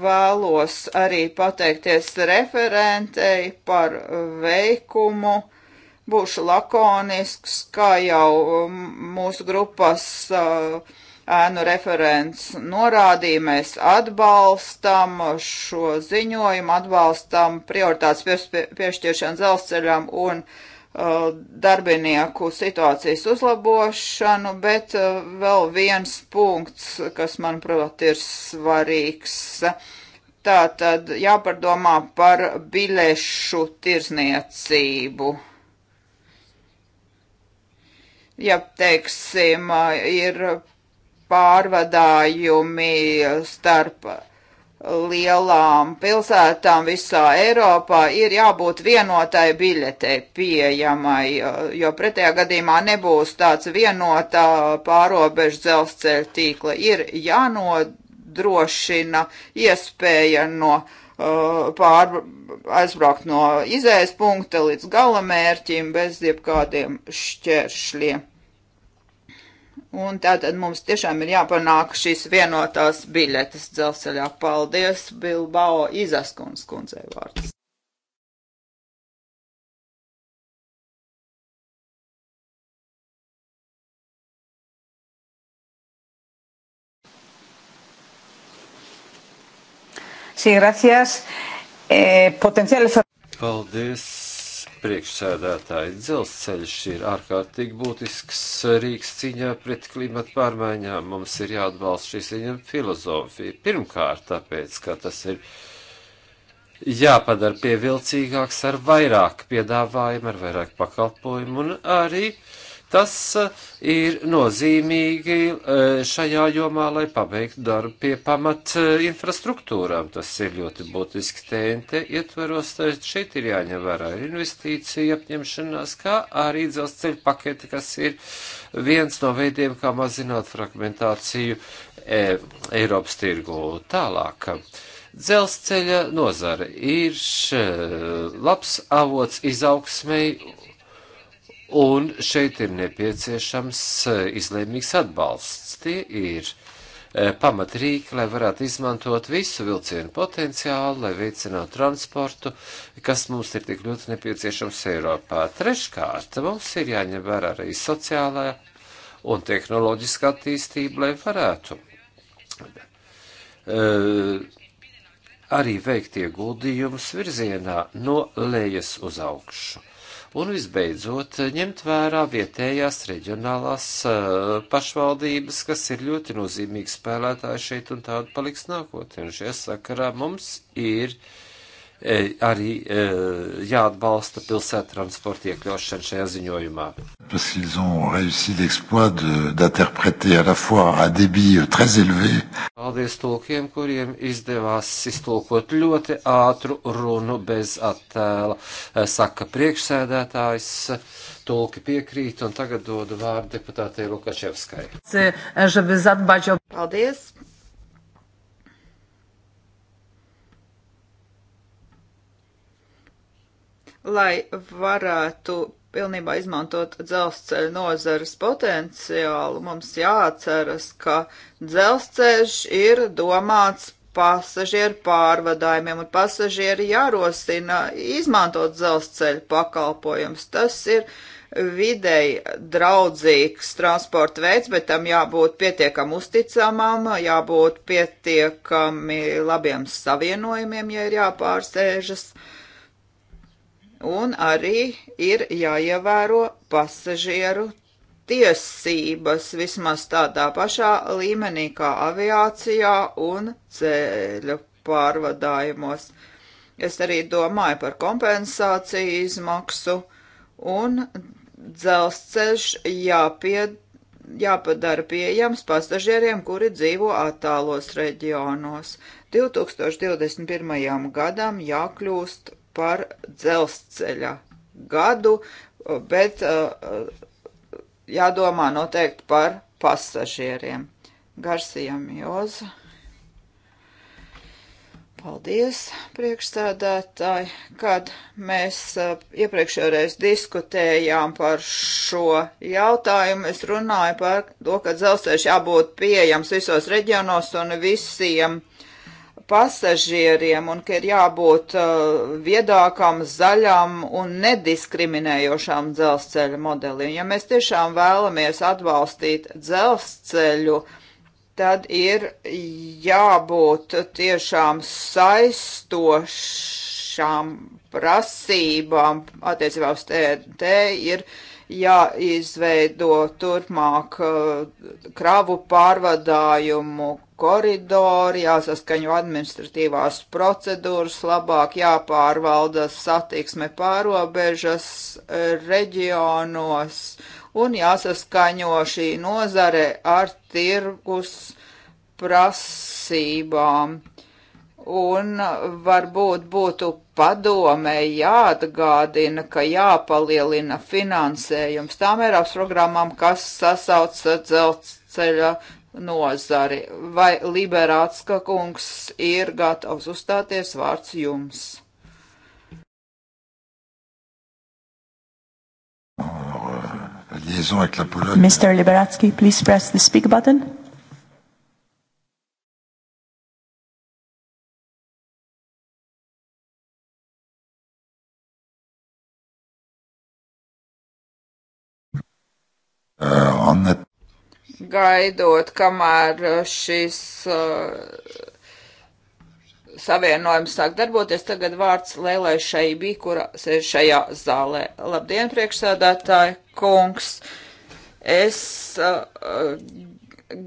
[SPEAKER 2] Vēlos arī pateikties referentei par veikumu. Būšu lakonisks, kā jau um, mūsu grupas uh, ēnu referents norādīja, mēs atbalstam šo ziņojumu, atbalstam prioritātes piešķiršanu dzelzceļam un uh, Uh, darbinieku situācijas uzlabošanu, bet uh, vēl viens punkts, kas, manuprāt, ir svarīgs. Tā tad jāpadomā par biļešu tirzniecību. Ja, teiksim, uh, ir pārvadājumi starp lielām pilsētām visā Eiropā ir jābūt vienotai biļetei pieejamai, uh, jo pretējā gadījumā nebūs tāds vienotā pārobežu dzelzceļa tīkla. Ir jānodrošina iespēja no uh, pār, aizbraukt no izējas punkta līdz galamērķim bez jebkādiem šķēršļiem. Un tātad mums tiešām ir jāpanāk šīs vienotās biļetes dzelzceļā. Paldies, Bilbao Izaskons kundzei vārds.
[SPEAKER 3] Sí, gracias. Eh, potenciales.
[SPEAKER 1] Paldies priekšsēdētāji, dzelzceļš ir ārkārtīgi būtisks rīks cīņā pret klimatu pārmaiņām. Mums ir jāatbalsta šīs viņa filozofija. Pirmkārt, tāpēc, ka tas ir jāpadara pievilcīgāks ar vairāk piedāvājumu, ar vairāk pakalpojumu un arī uh, Tas eh, ir nozīmīgi eh, šajā jomā, lai pabeigtu darbu pie pamat eh, infrastruktūrām. Tas ir ļoti būtiski TNT ietveros. Šeit ir jāņem vērā ir investīcija apņemšanās, kā arī dzelzceļa pakete, kas ir viens no veidiem, kā mazināt fragmentāciju e, Eiropas tirgu tālāk. Dzelzceļa nozare ir labs avots izaugsmei Un šeit ir nepieciešams eh, izlēmīgs atbalsts. Tie ir eh, pamatrīki, lai varētu izmantot visu vilcienu potenciālu, lai veicinātu transportu, kas mums ir tik ļoti nepieciešams Eiropā. Treškārt, mums ir jāņem vērā arī sociālā un tehnoloģiskā attīstība, lai varētu uh, arī veikt ieguldījumus virzienā no lejas uz augšu. Un visbeidzot, ņemt vērā vietējās reģionālās eh, pašvaldības, kas ir ļoti nozīmīgi spēlētāji šeit un tādu paliks nākotnē. Un šajā sakarā mums ir. Uh, E, arī e, jāatbalsta pilsētu transporta iekļaušana šajā ziņojumā. Parce qu'ils ont réussi l'exploit d'interpréter à la fois à débit euh, très élevé. Paldies tulkiem, kuriem izdevās iztulkot ļoti ātru runu bez attēla, e, saka priekšsēdētājs. Tulki piekrīt, un tagad dodu vārdu deputātei Lukačevskai.
[SPEAKER 2] Paldies! lai varētu pilnībā izmantot dzelzceļa nozares potenciālu, mums jāatceras, ka dzelzceļš ir domāts pasažieru pārvadājumiem, un pasažieri jārosina izmantot dzelzceļa pakalpojumus. Tas ir videi draudzīgs transporta veids, bet tam jābūt pietiekam uzticamam, jābūt pietiekami labiem savienojumiem, ja ir jāpārsēžas. Uh, Un arī ir jāievēro pasažieru tiesības vismaz tādā pašā līmenī kā aviācijā un ceļu pārvadājumos. Es arī domāju par kompensāciju izmaksu un dzelzceļš jāpied, jāpadara pieejams pasažieriem, kuri dzīvo attālos reģionos. 2021. gadam jākļūst par dzelzceļa gadu, bet uh, uh, jādomā noteikti par pasažieriem. Garsijam Joza. Paldies, priekšstādātāji, kad mēs uh, iepriekšējais diskutējām par šo jautājumu. Es runāju par to, ka dzelzceļš jābūt pieejams visos reģionos un visiem uh, pasažieriem un ka ir jābūt uh, viedākam, zaļam un nediskriminējošam dzelzceļa modelim. Ja mēs tiešām vēlamies atbalstīt dzelzceļu, tad ir jābūt tiešām saistošām prasībām attiecībā uz TNT ir jāizveido turpmāk uh, kravu pārvadājumu koridori, jāsaskaņo administratīvās procedūras, labāk jāpārvalda satiksme pārobežas eh, reģionos un jāsaskaņo šī nozare ar tirgus prasībām. Un varbūt būtu padomē jāatgādina, ka jāpalielina finansējums tām Eiropas programmām, kas sasauc dzelzceļa nozari. Vai Liberātska kungs ir gatavs uzstāties vārds jums?
[SPEAKER 3] Mr. Liberatsky, please press the speak button.
[SPEAKER 2] Uh, on that gaidot, kamēr uh, šis uh, savienojums sāk darboties. Tagad vārds Lēlai Šaibī, kura sēž šajā zālē. Labdien, priekšsēdētāji, kungs! Es uh,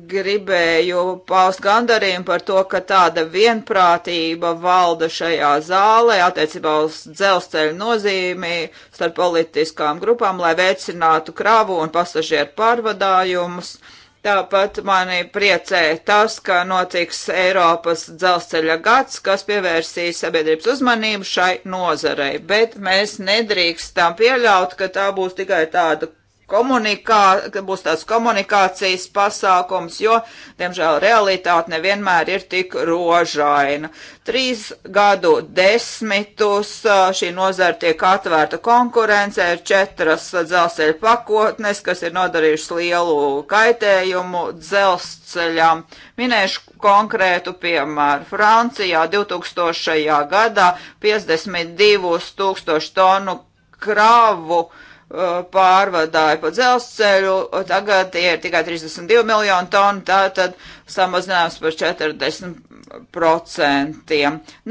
[SPEAKER 2] gribēju paust gandarījumu par to, ka tāda vienprātība valda šajā zālē attiecībā uz dzelzceļu nozīmi starp politiskām grupām, lai veicinātu kravu un pasažieru pārvadājumus. Uh, Tāpat mani priecē tas, ka notiks Eiropas dzelzceļa gads, kas pievērsīs sabiedrības uzmanību šai nozarei, bet mēs nedrīkstam pieļaut, ka tā būs tikai tāda komunikā, būs tāds komunikācijas pasākums, jo, diemžēl, realitāte nevienmēr ir tik rožaina. Trīs gadu desmitus šī nozara tiek atvērta konkurencē, ir četras dzelzceļa pakotnes, kas ir nodarījušas lielu kaitējumu dzelzceļām. Minēšu konkrētu piemēru. Francijā 2000. gadā 52 tūkstošu tonu kravu uh, Uh, pārvadāja pa dzelzceļu, tagad tie ir tikai 32 miljoni tonu, tātad samazinājums par 40%.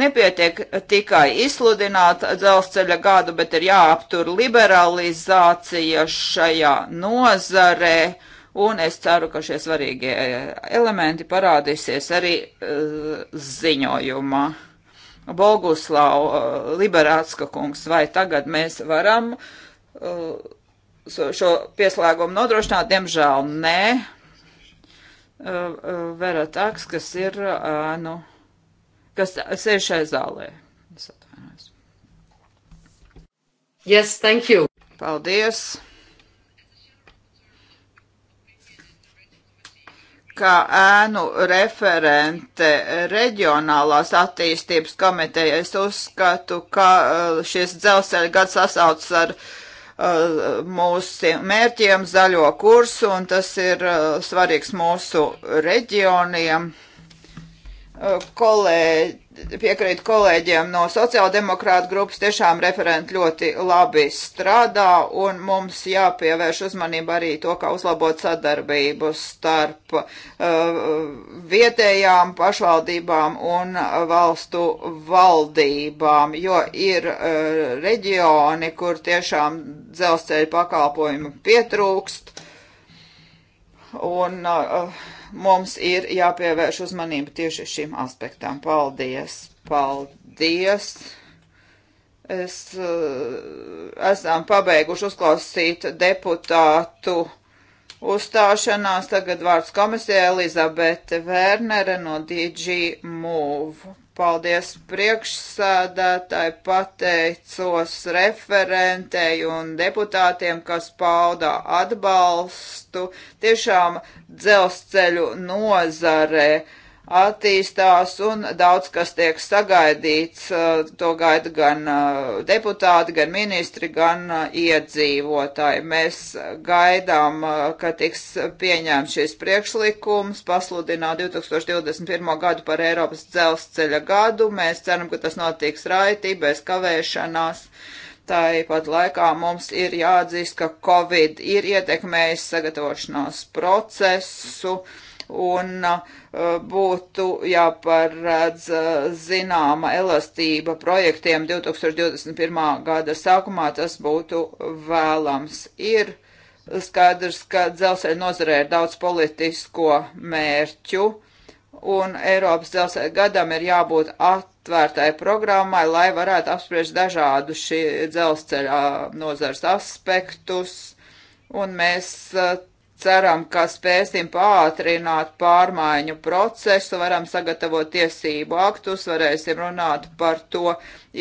[SPEAKER 2] Nepietiek tikai izsludināt dzelzceļa gadu, bet ir jāaptur liberalizācija šajā nozarē, un es ceru, ka šie svarīgie eh, elementi parādīsies arī uh, ziņojumā. Boguslau, uh, eh, Liberātska kungs, vai tagad mēs varam uh, Uh, šo pieslēgumu nodrošināt, diemžēl nē. Uh, uh, Veratāks, kas ir, nu, kas sēž šai zālē. Es atvainojos. Yes, thank you. Paldies. kā ēnu referente reģionālās attīstības komiteja, es uzskatu, ka šis dzelzceļa gads sasaucas ar uh, Uh, mūsu mērķiem, zaļo kursu, un tas ir uh, svarīgs mūsu reģioniem kolēģi, piekrīt kolēģiem no sociāldemokrāta grupas, tiešām referenti ļoti labi strādā, un mums jāpievērš uzmanība arī to, kā uzlabot sadarbību starp uh, vietējām pašvaldībām un valstu valdībām, jo ir uh, reģioni, kur tiešām dzelzceļa pakalpojumu pietrūkst, un uh, mums ir jāpievērš uzmanība tieši šim aspektam. Paldies! Paldies! Es, eh, esam pabeiguši uzklausīt deputātu uzstāšanās. Tagad vārds komisija Elizabete Vērnere no DG Move. Paldies priekšsēdētāji, pateicos referentei un deputātiem, kas pauda atbalstu tiešām dzelzceļu nozarē attīstās un daudz kas tiek sagaidīts. To gaida gan deputāti, gan ministri, gan iedzīvotāji. Mēs gaidām, ka tiks pieņemts šis priekšlikums, pasludināt 2021. gadu par Eiropas dzelzceļa gadu. Mēs ceram, ka tas notiks raiti, bez kavēšanās. Tāpat laikā mums ir jāatzīst, ka Covid ir ietekmējis sagatavošanās procesu. Mm un uh, būtu jāparedz uh, zināma elastība projektiem 2021. gada sākumā, tas būtu vēlams. Ir skaidrs, ka dzelzceļa nozarē ir daudz politisko mērķu un Eiropas dzelzceļa gadam ir jābūt atvērtai programmai, lai varētu apspriest dažādu šī dzelzceļa nozars aspektus, un mēs uh, ceram, ka spēsim pātrināt pārmaiņu procesu, varam sagatavot tiesību aktus, varēsim runāt par to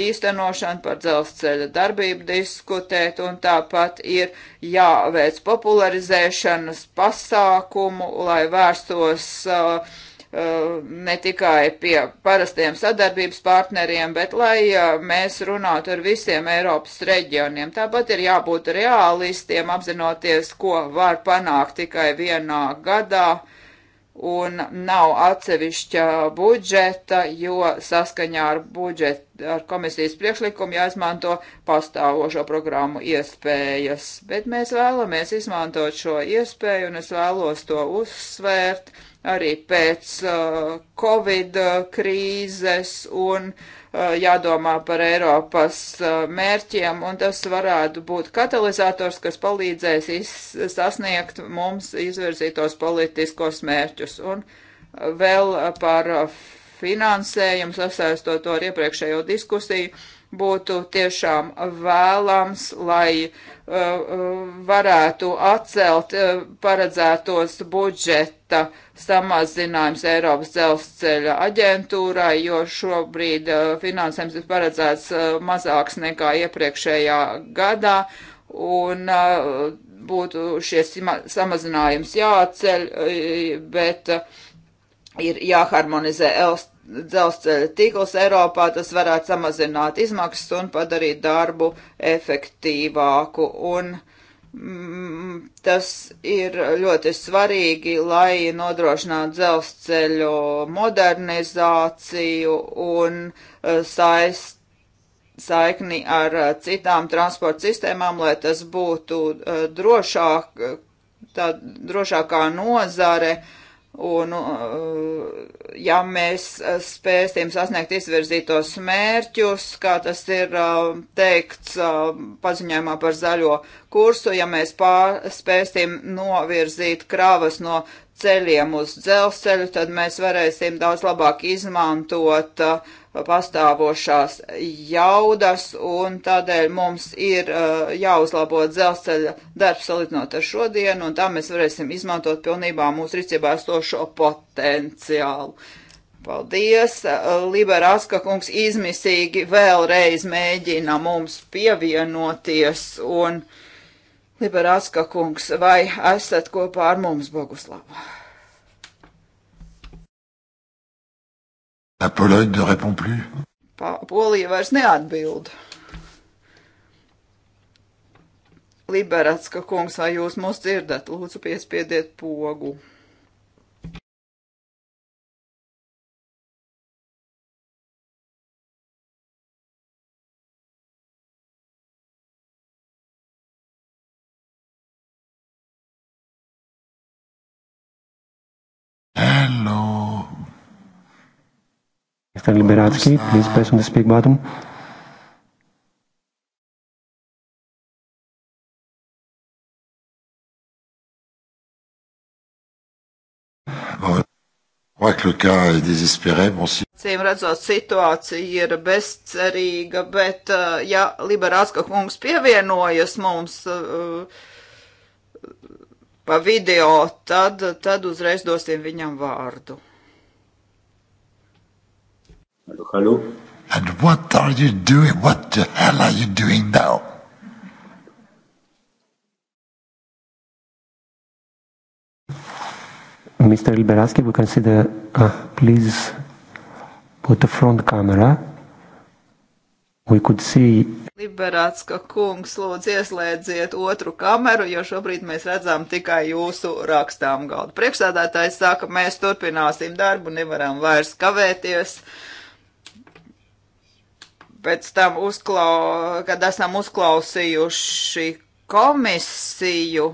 [SPEAKER 2] īstenošanu, par dzelzceļa darbību diskutēt, un tāpat ir jāveic popularizēšanas pasākumu, lai vērstos uh, Uh, ne tikai pie parastiem sadarbības partneriem, bet lai uh, mēs runātu ar visiem Eiropas reģioniem. Tāpat ir jābūt realistiem, apzinoties, ko var panākt tikai vienā gadā un nav atsevišķa budžeta, jo saskaņā ar budžetu, ar komisijas priekšlikumu jāizmanto pastāvošo programmu iespējas. Bet mēs vēlamies izmantot šo iespēju, un es vēlos to uzsvērt, arī pēc uh, Covid uh, krīzes un uh, jādomā par Eiropas uh, mērķiem, un tas varētu būt katalizators, kas palīdzēs sasniegt mums izvirzītos politiskos mērķus. Un uh, vēl uh, par finansējumu sasaistot to ar iepriekšējo diskusiju būtu tiešām vēlams, lai uh, varētu atcelt uh, paredzētos budžeta uh, samazinājums Eiropas dzelzceļa aģentūrai, jo šobrīd uh, finansējums ir paredzēts uh, mazāks nekā iepriekšējā gadā, un uh, būtu šie samazinājums jāceļ, bet ir jāharmonizē dzelzceļa tīkls Eiropā, tas varētu samazināt izmaksas un padarīt darbu efektīvāku. Un, uh, Mm, tas ir ļoti svarīgi, lai nodrošinātu dzelzceļu modernizāciju un e, saist, saikni ar e, citām transporta sistēmām, lai tas būtu e, drošāk, tā drošākā nozare. Uh, Un, eh, ja mēs eh, spēsim sasniegt izvirzītos mērķus, kā tas ir eh, teikts paziņojumā par zaļo kursu, ja mēs pār, spēsim novirzīt kravas no ceļiem uz dzelzceļu, tad mēs varēsim daudz labāk izmantot uh, pastāvošās jaudas, un tādēļ mums ir uh, jāuzlabo dzelzceļa darbs salīdzinot ar šodienu, un tā mēs varēsim izmantot pilnībā mūsu rīcībā esošo potenciālu. Paldies! Uh, Liberāska kungs izmisīgi vēlreiz mēģina mums pievienoties, un Liberāska kungs, vai esat kopā ar mums, Boguslava?
[SPEAKER 3] La Pologne ne répond plus.
[SPEAKER 2] Polija vairs neatbild. Liberatska kungs, vai jūs mūs dzirdat? Lūdzu, piespiediet pogu.
[SPEAKER 3] Mr. Liberatsky, please press on the speak button.
[SPEAKER 2] Cīm redzot, situācija ir bezcerīga, bet eh, ja Liberātska kungs pievienojas mums uh, pa video, tad, tad uzreiz dosim viņam vārdu.
[SPEAKER 5] Hallo, hallo. And what are you doing? What the hell are you doing now?
[SPEAKER 3] Mr. Liberaski, we can see the. Uh, please put the front camera.
[SPEAKER 1] We could see.
[SPEAKER 2] Liberātska kungs, lūdzu, ieslēdziet otru kameru, jo šobrīd mēs redzam tikai jūsu rakstām galdu. Priekšsādātājs saka, mēs turpināsim darbu, nevaram vairs kavēties. Uh, pēc tam, uzklau, kad esam uzklausījuši komisiju,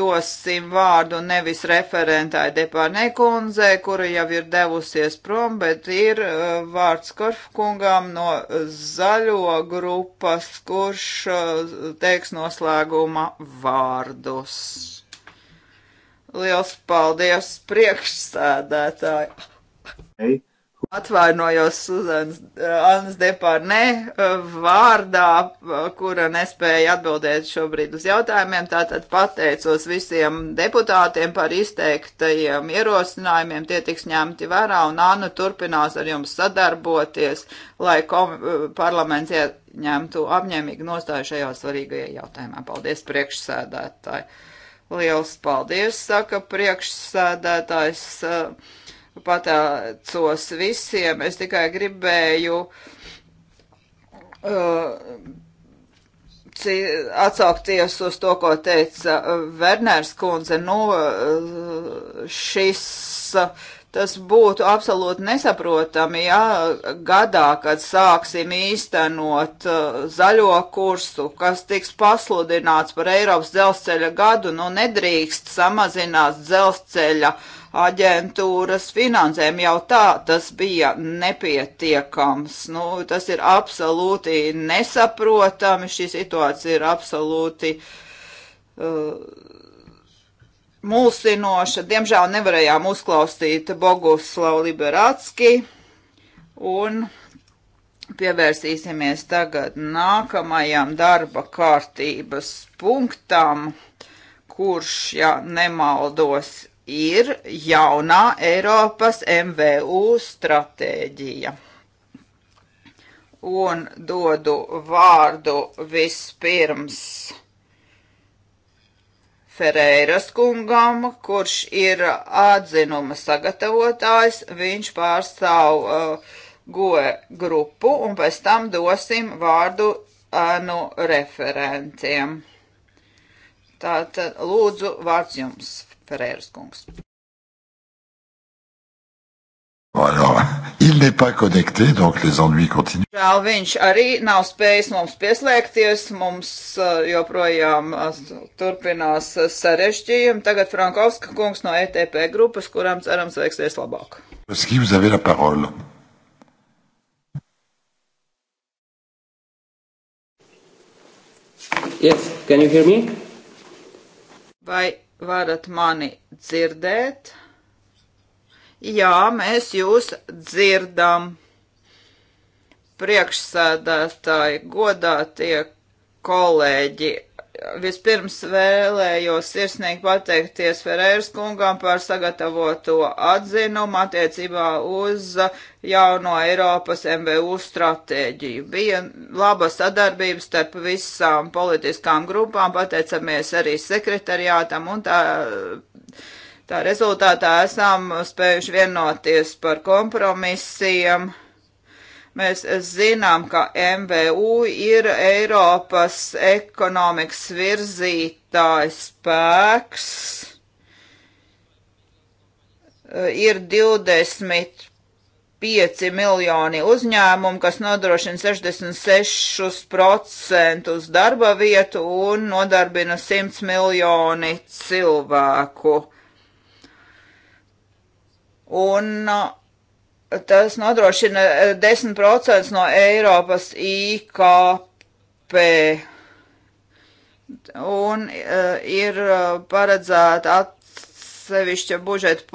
[SPEAKER 2] dosim vārdu nevis referentai Depārnē kundzē, kura jau ir devusies prom, bet ir uh, vārds Korfkungām no zaļo grupas, kurš uh, teiks noslēguma vārdus. Liels paldies priekšsēdētāji! Hey atvainojos Suzanas eh, Annas Depārnē eh, vārdā, eh, kura nespēja atbildēt šobrīd uz jautājumiem. Tātad pateicos visiem deputātiem par izteiktajiem ierosinājumiem. Tie tiks ņemti vērā un Anna turpinās ar jums sadarboties, lai parlaments ieņemtu apņēmīgu nostāju šajā svarīgajā jautājumā. Paldies priekšsēdētāji! Liels paldies, saka priekšsēdētājs. Uh, pateicos visiem. Es tikai gribēju uh, atsaukties uz to, ko teica Werners kundze. Nu, uh, šis, tas būtu absolūti nesaprotami, ja gadā, kad sāksim īstenot uh, zaļo kursu, kas tiks pasludināts par Eiropas dzelzceļa gadu, nu nedrīkst samazinās dzelzceļa gadu aģentūras finansēm. Jau tā tas bija nepietiekams. Nu, tas ir absolūti nesaprotami. Šī situācija ir absolūti. Uh, Mulsinoša, diemžēl nevarējām uzklausīt Boguslavu Liberatski, un pievērsīsimies tagad nākamajam darba kārtības punktam, kurš, ja nemaldos, ir jaunā Eiropas MVU stratēģija. Un dodu vārdu vispirms Ferēras kungam, kurš ir atzinuma sagatavotājs, viņš pārstāv uh, goe grupu, un pēc tam dosim vārdu anu uh, referentiem. Tātad lūdzu vārds jums, Ferēras kungs.
[SPEAKER 3] Alors, il n'est pas connecté, donc les ennuis
[SPEAKER 2] continuent. Žēl, viņš arī nav spējis mums pieslēgties, mums uh, joprojām uh, turpinās sarežģījumi. Tagad Frankovska kungs no ETP grupas, kuram cerams veiksies labāk.
[SPEAKER 3] Ski, vous avez la parole.
[SPEAKER 2] Yes, can you hear me? Vai varat mani dzirdēt? Jā, mēs jūs dzirdam. Priekšsēdētāji, godātie kolēģi, vispirms vēlējos sirsnīgi pateikties Ferēras kungām par sagatavoto atzinumu attiecībā uz jauno Eiropas MVU stratēģiju. Bija laba sadarbība starp visām politiskām grupām, pateicamies arī sekretariātam un tā. Tā rezultātā esam spējuši vienoties par kompromisiem Mēs zinām, ka MVU ir Eiropas ekonomikas virzītājs spēks. Ir 20 5 miljoni uzņēmumu, kas nodrošina 66% darba vietu un nodarbina 100 miljoni cilvēku. Un tas nodrošina 10% eh, no Eiropas IKP. Un uh, ir eh, paredzēta atsevišķa budžeta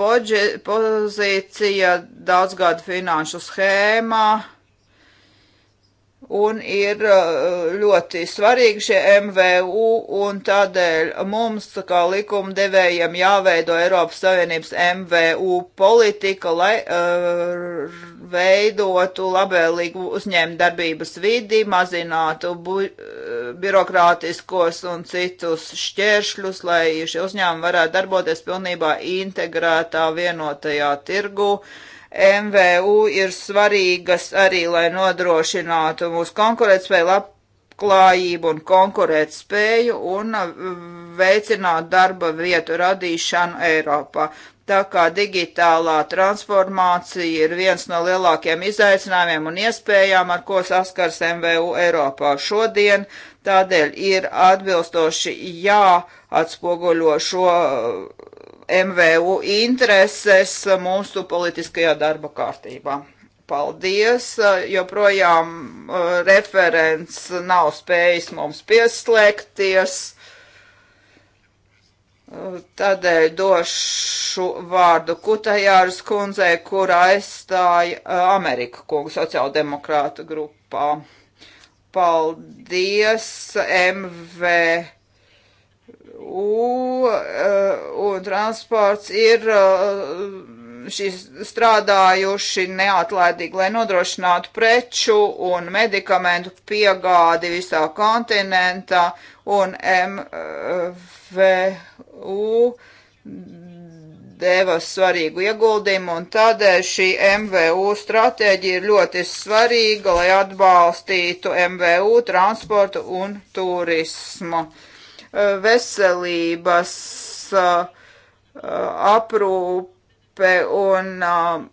[SPEAKER 2] pozīcija daudzgadu finanšu schēmā Un ir uh, ļoti svarīgi šie MVU, un tādēļ mums, kā likumdevējiem, jāveido Eiropas Savienības MVU politika, lai uh, veidotu labvēlīgu uzņēmdarbības vidi, mazinātu bu, eh, birokrātiskos un citus šķēršļus, lai šie uzņēmumi varētu darboties pilnībā integrētā vienotajā tirgu. MVU ir svarīgas arī, lai nodrošinātu mūsu konkurētspēju, labklājību un konkurētspēju un eh, veicinātu darba vietu radīšanu Eiropā. Tā kā digitālā transformācija ir viens no lielākiem izaicinājumiem un iespējām, ar ko saskars MVU Eiropā šodien, tādēļ ir atbilstoši jāatspoguļo šo eh, MVU intereses mūsu politiskajā darba kārtībā. Paldies, eh, joprojām eh, referents nav spējis mums pieslēgties Tādēļ došu vārdu Kutajāras kundzei, kur aizstāja uh, Amerika kungu sociāldemokrāta grupā. Paldies MVU uh, un transports ir uh, šis strādājuši neatlaidīgi, lai nodrošinātu preču un medikamentu piegādi visā kontinentā un MVU deva svarīgu ieguldījumu, un tādēļ šī MVU stratēģija ir ļoti svarīga, lai atbalstītu MVU transportu un turismu. Veselības uh, uh, aprūp Eirope un uh,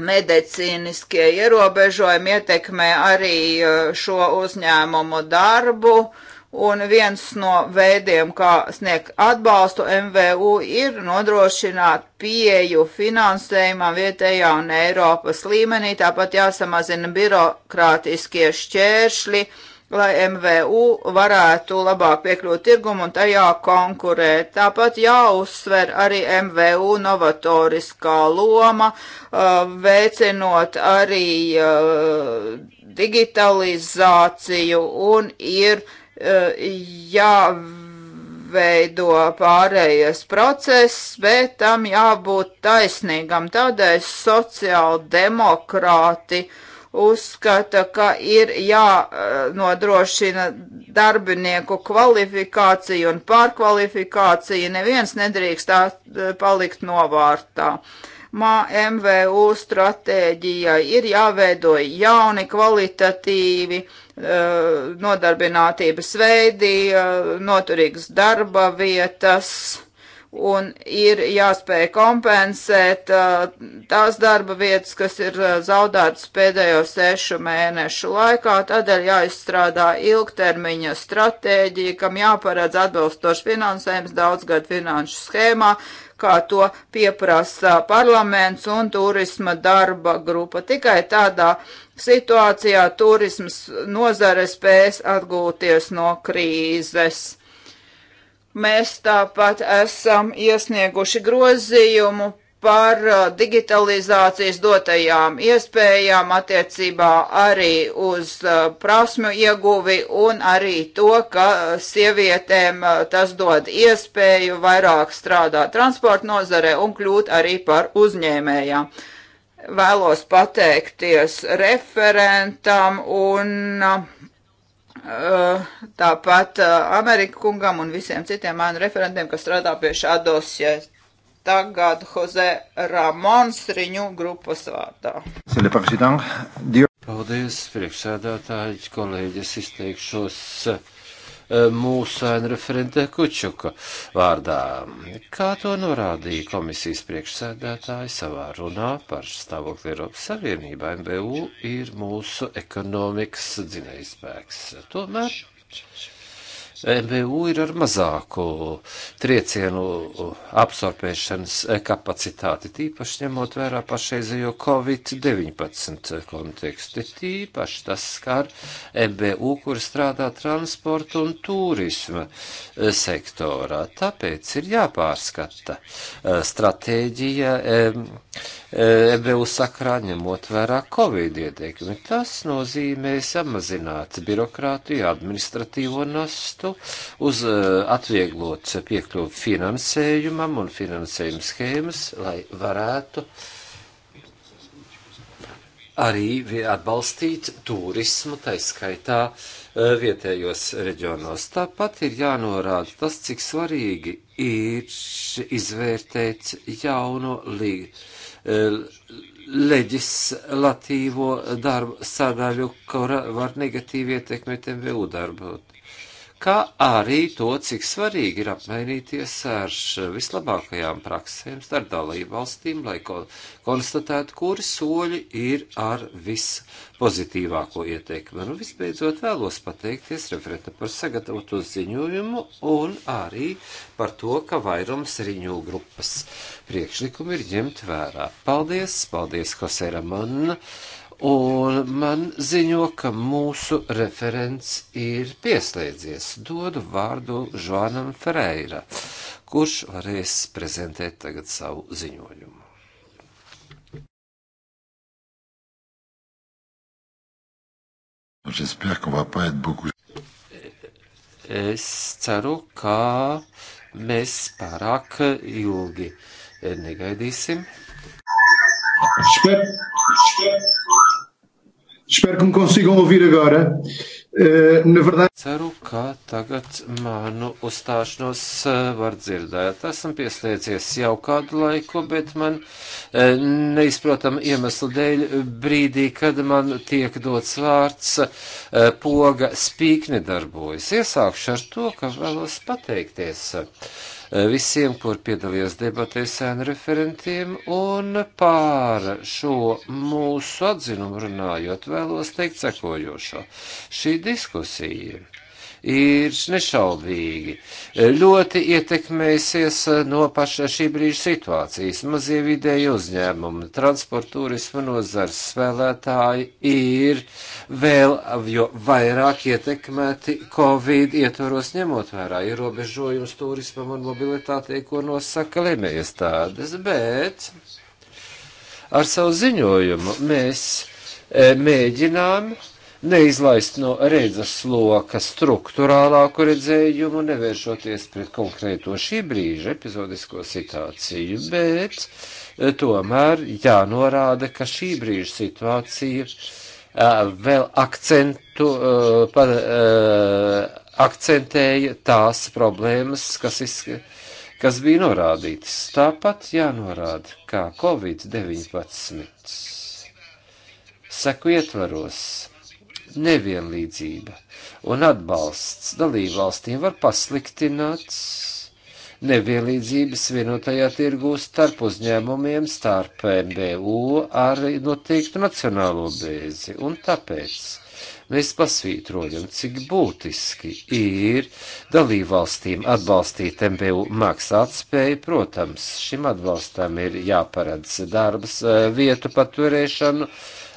[SPEAKER 2] medicīniskie ierobežojumi ietekmē arī uh, šo uzņēmumu darbu. Un viens no veidiem, kā sniegt atbalstu MVU, ir nodrošināt pieju finansējumam vietējā un Eiropas līmenī, tāpat jāsamazina birokrātiskie šķēršļi, uh, lai MVU varētu labāk piekļūt tirgumu un tajā konkurēt. Tāpat jāuzsver arī MVU novatoriskā loma, uh, veicinot arī uh, digitalizāciju un ir uh, jāveido pārējais process, bet tam jābūt taisnīgam. Tādēļ sociāldemokrāti demokrāti uzskata, ka ir jānodrošina darbinieku kvalifikācija un pārkvalifikācija. Neviens nedrīkst tā e, palikt novārtā. Mā MVU stratēģijai ir jāveido jauni kvalitatīvi e, nodarbinātības veidi, e, noturīgas darba vietas un ir jāspēj kompensēt uh, tās darba vietas, kas ir uh, zaudētas pēdējo sešu mēnešu laikā. Tādēļ jāizstrādā ilgtermiņa stratēģija, kam jāparedz atbilstošs finansējums daudzgad finanšu schēmā, kā to pieprasa parlaments un turisma darba grupa. Tikai tādā situācijā turismas nozare spēs atgūties no krīzes Mēs tāpat esam iesnieguši grozījumu par uh, digitalizācijas dotajām iespējām attiecībā arī uz uh, prasmju ieguvi un arī to, ka uh, sievietēm tas dod iespēju vairāk strādāt transporta nozarē un kļūt arī par uzņēmējām. Vēlos pateikties referentam un Eh, tāpat eh, Ameriku kungam un visiem citiem ēnu referentiem, kas strādā pie šā dosie. Tagad Jose Ramons riņu grupas vārdā.
[SPEAKER 1] Paldies, priekšsēdētāji, kolēģis, izteikšos eh, mūsu referente Kučuka vārdā. Kā to norādīja komisijas priekšsēdētāji savā runā par stāvokli Eiropas Savienībā, MBU ir mūsu ekonomikas dzinējspēks. Tomēr MBU ir ar mazāku triecienu absorbēšanas kapacitāti, tīpaši ņemot vērā pašreizējo Covid-19 kontekstu. Tīpaši tas skar MBU, kur strādā transporta un turisma eh, sektorā. Tāpēc ir jāpārskata eh, stratēģija EBU e sakrā ņemot vērā Covid ieteikumi. Tas nozīmē samazināt birokrātiju, administratīvo nastu, uz e, atvieglot piekļuvu finansējumam un finansējuma schēmas, lai varētu arī atbalstīt turismu, tai skaitā e, vietējos reģionos. Tāpat ir jānorāda tas, cik svarīgi ir izvērtēt jauno līgumu leģislatīvo darbu sadaļu, kura var negatīvi ietekmēt MVU darbu kā arī to, cik svarīgi ir apmainīties ar vislabākajām praksēm starp dalību valstīm, lai ko, konstatētu, kuri soļi ir ar vispozitīvāko ieteikumu. Un visbeidzot vēlos pateikties referenta par sagatavoto ziņojumu un arī par to, ka vairums riņu grupas priekšlikumi ir ņemt vērā. Paldies, paldies Hosera Manna! un man ziņo, ka mūsu referents ir pieslēdzies. Dodu vārdu
[SPEAKER 3] Žanam Ferreira, kurš varēs prezentēt tagad savu ziņojumu.
[SPEAKER 5] J'espère qu'on va pas être beaucoup.
[SPEAKER 3] Es ceru,
[SPEAKER 1] ka mēs pārāk ilgi negaidīsim.
[SPEAKER 3] Šķiet, šķiet. Espero que me consigam ouvir agora. Uh, na verdade.
[SPEAKER 1] Ceru, ka tagad manu uzstāšanos eh, var dzirdēt. Esmu pieslēdzies jau kādu laiku, bet man uh, neizprotam iemeslu dēļ brīdī, kad man tiek dots vārds, uh, poga spīkni darbojas. Iesākšu ar to, ka vēlos pateikties. Uh, visiem, kur piedalījās debatēs ēnu referentiem, un pār šo mūsu atzinumu runājot vēlos teikt sekojošo. Šī diskusija ir nešaubīgi. Ļoti ietekmēsies no paša šī brīža situācijas. Mazie vidēji uzņēmumi, transporta turisma nozars spēlētāji ir vēl jo vairāk ietekmēti Covid ietvaros ņemot vērā ierobežojums turismam un mobilitātei, ko nosaka lemējas tādas, bet ar savu ziņojumu mēs eh, mēģinām neizlaist no redzes loka struktūrālāku redzējumu, nevēršoties pret konkrēto šī brīža epizodisko situāciju, bet e, tomēr jānorāda, ka šī brīža situācija e, vēl akcentu, e, par, akcentēja tās problēmas, kas izskatās kas bija norādīts. Tāpat jānorāda, kā Covid-19 seku ietvaros nevienlīdzība un atbalsts dalībvalstīm var pasliktināt nevienlīdzības vienotajā tirgū starp uzņēmumiem, starp MBU arī noteiktu nacionālo bēzi. Un tāpēc mēs pasvītrojam, cik būtiski ir dalībvalstīm atbalstīt MBU maksātspēju. Protams, šim atbalstam ir jāparedz darbas eh, vietu paturēšanu.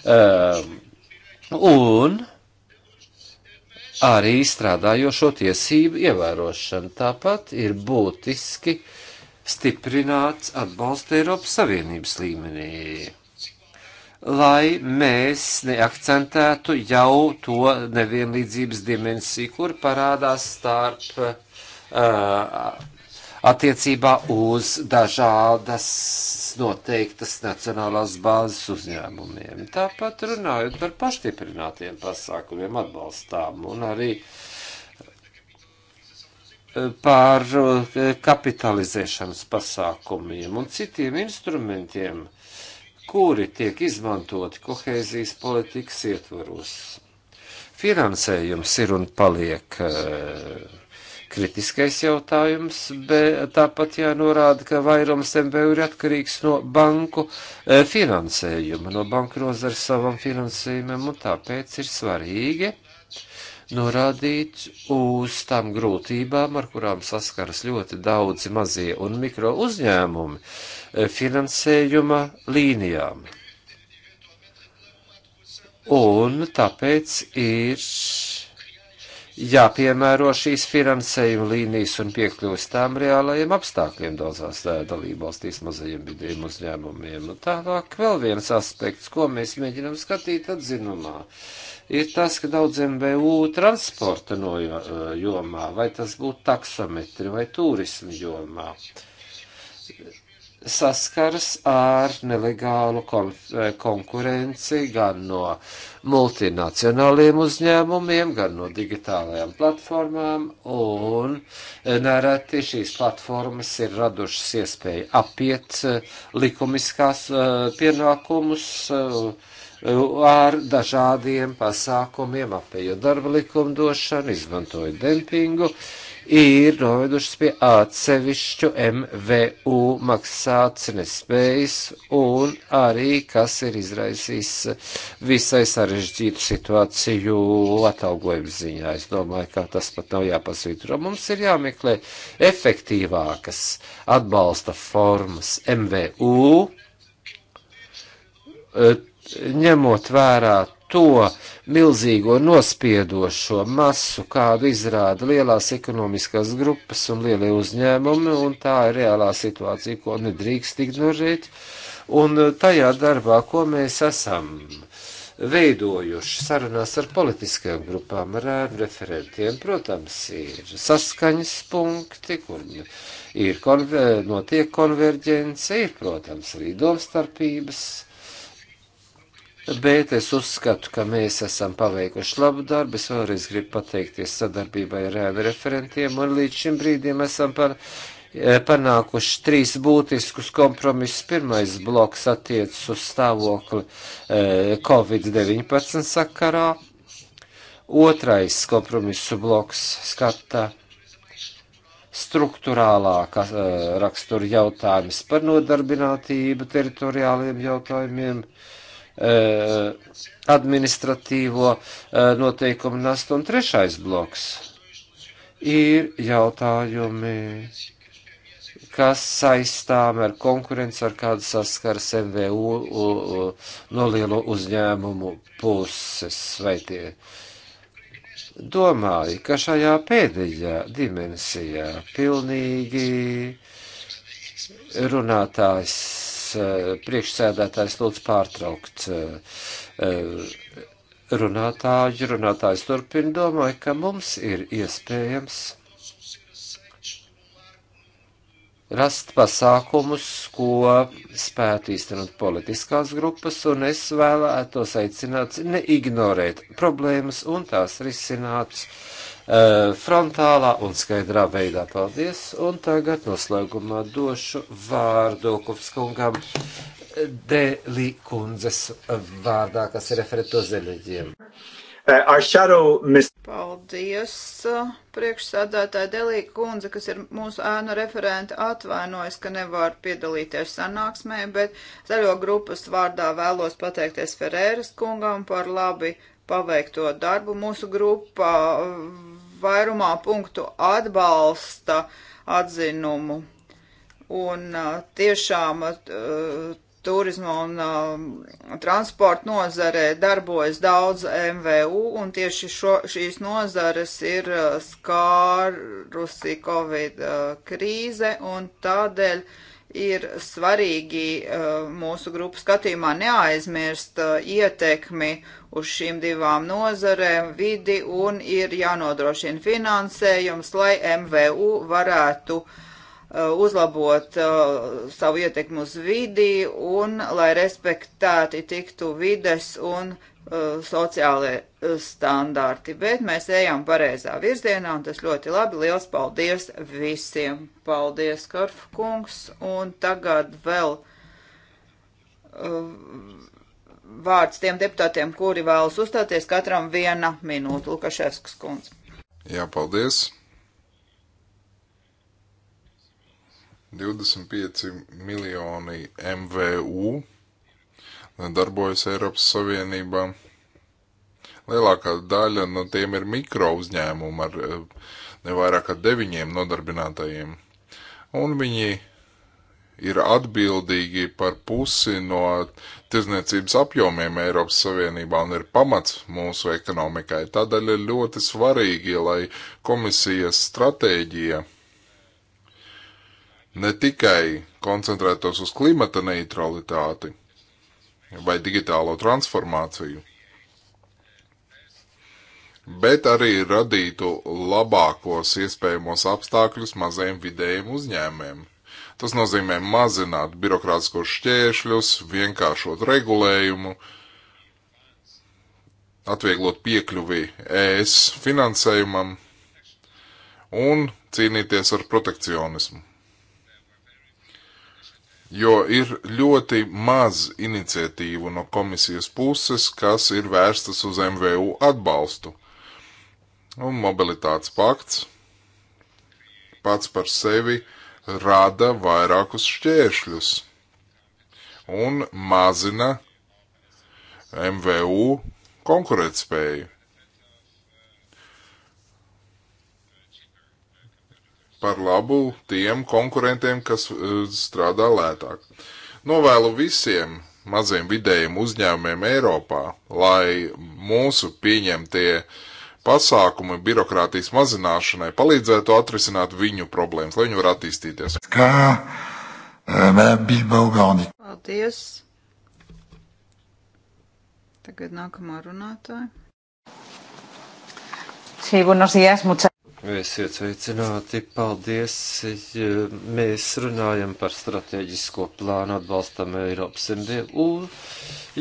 [SPEAKER 1] Uh, un arī strādājošo tiesību ievērošana. Tāpat ir būtiski stiprināts atbalsts Eiropas Savienības līmenī, lai mēs neakcentētu jau to nevienlīdzības dimensiju, kur parādās starp uh, attiecībā uz dažādas noteiktas nacionālās bāzes uzņēmumiem. Tāpat runājot par paštiprinātiem pasākumiem atbalstām un arī eh, par eh, kapitalizēšanas pasākumiem un citiem instrumentiem, kuri tiek izmantoti kohēzijas politikas ietvaros. Finansējums ir un paliek uh, kritiskais jautājums, bet tāpat jānorāda, ka vairums MBU ir atkarīgs no banku eh, finansējuma, no banku nozars savam finansējumam, un tāpēc ir svarīgi norādīt uz tām grūtībām, ar kurām saskaras ļoti daudzi mazie un mikro uzņēmumi eh, finansējuma līnijām. Un tāpēc ir jāpiemēro šīs finansējuma līnijas un piekļūst tām reālajiem apstākļiem daudzās dalībvalstīs mazajiem vidējiem uzņēmumiem. Un tālāk vēl viens aspekts, ko mēs mēģinām skatīt atzinumā, ir tas, ka daudz MBU transporta no jomā, vai tas būtu taksometri vai turismu jomā saskaras ar nelegālu eh, konkurenci gan no multinacionāliem uzņēmumiem, gan no digitālajām platformām, un eh, nereti šīs platformas ir radušas iespēju apiet eh, likumiskās pienākumus ar dažādiem pasākumiem, apējot darba likumdošanu, izmantojot dempingu. Uh, ir novedušas pie atsevišķu MVU maksāts nespējas un arī, kas ir izraisījis visai sarežģītu situāciju atalgojuma ziņā. Es domāju, ka tas pat nav jāpasvītro. Mums ir jāmeklē efektīvākas atbalsta formas MVU, ņemot vērā to milzīgo nospiedošo masu, kādu izrāda lielās ekonomiskās grupas un lielie uzņēmumi, un tā ir reālā situācija, ko nedrīkst ignorēt. Un eh, tajā darbā, ko mēs esam veidojuši sarunās ar politiskajām grupām, ar ēnu referentiem, protams, ir saskaņas punkti, kur ir konver notiek konverģence, ir, protams, arī domstarpības Bet es uzskatu, ka mēs esam paveikuši labu darbu. Es vēlreiz gribu pateikties sadarbībai ar ēnu referentiem, un līdz šim brīdim esam par, e, panākuši trīs būtiskus kompromisus. Pirmais bloks attiecas uz stāvokli eh, Covid-19 sakarā, otrais kompromisu bloks skata struktūrālāka eh, rakstura jautājumus par nodarbinātību, teritoriāliem jautājumiem. Eh, Eh, administratīvo eh, noteikumu nast. Un trešais bloks ir jautājumi, kas saistām ar konkurenci, ar kādu saskaras MVU u, u, no lielo uzņēmumu puses. Vai tie domāju, ka šajā pēdējā dimensijā pilnīgi runātājs Eh, priekšsēdētājs lūdz pārtraukt eh, runātāju. Runātājs turpina domāju, ka mums ir iespējams rast pasākumus, ko spētu īstenot politiskās grupas, un es vēlētos aicināt neignorēt problēmas un tās risināt uh, Eh, frontālā un skaidrā veidā. Paldies! Un tagad noslēgumā došu vārdu Kupskungam. Deli kundzes vārdā, kas ir referēto zeļiem.
[SPEAKER 5] Eh,
[SPEAKER 2] Paldies, priekšsādātāja Delī kundze, kas ir mūsu ēnu referente, atvainojas, ka nevar piedalīties sanāksmē, bet zaļo grupas vārdā vēlos pateikties Ferēras kungam par labi paveikto darbu. Mūsu grupā vairumā punktu atbalsta atzinumu. Un uh, tiešām uh, turisma un uh, transporta nozarē darbojas daudz MVU, un tieši šo, šīs nozares ir uh, skārusi Covid uh, krīze, un tādēļ ir svarīgi uh, mūsu grupu skatījumā neaizmirst uh, ietekmi uz šīm divām nozarēm vidi un ir jānodrošina finansējums, lai MVU varētu uh, uzlabot uh, savu ietekmu uz vidi un lai respektēti tiktu vides un uh, sociālie uh, standarti. Bet mēs ejam pareizā virzienā un tas ļoti labi. Liels paldies visiem! Paldies, Karfkungs! Un tagad vēl. Uh, vārds tiem deputātiem, kuri vēlas uzstāties, katram viena minūte. Lukaševskas kundze.
[SPEAKER 4] Jā, paldies. 25 miljoni MVU darbojas Eiropas Savienībā. Lielākā daļa no tiem ir mikro uzņēmumi ar eh, nevairāk kā deviņiem nodarbinātajiem. Un viņi ir atbildīgi par pusi no tirzniecības apjomiem Eiropas Savienībā un ir pamats mūsu ekonomikai. Tādēļ ir ļoti svarīgi, lai komisijas stratēģija ne tikai koncentrētos uz klimata neutralitāti vai digitālo transformāciju, bet arī radītu labākos iespējamos apstākļus maziem vidējiem uzņēmēm Tas nozīmē mazināt birokrātiskos šķēršļus, vienkāršot regulējumu, atvieglot piekļuvi ES finansējumam un cīnīties ar protekcionismu. Jo ir ļoti maz iniciatīvu no komisijas puses, kas ir vērstas uz MVU atbalstu. Un mobilitātes pakts pats par sevi uh, rada vairākus šķēršļus un mazina MVU konkurētspēju. Par labu tiem konkurentiem, kas e, strādā lētāk. Novēlu visiem maziem vidējiem uzņēmumiem Eiropā, lai mūsu pieņemtie uh, pasākumi birokrātijas mazināšanai palīdzētu atrisināt viņu problēmas, lai viņi varētu attīstīties. Kā eh, Madame Bilbao Garni.
[SPEAKER 2] Paldies. Tagad nākamā runātāja. Sí, buenos días, muchas.
[SPEAKER 1] Esiet sveicināti, paldies. Mēs runājam par strateģisko plānu atbalstam Eiropas MBU,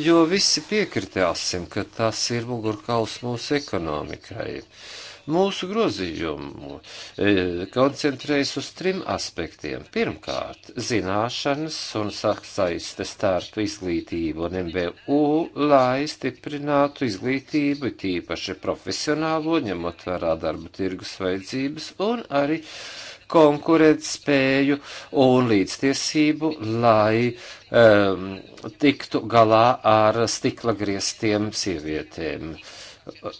[SPEAKER 1] jo visi piekritēsim, ka tas ir mugurkauls mūsu ekonomikai. Uh, Mūsu grozījumu e, koncentrējas uz trim aspektiem. Pirmkārt, zināšanas un sasaiste starp izglītību un MBU, lai stiprinātu izglītību, tīpaši profesionālo, ņemot vērā darba tirgus vajadzības un arī konkurētspēju un līdztiesību, lai um, tiktu galā ar stikla griestiem sievietēm. Uh,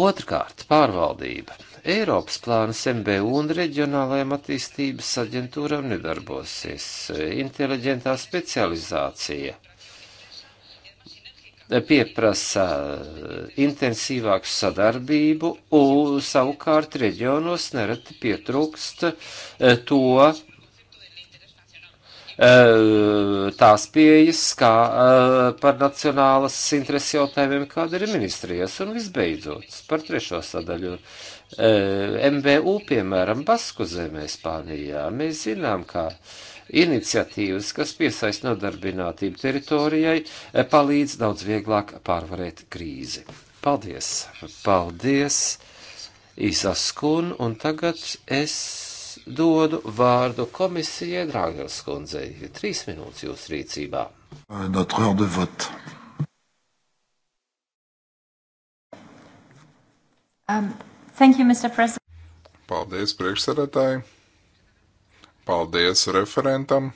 [SPEAKER 1] Otrkārt, pārvaldība. Eiropas plāns MBU un reģionālajām attīstības aģentūram nedarbosies. Inteliģentā specializācija pieprasa eh, intensīvāku sadarbību, un savukārt reģionos nereti pietrūkst eh, to Eh, tās pieejas, kā eh, par nacionālas interesi jautājumiem, kāda ir ministrijas. Un visbeidzot, par trešo sadaļu. Eh, MBU, piemēram, Basku zemē, Spānijā, mēs zinām, ka iniciatīvas, kas piesaist nodarbinātību teritorijai, palīdz daudz vieglāk pārvarēt krīzi. Paldies! Paldies! Īsas kun, un tagad es dodu vārdu komisijai Drāngels kundzei. Trīs minūtes jūs rīcībā.
[SPEAKER 4] Notre heure de vote.
[SPEAKER 2] Um, thank you, Mr. President.
[SPEAKER 4] Paldies priekšsarētāji. Paldies referentam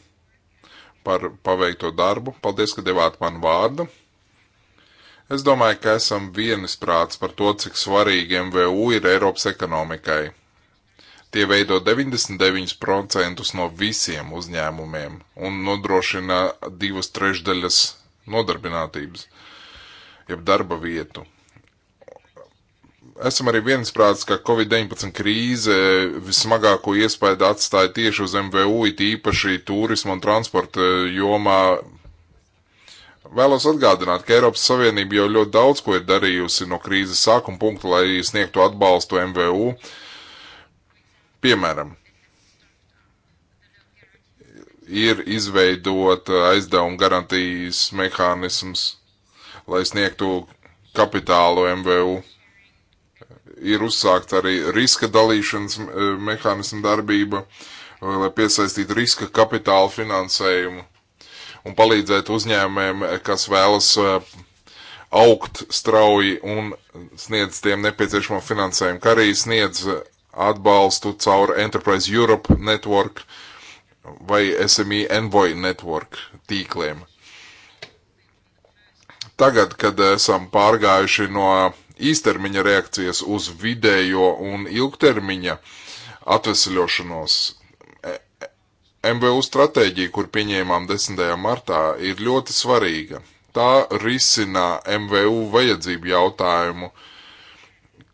[SPEAKER 4] par paveikto darbu. Paldies, ka devāt man vārdu. Es domāju, ka esam vienisprāts par to, cik svarīgi MVU ir Eiropas ekonomikai Tie veido 99% no visiem uzņēmumiem un nodrošina divas trešdaļas nodarbinātības, jeb darba vietu. Esam arī viensprāts, ka Covid-19 krīze vismagāko iespēju atstāja tieši uz MVU, it īpaši turisma un transporta jomā. Vēlos atgādināt, ka Eiropas Savienība jau ļoti daudz ko ir darījusi no krīzes sākuma punkta, lai sniegtu atbalstu MVU. Uh, Piemēram, ir izveidot aizdevumu garantijas mehānisms, lai sniegtu kapitālu MVU. Ir uzsākt arī riska dalīšanas e, mehānismu darbība, lai piesaistītu riska kapitālu finansējumu un palīdzētu uzņēmēm, kas vēlas e, augt strauji un sniedz tiem nepieciešamo finansējumu, kā arī sniedz atbalstu caur Enterprise Europe Network vai SME Envoy Network tīkliem. Tagad, kad esam pārgājuši no īstermiņa reakcijas uz vidējo un ilgtermiņa atvesļošanos, e, e, MVU stratēģija, kur pieņēmām 10. martā, ir ļoti svarīga. Tā risina MVU vajadzību jautājumu uh,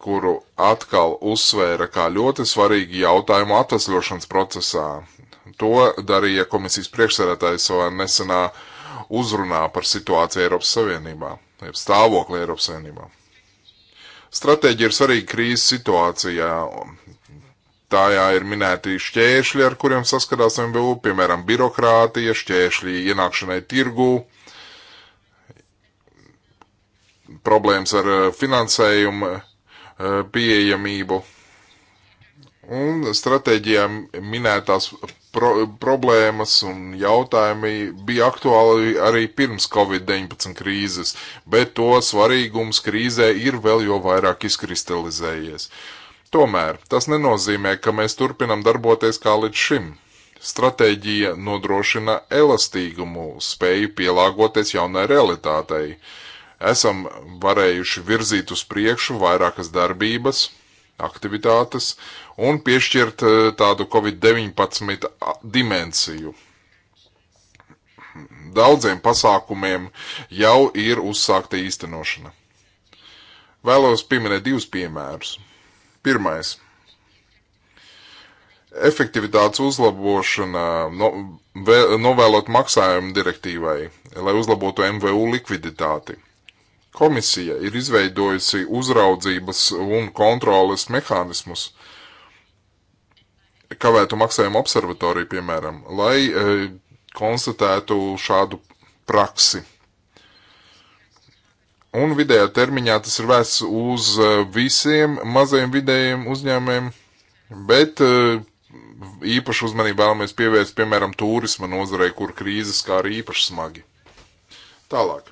[SPEAKER 4] kuru atkal uzsvēra kā ļoti svarīgu jautājumu atvesļošanas procesā. To darīja komisijas priekšsēdētājs savā nesenā uzrunā par situāciju Eiropas Savienībā, jeb stāvokli Eiropas Savienībā. Stratēģija ir svarīga krīzes situācijā. Tajā ir minēti šķēršļi, ar kuriem saskarās MBU, piemēram, birokrātija, šķēršļi ienākšanai tirgū, problēmas ar finansējumu Eh, pieejamību un stratēģijām minētās pro problēmas un jautājumi bija aktuāli arī pirms Covid-19 krīzes, bet to svarīgums krīzē ir vēl jo vairāk izkristalizējies. Tomēr tas nenozīmē, ka mēs turpinam darboties kā līdz šim. Stratēģija nodrošina elastīgumu, spēju pielāgoties jaunai realitātei. Uh, esam varējuši virzīt uz priekšu vairākas darbības, aktivitātes un piešķirt eh, tādu Covid-19 dimensiju. Daudziem pasākumiem jau ir uzsākta īstenošana. Vēlos pieminēt divus piemērus. Pirmais - efektivitātes uzlabošana, no, vē, novēlot maksājumu direktīvai, lai uzlabotu MVU likviditāti. Komisija ir izveidojusi uzraudzības un kontroles mehānismus, kavētu maksājumu observatoriju, piemēram, lai e, konstatētu šādu praksi. Un vidējā termiņā tas ir vērsts uz e, visiem mazajiem vidējiem uzņēmējiem, bet e, īpašu uzmanību vēlamies pievērst, piemēram, turisma nozarei, kur krīzes kā arī īpaši smagi. Tālāk.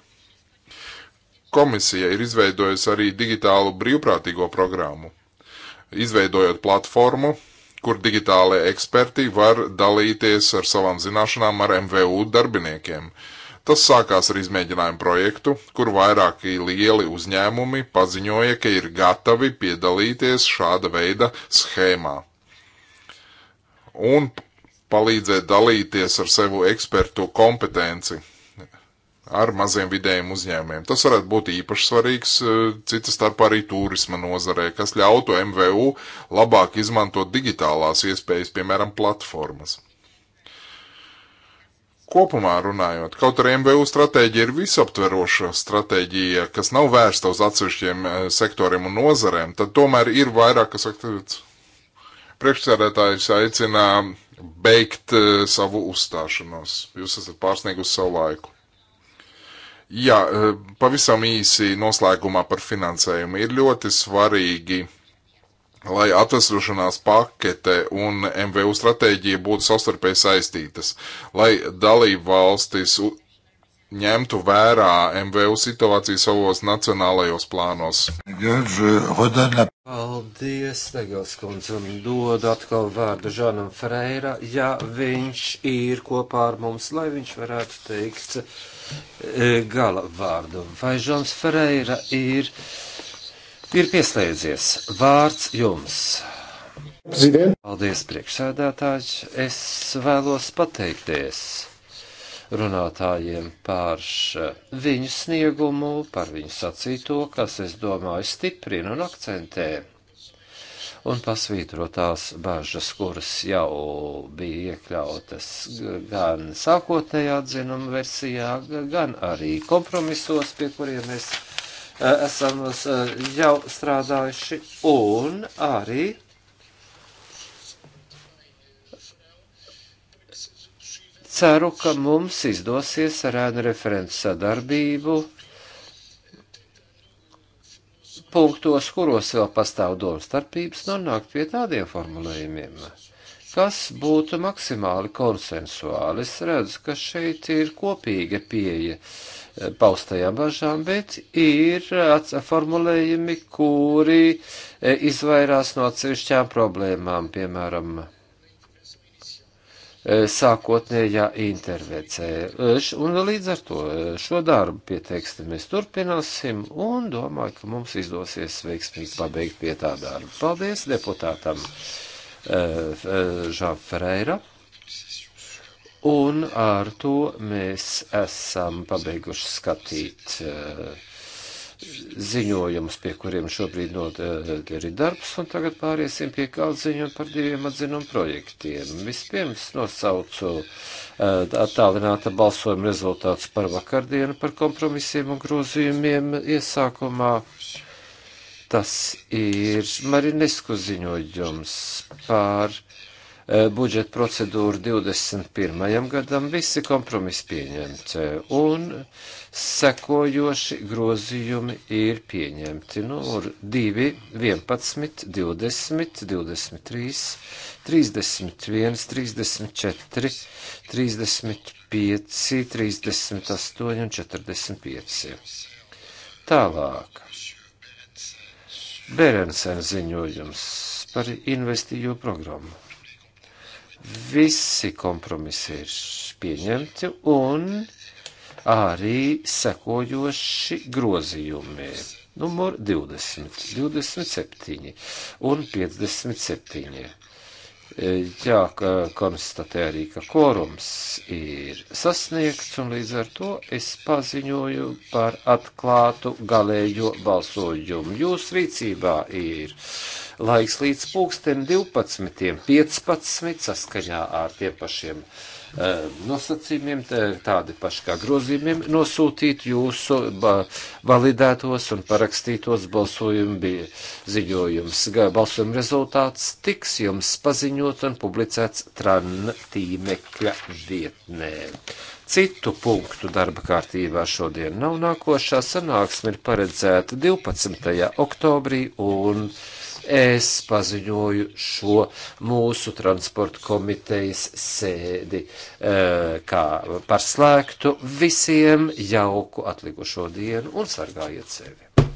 [SPEAKER 4] Komisija ir izveidojusi arī digitālu brīvprātīgo programmu, izveidojot platformu, kur digitālie eksperti var dalīties ar savām zināšanām ar MVU darbiniekiem. Tas sākās ar izmēģinājumu projektu, kur vairāki lieli uzņēmumi paziņoja, ka ir gatavi piedalīties šāda veida schēmā un palīdzēt dalīties ar sevu ekspertu kompetenci ar maziem vidējiem uzņēmējiem. Tas varētu būt īpaši svarīgs, e, cita starpā arī turisma nozarē, kas ļautu MVU labāk izmantot digitālās iespējas, piemēram, platformas. Kopumā runājot, kaut arī MVU stratēģija ir visaptveroša stratēģija, kas nav vērsta uz atsevišķiem e, sektoriem un nozarēm, tad tomēr ir vairākas aktivitātes. Priekšsēdētājs aicina beigt e, savu uzstāšanos. Jūs esat pārsniegusi savu laiku. Jā, eh, pavisam īsi noslēgumā par finansējumu. Ir ļoti svarīgi, lai atvesrošanās pakete un MVU stratēģija būtu savstarpēji saistītas, lai dalību valstis ņemtu vērā MVU situāciju savos nacionālajos plānos.
[SPEAKER 1] Paldies, Negels kundze, un dod atkal vārdu Žanam Freira, ja viņš ir kopā ar mums, lai viņš varētu teikt E, gala vārdu. Vai Žons Ferreira ir, ir pieslēdzies? Vārds jums. Zidien. Paldies, priekšsēdētājs. Es vēlos pateikties runātājiem par viņu sniegumu, par viņu sacīto, kas, es domāju, stiprina un akcentē un pasvītro tās bažas, kuras jau bija iekļautas gan sākotnējā atzinuma versijā, gan arī kompromisos, pie kuriem mēs e, esam e, jau strādājuši, un arī ceru, ka mums izdosies ar ēnu referents sadarbību punktos, kuros vēl pastāv domstarpības, nonākt pie tādiem formulējumiem, kas būtu maksimāli konsensuāli. Es redzu, ka šeit ir kopīga pieeja eh, paustajām bažām, bet ir eh, formulējumi, kuri eh, izvairās no atsevišķām problēmām, piemēram, E, sākotnējā intervencē. E, un līdz ar to e, šo darbu pie teksta mēs turpināsim un domāju, ka mums izdosies veiksmīgi pabeigt pie tā darba. Paldies deputātam Žāv Ferreira. Un ar to mēs esam pabeiguši skatīt uh, ziņojumus, pie kuriem šobrīd ir darbs, un tagad pāriesim pie kaldziņiem par diviem atzinumu projektiem. Vispirms nosaucu eh, attālināta balsojuma rezultātus par vakardienu par kompromisiem un grozījumiem iesākumā. Tas ir Marinesku ziņojums par Eh, budžeta procedūru 21. gadam, visi kompromisi pieņemti, eh, un sekojoši grozījumi ir pieņemti. Nu, 2, 11, 20, 23, 31, 34, 35, 38 un 45. Tālāk. Berensen ziņojums par investīju programmu. Visi kompromisi ir pieņemti un arī sekojoši grozījumi. Numur 20, 27 un 57. E, jā, konstatē arī, ka korums ir sasniegts, un līdz ar to es paziņoju par atklātu galējo balsojumu. Jūsu rīcībā ir laiks līdz pulksten 12. 15. saskaņā ar tiem pašiem eh, nosacījumiem, tādi paši kā grozījumiem, nosūtīt jūsu validētos un parakstītos balsojumu bija ziņojums. Balsojuma rezultāts tiks jums paziņot un publicēts tran tīmekļa vietnē. Citu punktu darba kārtībā šodien nav nākošā sanāksme ir paredzēta 12. oktobrī un 12 es paziņoju šo mūsu transporta komitejas sēdi eh, kā par slēgtu
[SPEAKER 3] visiem jauku atlikušo dienu un sargājiet sevi.